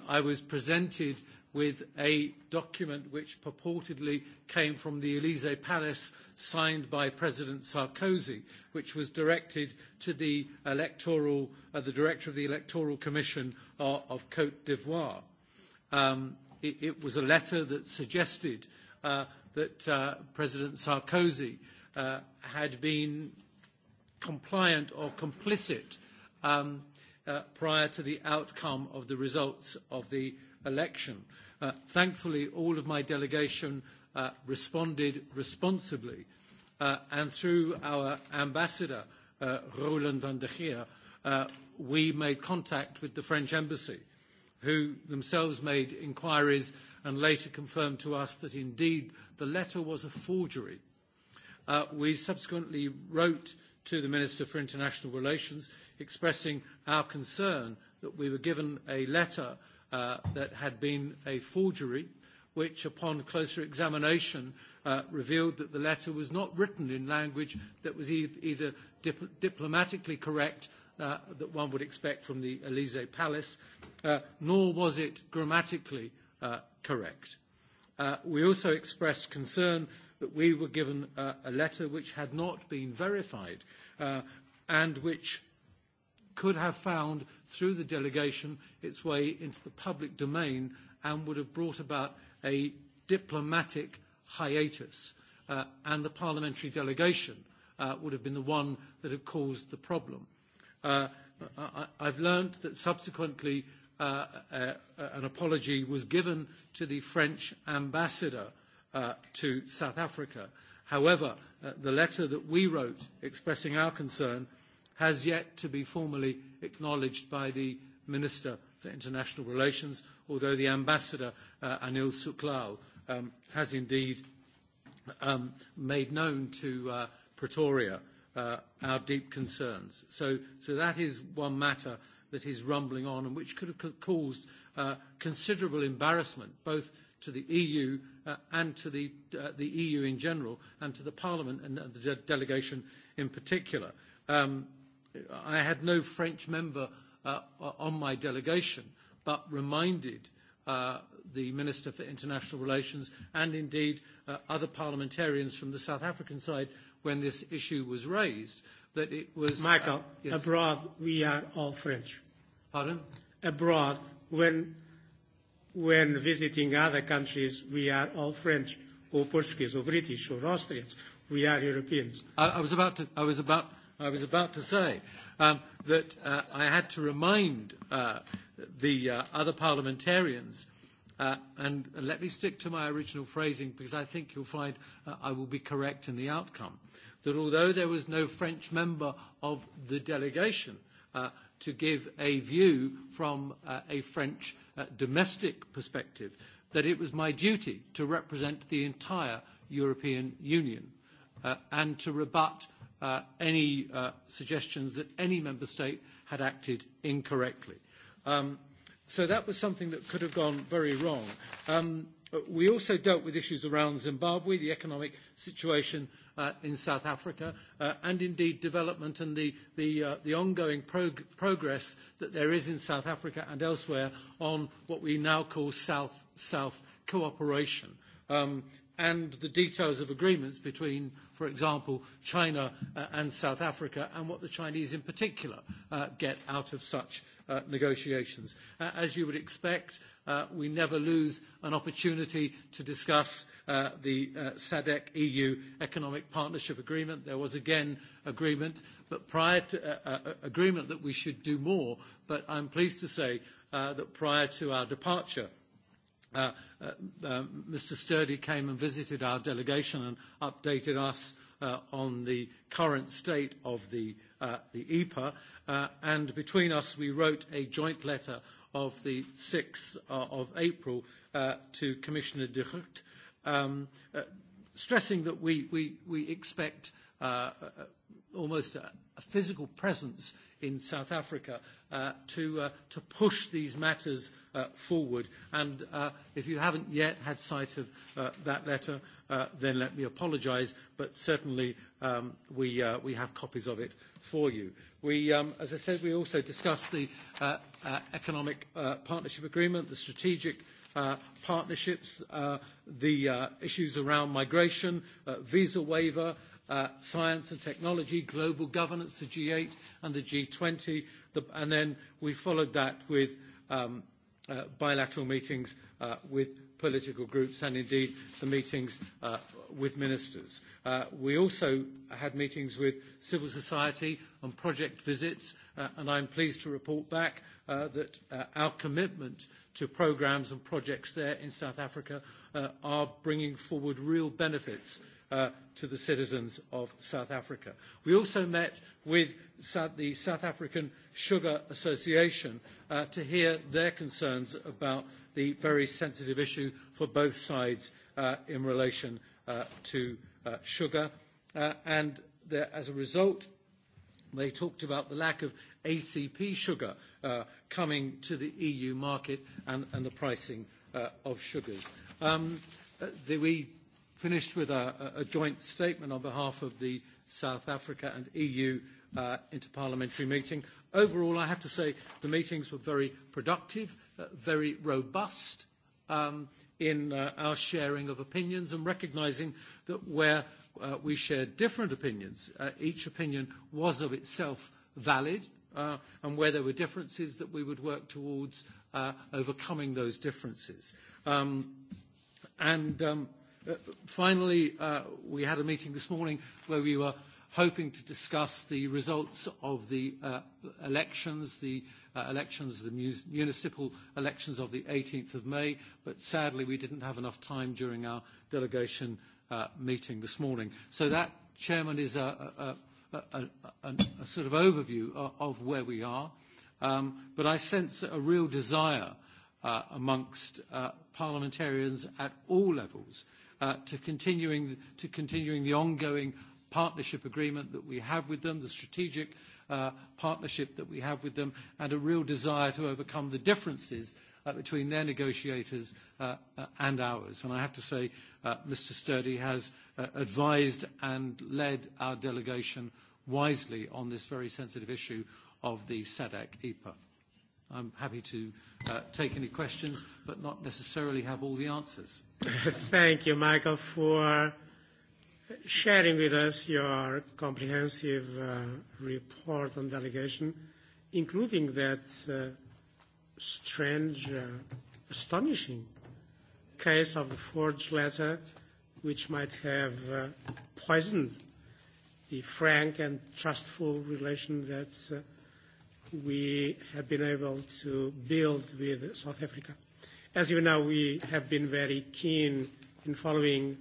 I was presented with a document which purportedly came from the Elysee Palace, signed by President Sarkozy, which was directed to the electoral, uh, the director of the Electoral Commission uh, of Cote d'Ivoire. Um, it, it was a letter that suggested uh, that uh, President Sarkozy uh, had been compliant or complicit um, uh, prior to the outcome of the results of the election. Uh, thankfully, all of my delegation uh, responded responsibly, uh, and through our ambassador, Roland van der Geer, we made contact with the French embassy, who themselves made inquiries and later confirmed to us that indeed the letter was a forgery. we subsequently wrote to the Minister for International Relations expressing our concern that we were given a letter Uh, that had been a forgery, which upon closer examination uh, revealed that the letter was not written in language that was e- either dip- diplomatically correct uh, that one would expect from the Elysee Palace, uh, nor was it grammatically uh, correct. Uh, we also expressed concern that we were given uh, a letter which had not been verified uh, and which could have found through the delegation its way into the public domain and would have brought about a diplomatic hiatus. Uh, and the parliamentary delegation uh, would have been the one that had caused the problem. Uh, I, I've learned that subsequently uh, uh, an apology was given to the French ambassador uh, to South Africa. However, uh, the letter that we wrote expressing our concern has yet to be formally acknowledged by the Minister for International Relations, although the Ambassador, uh, Anil Suklal, um, has indeed um, made known to uh, Pretoria uh, our deep concerns. So, so that is one matter that is rumbling on and which could have caused uh, considerable embarrassment both to the EU uh, and to the, uh, the EU in general and to the Parliament and uh, the de- delegation in particular. Um, i had no French member uh, on my delegation, but reminded uh, the Minister for International Relations and indeed uh, other parliamentarians from the South African side when this issue was raised that it was. Uh, Michael, yes. abroad we are all French. Pardon? Abroad, when, when visiting other countries, we are all French or Portuguese or British or Austrians. We are Europeans. I, I was about to. I was about i was about to say um, that uh, I had to remind uh, the uh, other parliamentarians, uh, and, and let me stick to my original phrasing because I think you'll find uh, I will be correct in the outcome, that although there was no French member of the delegation uh, to give a view from uh, a French uh, domestic perspective, that it was my duty to represent the entire European Union uh, and to rebut Uh, any uh, suggestions that any member state had acted incorrectly. Um, so that was something that could have gone very wrong. Um, we also dealt with issues around Zimbabwe, the economic situation uh, in South Africa, uh, and indeed development and the, the, uh, the ongoing prog- progress that there is in South Africa and elsewhere on what we now call South-South cooperation. Um, and the details of agreements between, for example, China uh, and South Africa, and what the Chinese in particular uh, get out of such uh, negotiations. Uh, as you would expect, uh, we never lose an opportunity to discuss uh, the uh, SADC EU Economic Partnership Agreement. There was again agreement, but prior to uh, uh, uh, agreement that we should do more. But I'm pleased to say uh, that prior to our departure Uh, uh, Mr. Um, Sturdy came and visited our delegation and updated us uh, on the current state of the, uh, the EPA. Uh, and between us, we wrote a joint letter of the 6th uh, of April to Commissioner de Gucht, um, stressing that we, we, we expect almost a, a physical presence in South Africa uh, to, uh, to push these matters uh, forward. And uh, if you haven't yet had sight of uh, that letter, uh, then let me apologise, but certainly um, we, uh, we have copies of it for you. We, um, as I said, we also discussed the uh, uh, economic uh, partnership agreement, the strategic Uh, partnerships, uh, the uh, issues around migration, uh, visa waiver, Uh, science and technology, global governance, the G8 and the G20, the, and then we followed that with um, uh, bilateral meetings uh, with political groups and indeed the meetings uh, with ministers. Uh, we also had meetings with civil society and project visits, uh, and I'm pleased to report back uh, that uh, our commitment to programs and projects there in South Africa uh, are bringing forward real benefits Uh, to the citizens of South Africa. We also met with the South African Sugar Association uh, to hear their concerns about the very sensitive issue for both sides uh, in relation uh, to uh, sugar. Uh, and there, as a result, they talked about the lack of ACP sugar uh, coming to the EU market and, and the pricing uh, of sugars. Um, uh, the, we finished with a, a joint statement on behalf of the South Africa and EU uh, interparliamentary meeting. Overall, I have to say the meetings were very productive, uh, very robust um, in uh, our sharing of opinions and recognizing that where uh, we shared different opinions, uh, each opinion was of itself valid. Uh, and where there were differences, that we would work towards uh, overcoming those differences. Um, and um, Uh, finally, uh, we had a meeting this morning where we were hoping to discuss the results of the uh, elections, the elections, the municipal elections of the 18th of May, but sadly we didn't have enough time during our delegation meeting this morning. So that, Chairman, is a, sort of overview of, where we are. Um, but I sense a real desire amongst parliamentarians at all levels Uh, to, continuing, the ongoing partnership agreement that we have with them, the strategic uh, partnership that we have with them, and a real desire to overcome the differences uh, between their negotiators and ours. And I have to say, Mr. Sturdy has advised and led our delegation wisely on this very sensitive issue of the SADC EPA. I'm happy to uh, take any questions, but not necessarily have all the answers. [laughs] Thank you, Michael, for sharing with us your comprehensive uh, report on delegation, including that uh, strange, uh, astonishing case of the forged letter, which might have uh, poisoned the frank and trustful relation that uh, we have been able to build with South Africa. As you know, we have been very keen in following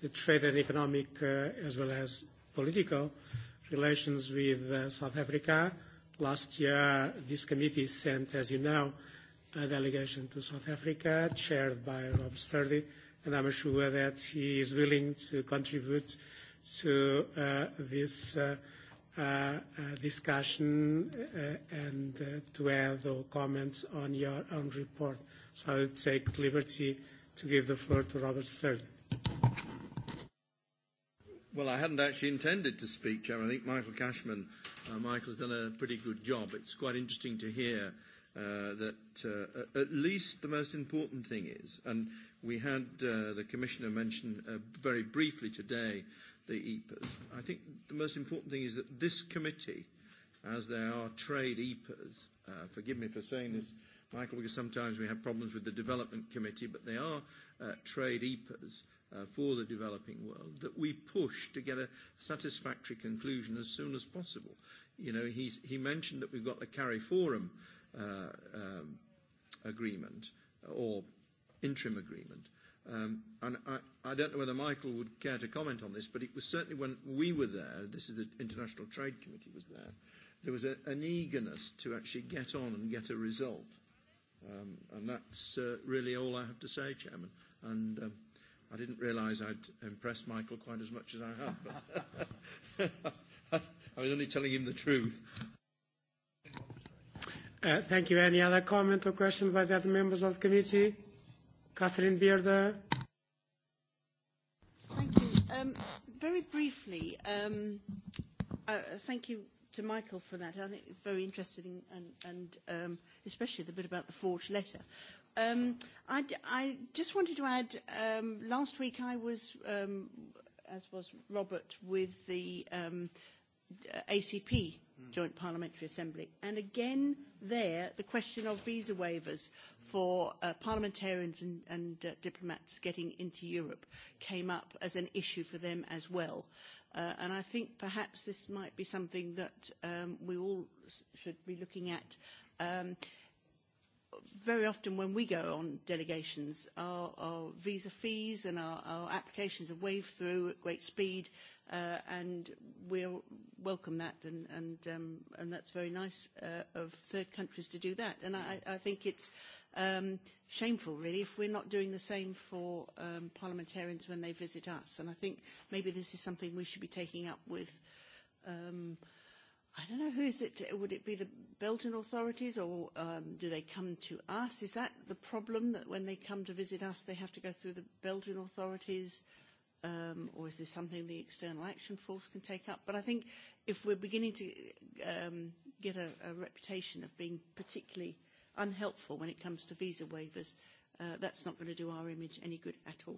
the trade and economic uh, as well as political relations with uh, South Africa. Last year, this committee sent, as you know, a delegation to South Africa, chaired by Rob Sturdy, and I'm sure that he is willing to contribute to uh, this uh, Uh, uh, discussion uh, and uh, to add or comments on your own report. So I would take liberty to give the floor to Robert Sturgeon. Well, I hadn't actually intended to speak, Chairman. I think Michael Cashman, uh, Michael's done a pretty good job. It's quite interesting to hear uh, that uh, at least the most important thing is, and we had uh, the Commissioner mention uh, very briefly today, the EPAs. I think the most important thing is that this committee, as there are trade EPAs, uh, forgive me for saying this, Michael, because sometimes we have problems with the development committee, but they are uh, trade EPAs uh, for the developing world, that we push to get a satisfactory conclusion as soon as possible. You know, he's, he mentioned that we've got the carry forum uh, um, agreement or interim agreement. Um, and I, I don't know whether Michael would care to comment on this, but it was certainly when we were there, this is the International Trade Committee was there, there was a, an eagerness to actually get on and get a result. Um, and that's uh, really all I have to say, Chairman. And um, I didn't realise I'd impressed Michael quite as much as I have, but [laughs] I was only telling him the truth. Uh, thank you. Any other comment or question by the other members of the committee? Catherine Bearder. Thank you. Um, very briefly, um, uh, thank you to Michael for that. I think it's very interesting, and, and um, especially the bit about the forged letter. Um, I, d- I just wanted to add, um, last week I was, um, as was Robert, with the um, Uh, ACP, hmm. Joint Parliamentary Assembly. And again, there, the question of visa waivers for uh, parliamentarians and, and uh, diplomats getting into Europe came up as an issue for them as well. Uh, and I think perhaps this might be something that um, we all should be looking at. Um, very often when we go on delegations, our, our visa fees and our, our applications are waved through at great speed, uh, and we welcome that, and, and, um, and that's very nice uh, of third countries to do that. And I, I think it's um, shameful, really, if we're not doing the same for um, parliamentarians when they visit us. And I think maybe this is something we should be taking up with. Um, i don't know who is it. Would it be the Belgian authorities, or um, do they come to us? Is that the problem that when they come to visit us, they have to go through the Belgian authorities, um, or is this something the External Action Force can take up? But I think if we're beginning to um, get a, a reputation of being particularly unhelpful when it comes to visa waivers, uh, that's not going to do our image any good at all.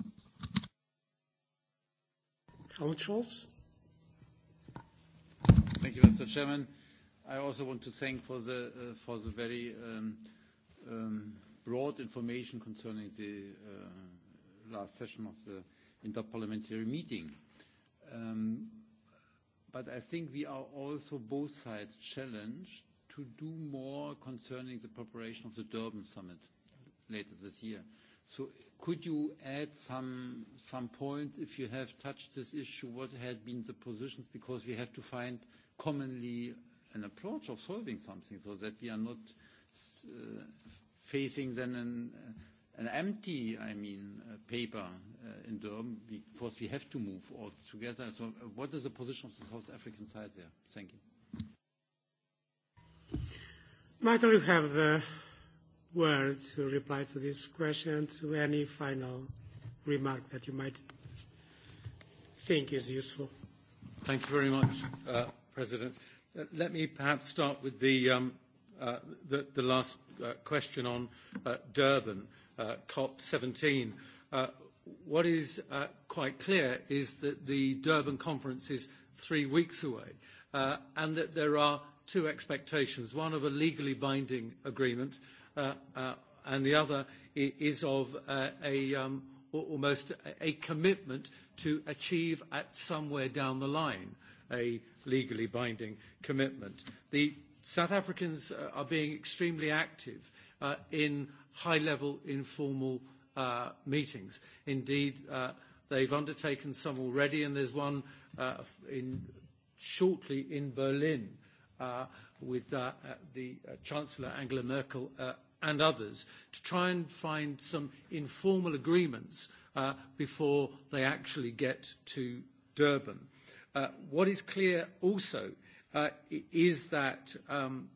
Howard Schultz. Thank you, Mr. Chairman. I also want to thank for the, uh, for the very um, um, broad information concerning the uh, last session of the interparliamentary meeting. Um, but I think we are also both sides challenged to do more concerning the preparation of the Durban summit later this year. So Could you add some some points if you have touched this issue, what had been the positions? Because we have to find commonly an approach of solving something so that we are not uh, facing then an, an empty, I mean, uh, paper uh, in Durban because we have to move all together. So uh, what is the position of the South African side there? Thank you. Michael, you have the word to reply to this question, to any final remark that you might think is useful. Thank you very much. Uh, President. Uh, let me perhaps start with the, um, uh, last uh, question on Durban, COP17. What is quite clear is that the Durban conference is three weeks away, and that there are two expectations, one of a legally binding agreement, and the other is of a um, almost a commitment to achieve at somewhere down the line a legally binding commitment. The South Africans uh, are being extremely active uh, in high level informal uh, meetings. Indeed, uh, they've undertaken some already, and there's one uh, in, shortly in Berlin uh, with uh, uh, the uh, Chancellor Angela Merkel uh, and others to try and find some informal agreements uh, before they actually get to Durban. Uh, what is clear also uh, is that um,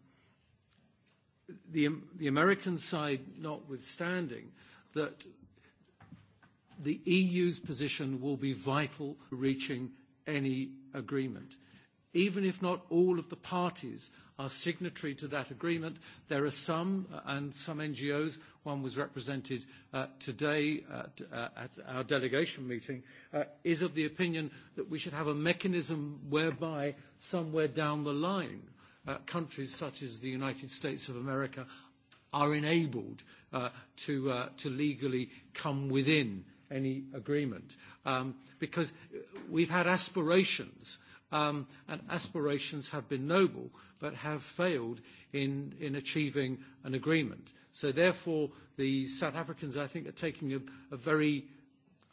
the, American side notwithstanding, that the EU's position will be vital reaching any agreement. Even if not all of the parties are signatory to that agreement. There are some, uh, and some NGOs, one was represented uh, today at, uh, at our delegation meeting, uh, is of the opinion that we should have a mechanism whereby somewhere down the line, uh, countries such as the United States of America are enabled uh, to, uh, to legally come within any agreement. Um, because we've had aspirations uh, um, and aspirations have been noble but have failed in, in achieving an agreement. So therefore, the South Africans, I think, are taking a, a very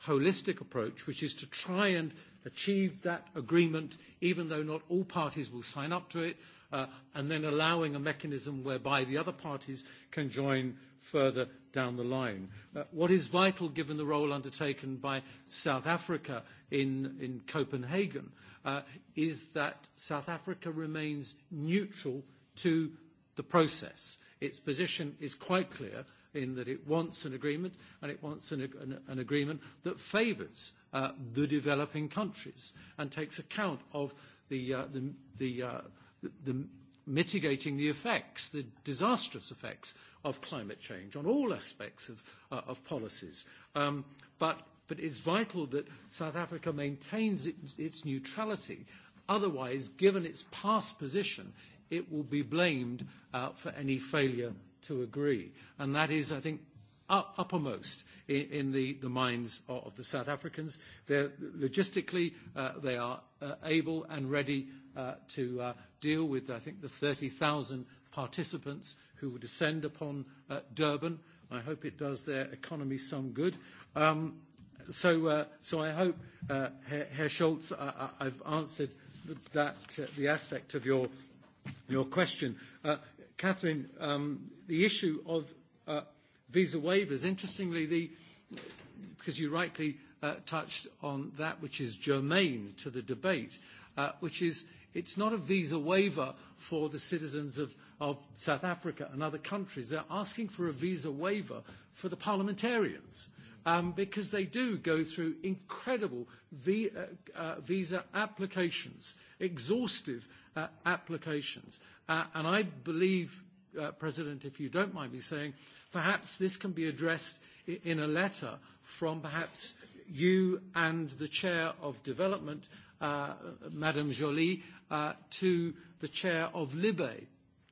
holistic approach, which is to try and achieve that agreement, even though not all parties will sign up to it, uh, and then allowing a mechanism whereby the other parties can join further down the line. Uh, what is vital, given the role undertaken by South Africa in, in Copenhagen, uh, is that South Africa remains neutral to the process. Its position is quite clear in that it wants an agreement, and it wants an, an, an agreement that favours uh, the developing countries and takes account of the, uh, the, the, uh, the, the mitigating the effects, the disastrous effects of climate change on all aspects of, uh, of policies. Um, but, but it's vital that South Africa maintains it, its neutrality. Otherwise, given its past position, it will be blamed uh, for any failure to agree. And that is, I think, up, uppermost in, in the, the minds of, of the South Africans. They're, logistically, uh, they are uh, able and ready Uh, to uh, deal with, I think, the 30,000 participants who will descend upon uh, Durban. I hope it does their economy some good. Um, so, uh, so I hope, uh, Herr, Herr Schulz, I, I, I've answered that, uh, the aspect of your, your question. Uh, Catherine, um, the issue of uh, visa waivers, interestingly, the, because you rightly uh, touched on that which is germane to the debate, uh, which is It's not a visa waiver for the citizens of, of South Africa and other countries. They're asking for a visa waiver for the parliamentarians um, because they do go through incredible vi- uh, uh, visa applications, exhaustive uh, applications. Uh, and I believe, uh, President, if you don't mind me saying, perhaps this can be addressed in a letter from perhaps you and the chair of development uh, Madame Joly uh, to the chair of Libe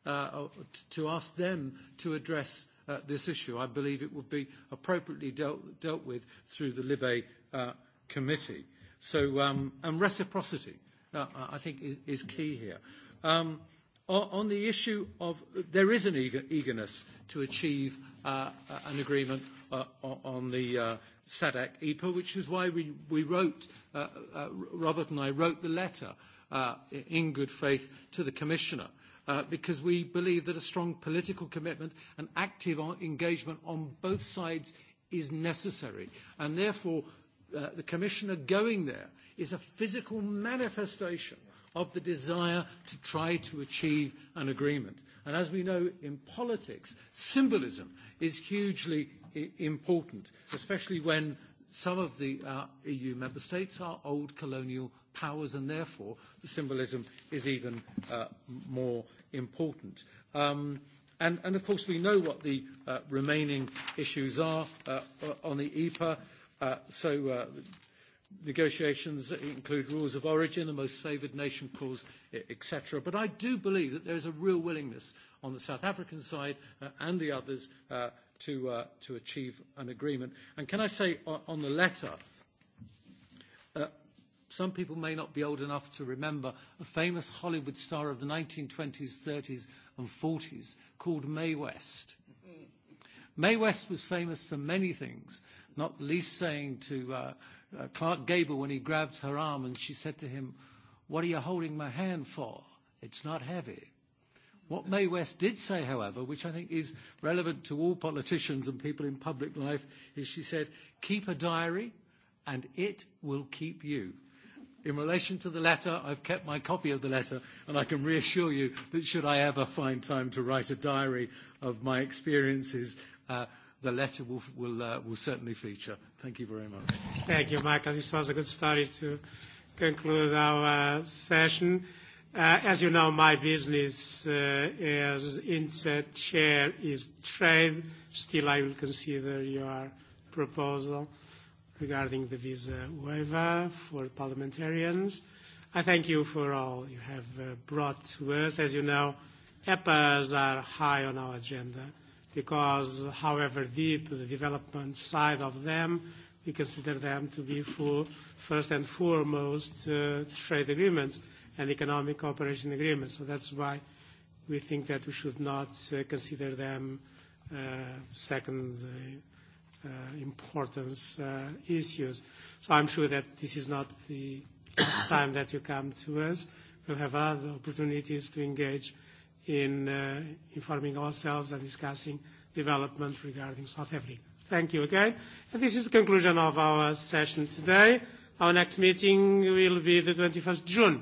uh, to ask them to address uh, this issue. I believe it would be appropriately dealt, dealt with through the Libe uh, committee. So, um, and reciprocity, uh, I think, is, is key here. Um, on the issue of there is an eager, eagerness to achieve uh, an agreement uh, on the uh, SADC EPA, which is why we, we wrote, uh, uh, Robert and I wrote the letter uh, in good faith to the Commissioner. Uh, because we believe that a strong political commitment and active engagement on both sides is necessary. And therefore, uh, the Commissioner going there is a physical manifestation of the desire to try to achieve an agreement. And as we know in politics, symbolism is hugely important, especially when some of the uh, EU member states are old colonial powers, and therefore the symbolism is even uh, more important. Um, and, and of course, we know what the uh, remaining issues are uh, on the EPA. Uh, so uh, negotiations include rules of origin, the most favoured nation clause, e-, etc. But I do believe that there is a real willingness on the South African side and the others to, uh, to achieve an agreement. And can I say on the letter, uh, some people may not be old enough to remember a famous Hollywood star of the 1920s, 30s, and 40s called Mae West. Mae West was famous for many things, not least saying to uh, uh, Clark Gable when he grabbed her arm and she said to him, What are you holding my hand for? It's not heavy. What Mae West did say, however, which I think is relevant to all politicians and people in public life, is she said, keep a diary and it will keep you. In relation to the letter, I've kept my copy of the letter, and I can reassure you that should I ever find time to write a diary of my experiences, uh, the letter will, will, uh, will certainly feature. Thank you very much. Thank you, Michael. This was a good story to conclude our uh, session. Uh, as you know, my business uh, as INSET chair is trade. Still, I will consider your proposal regarding the visa waiver for parliamentarians. I thank you for all you have uh, brought to us. As you know, EPAs are high on our agenda because however deep the development side of them, we consider them to be for, first and foremost, trade agreements and economic cooperation agreement. So that's why we think that we should not uh, consider them uh, second uh, uh importance uh, issues. So I'm sure that this is not the last [coughs] time that you come to us. We'll have other opportunities to engage in uh, informing ourselves and discussing developments regarding South Africa. Thank you again. And this is the conclusion of our session today. Our next meeting will be the 21st June.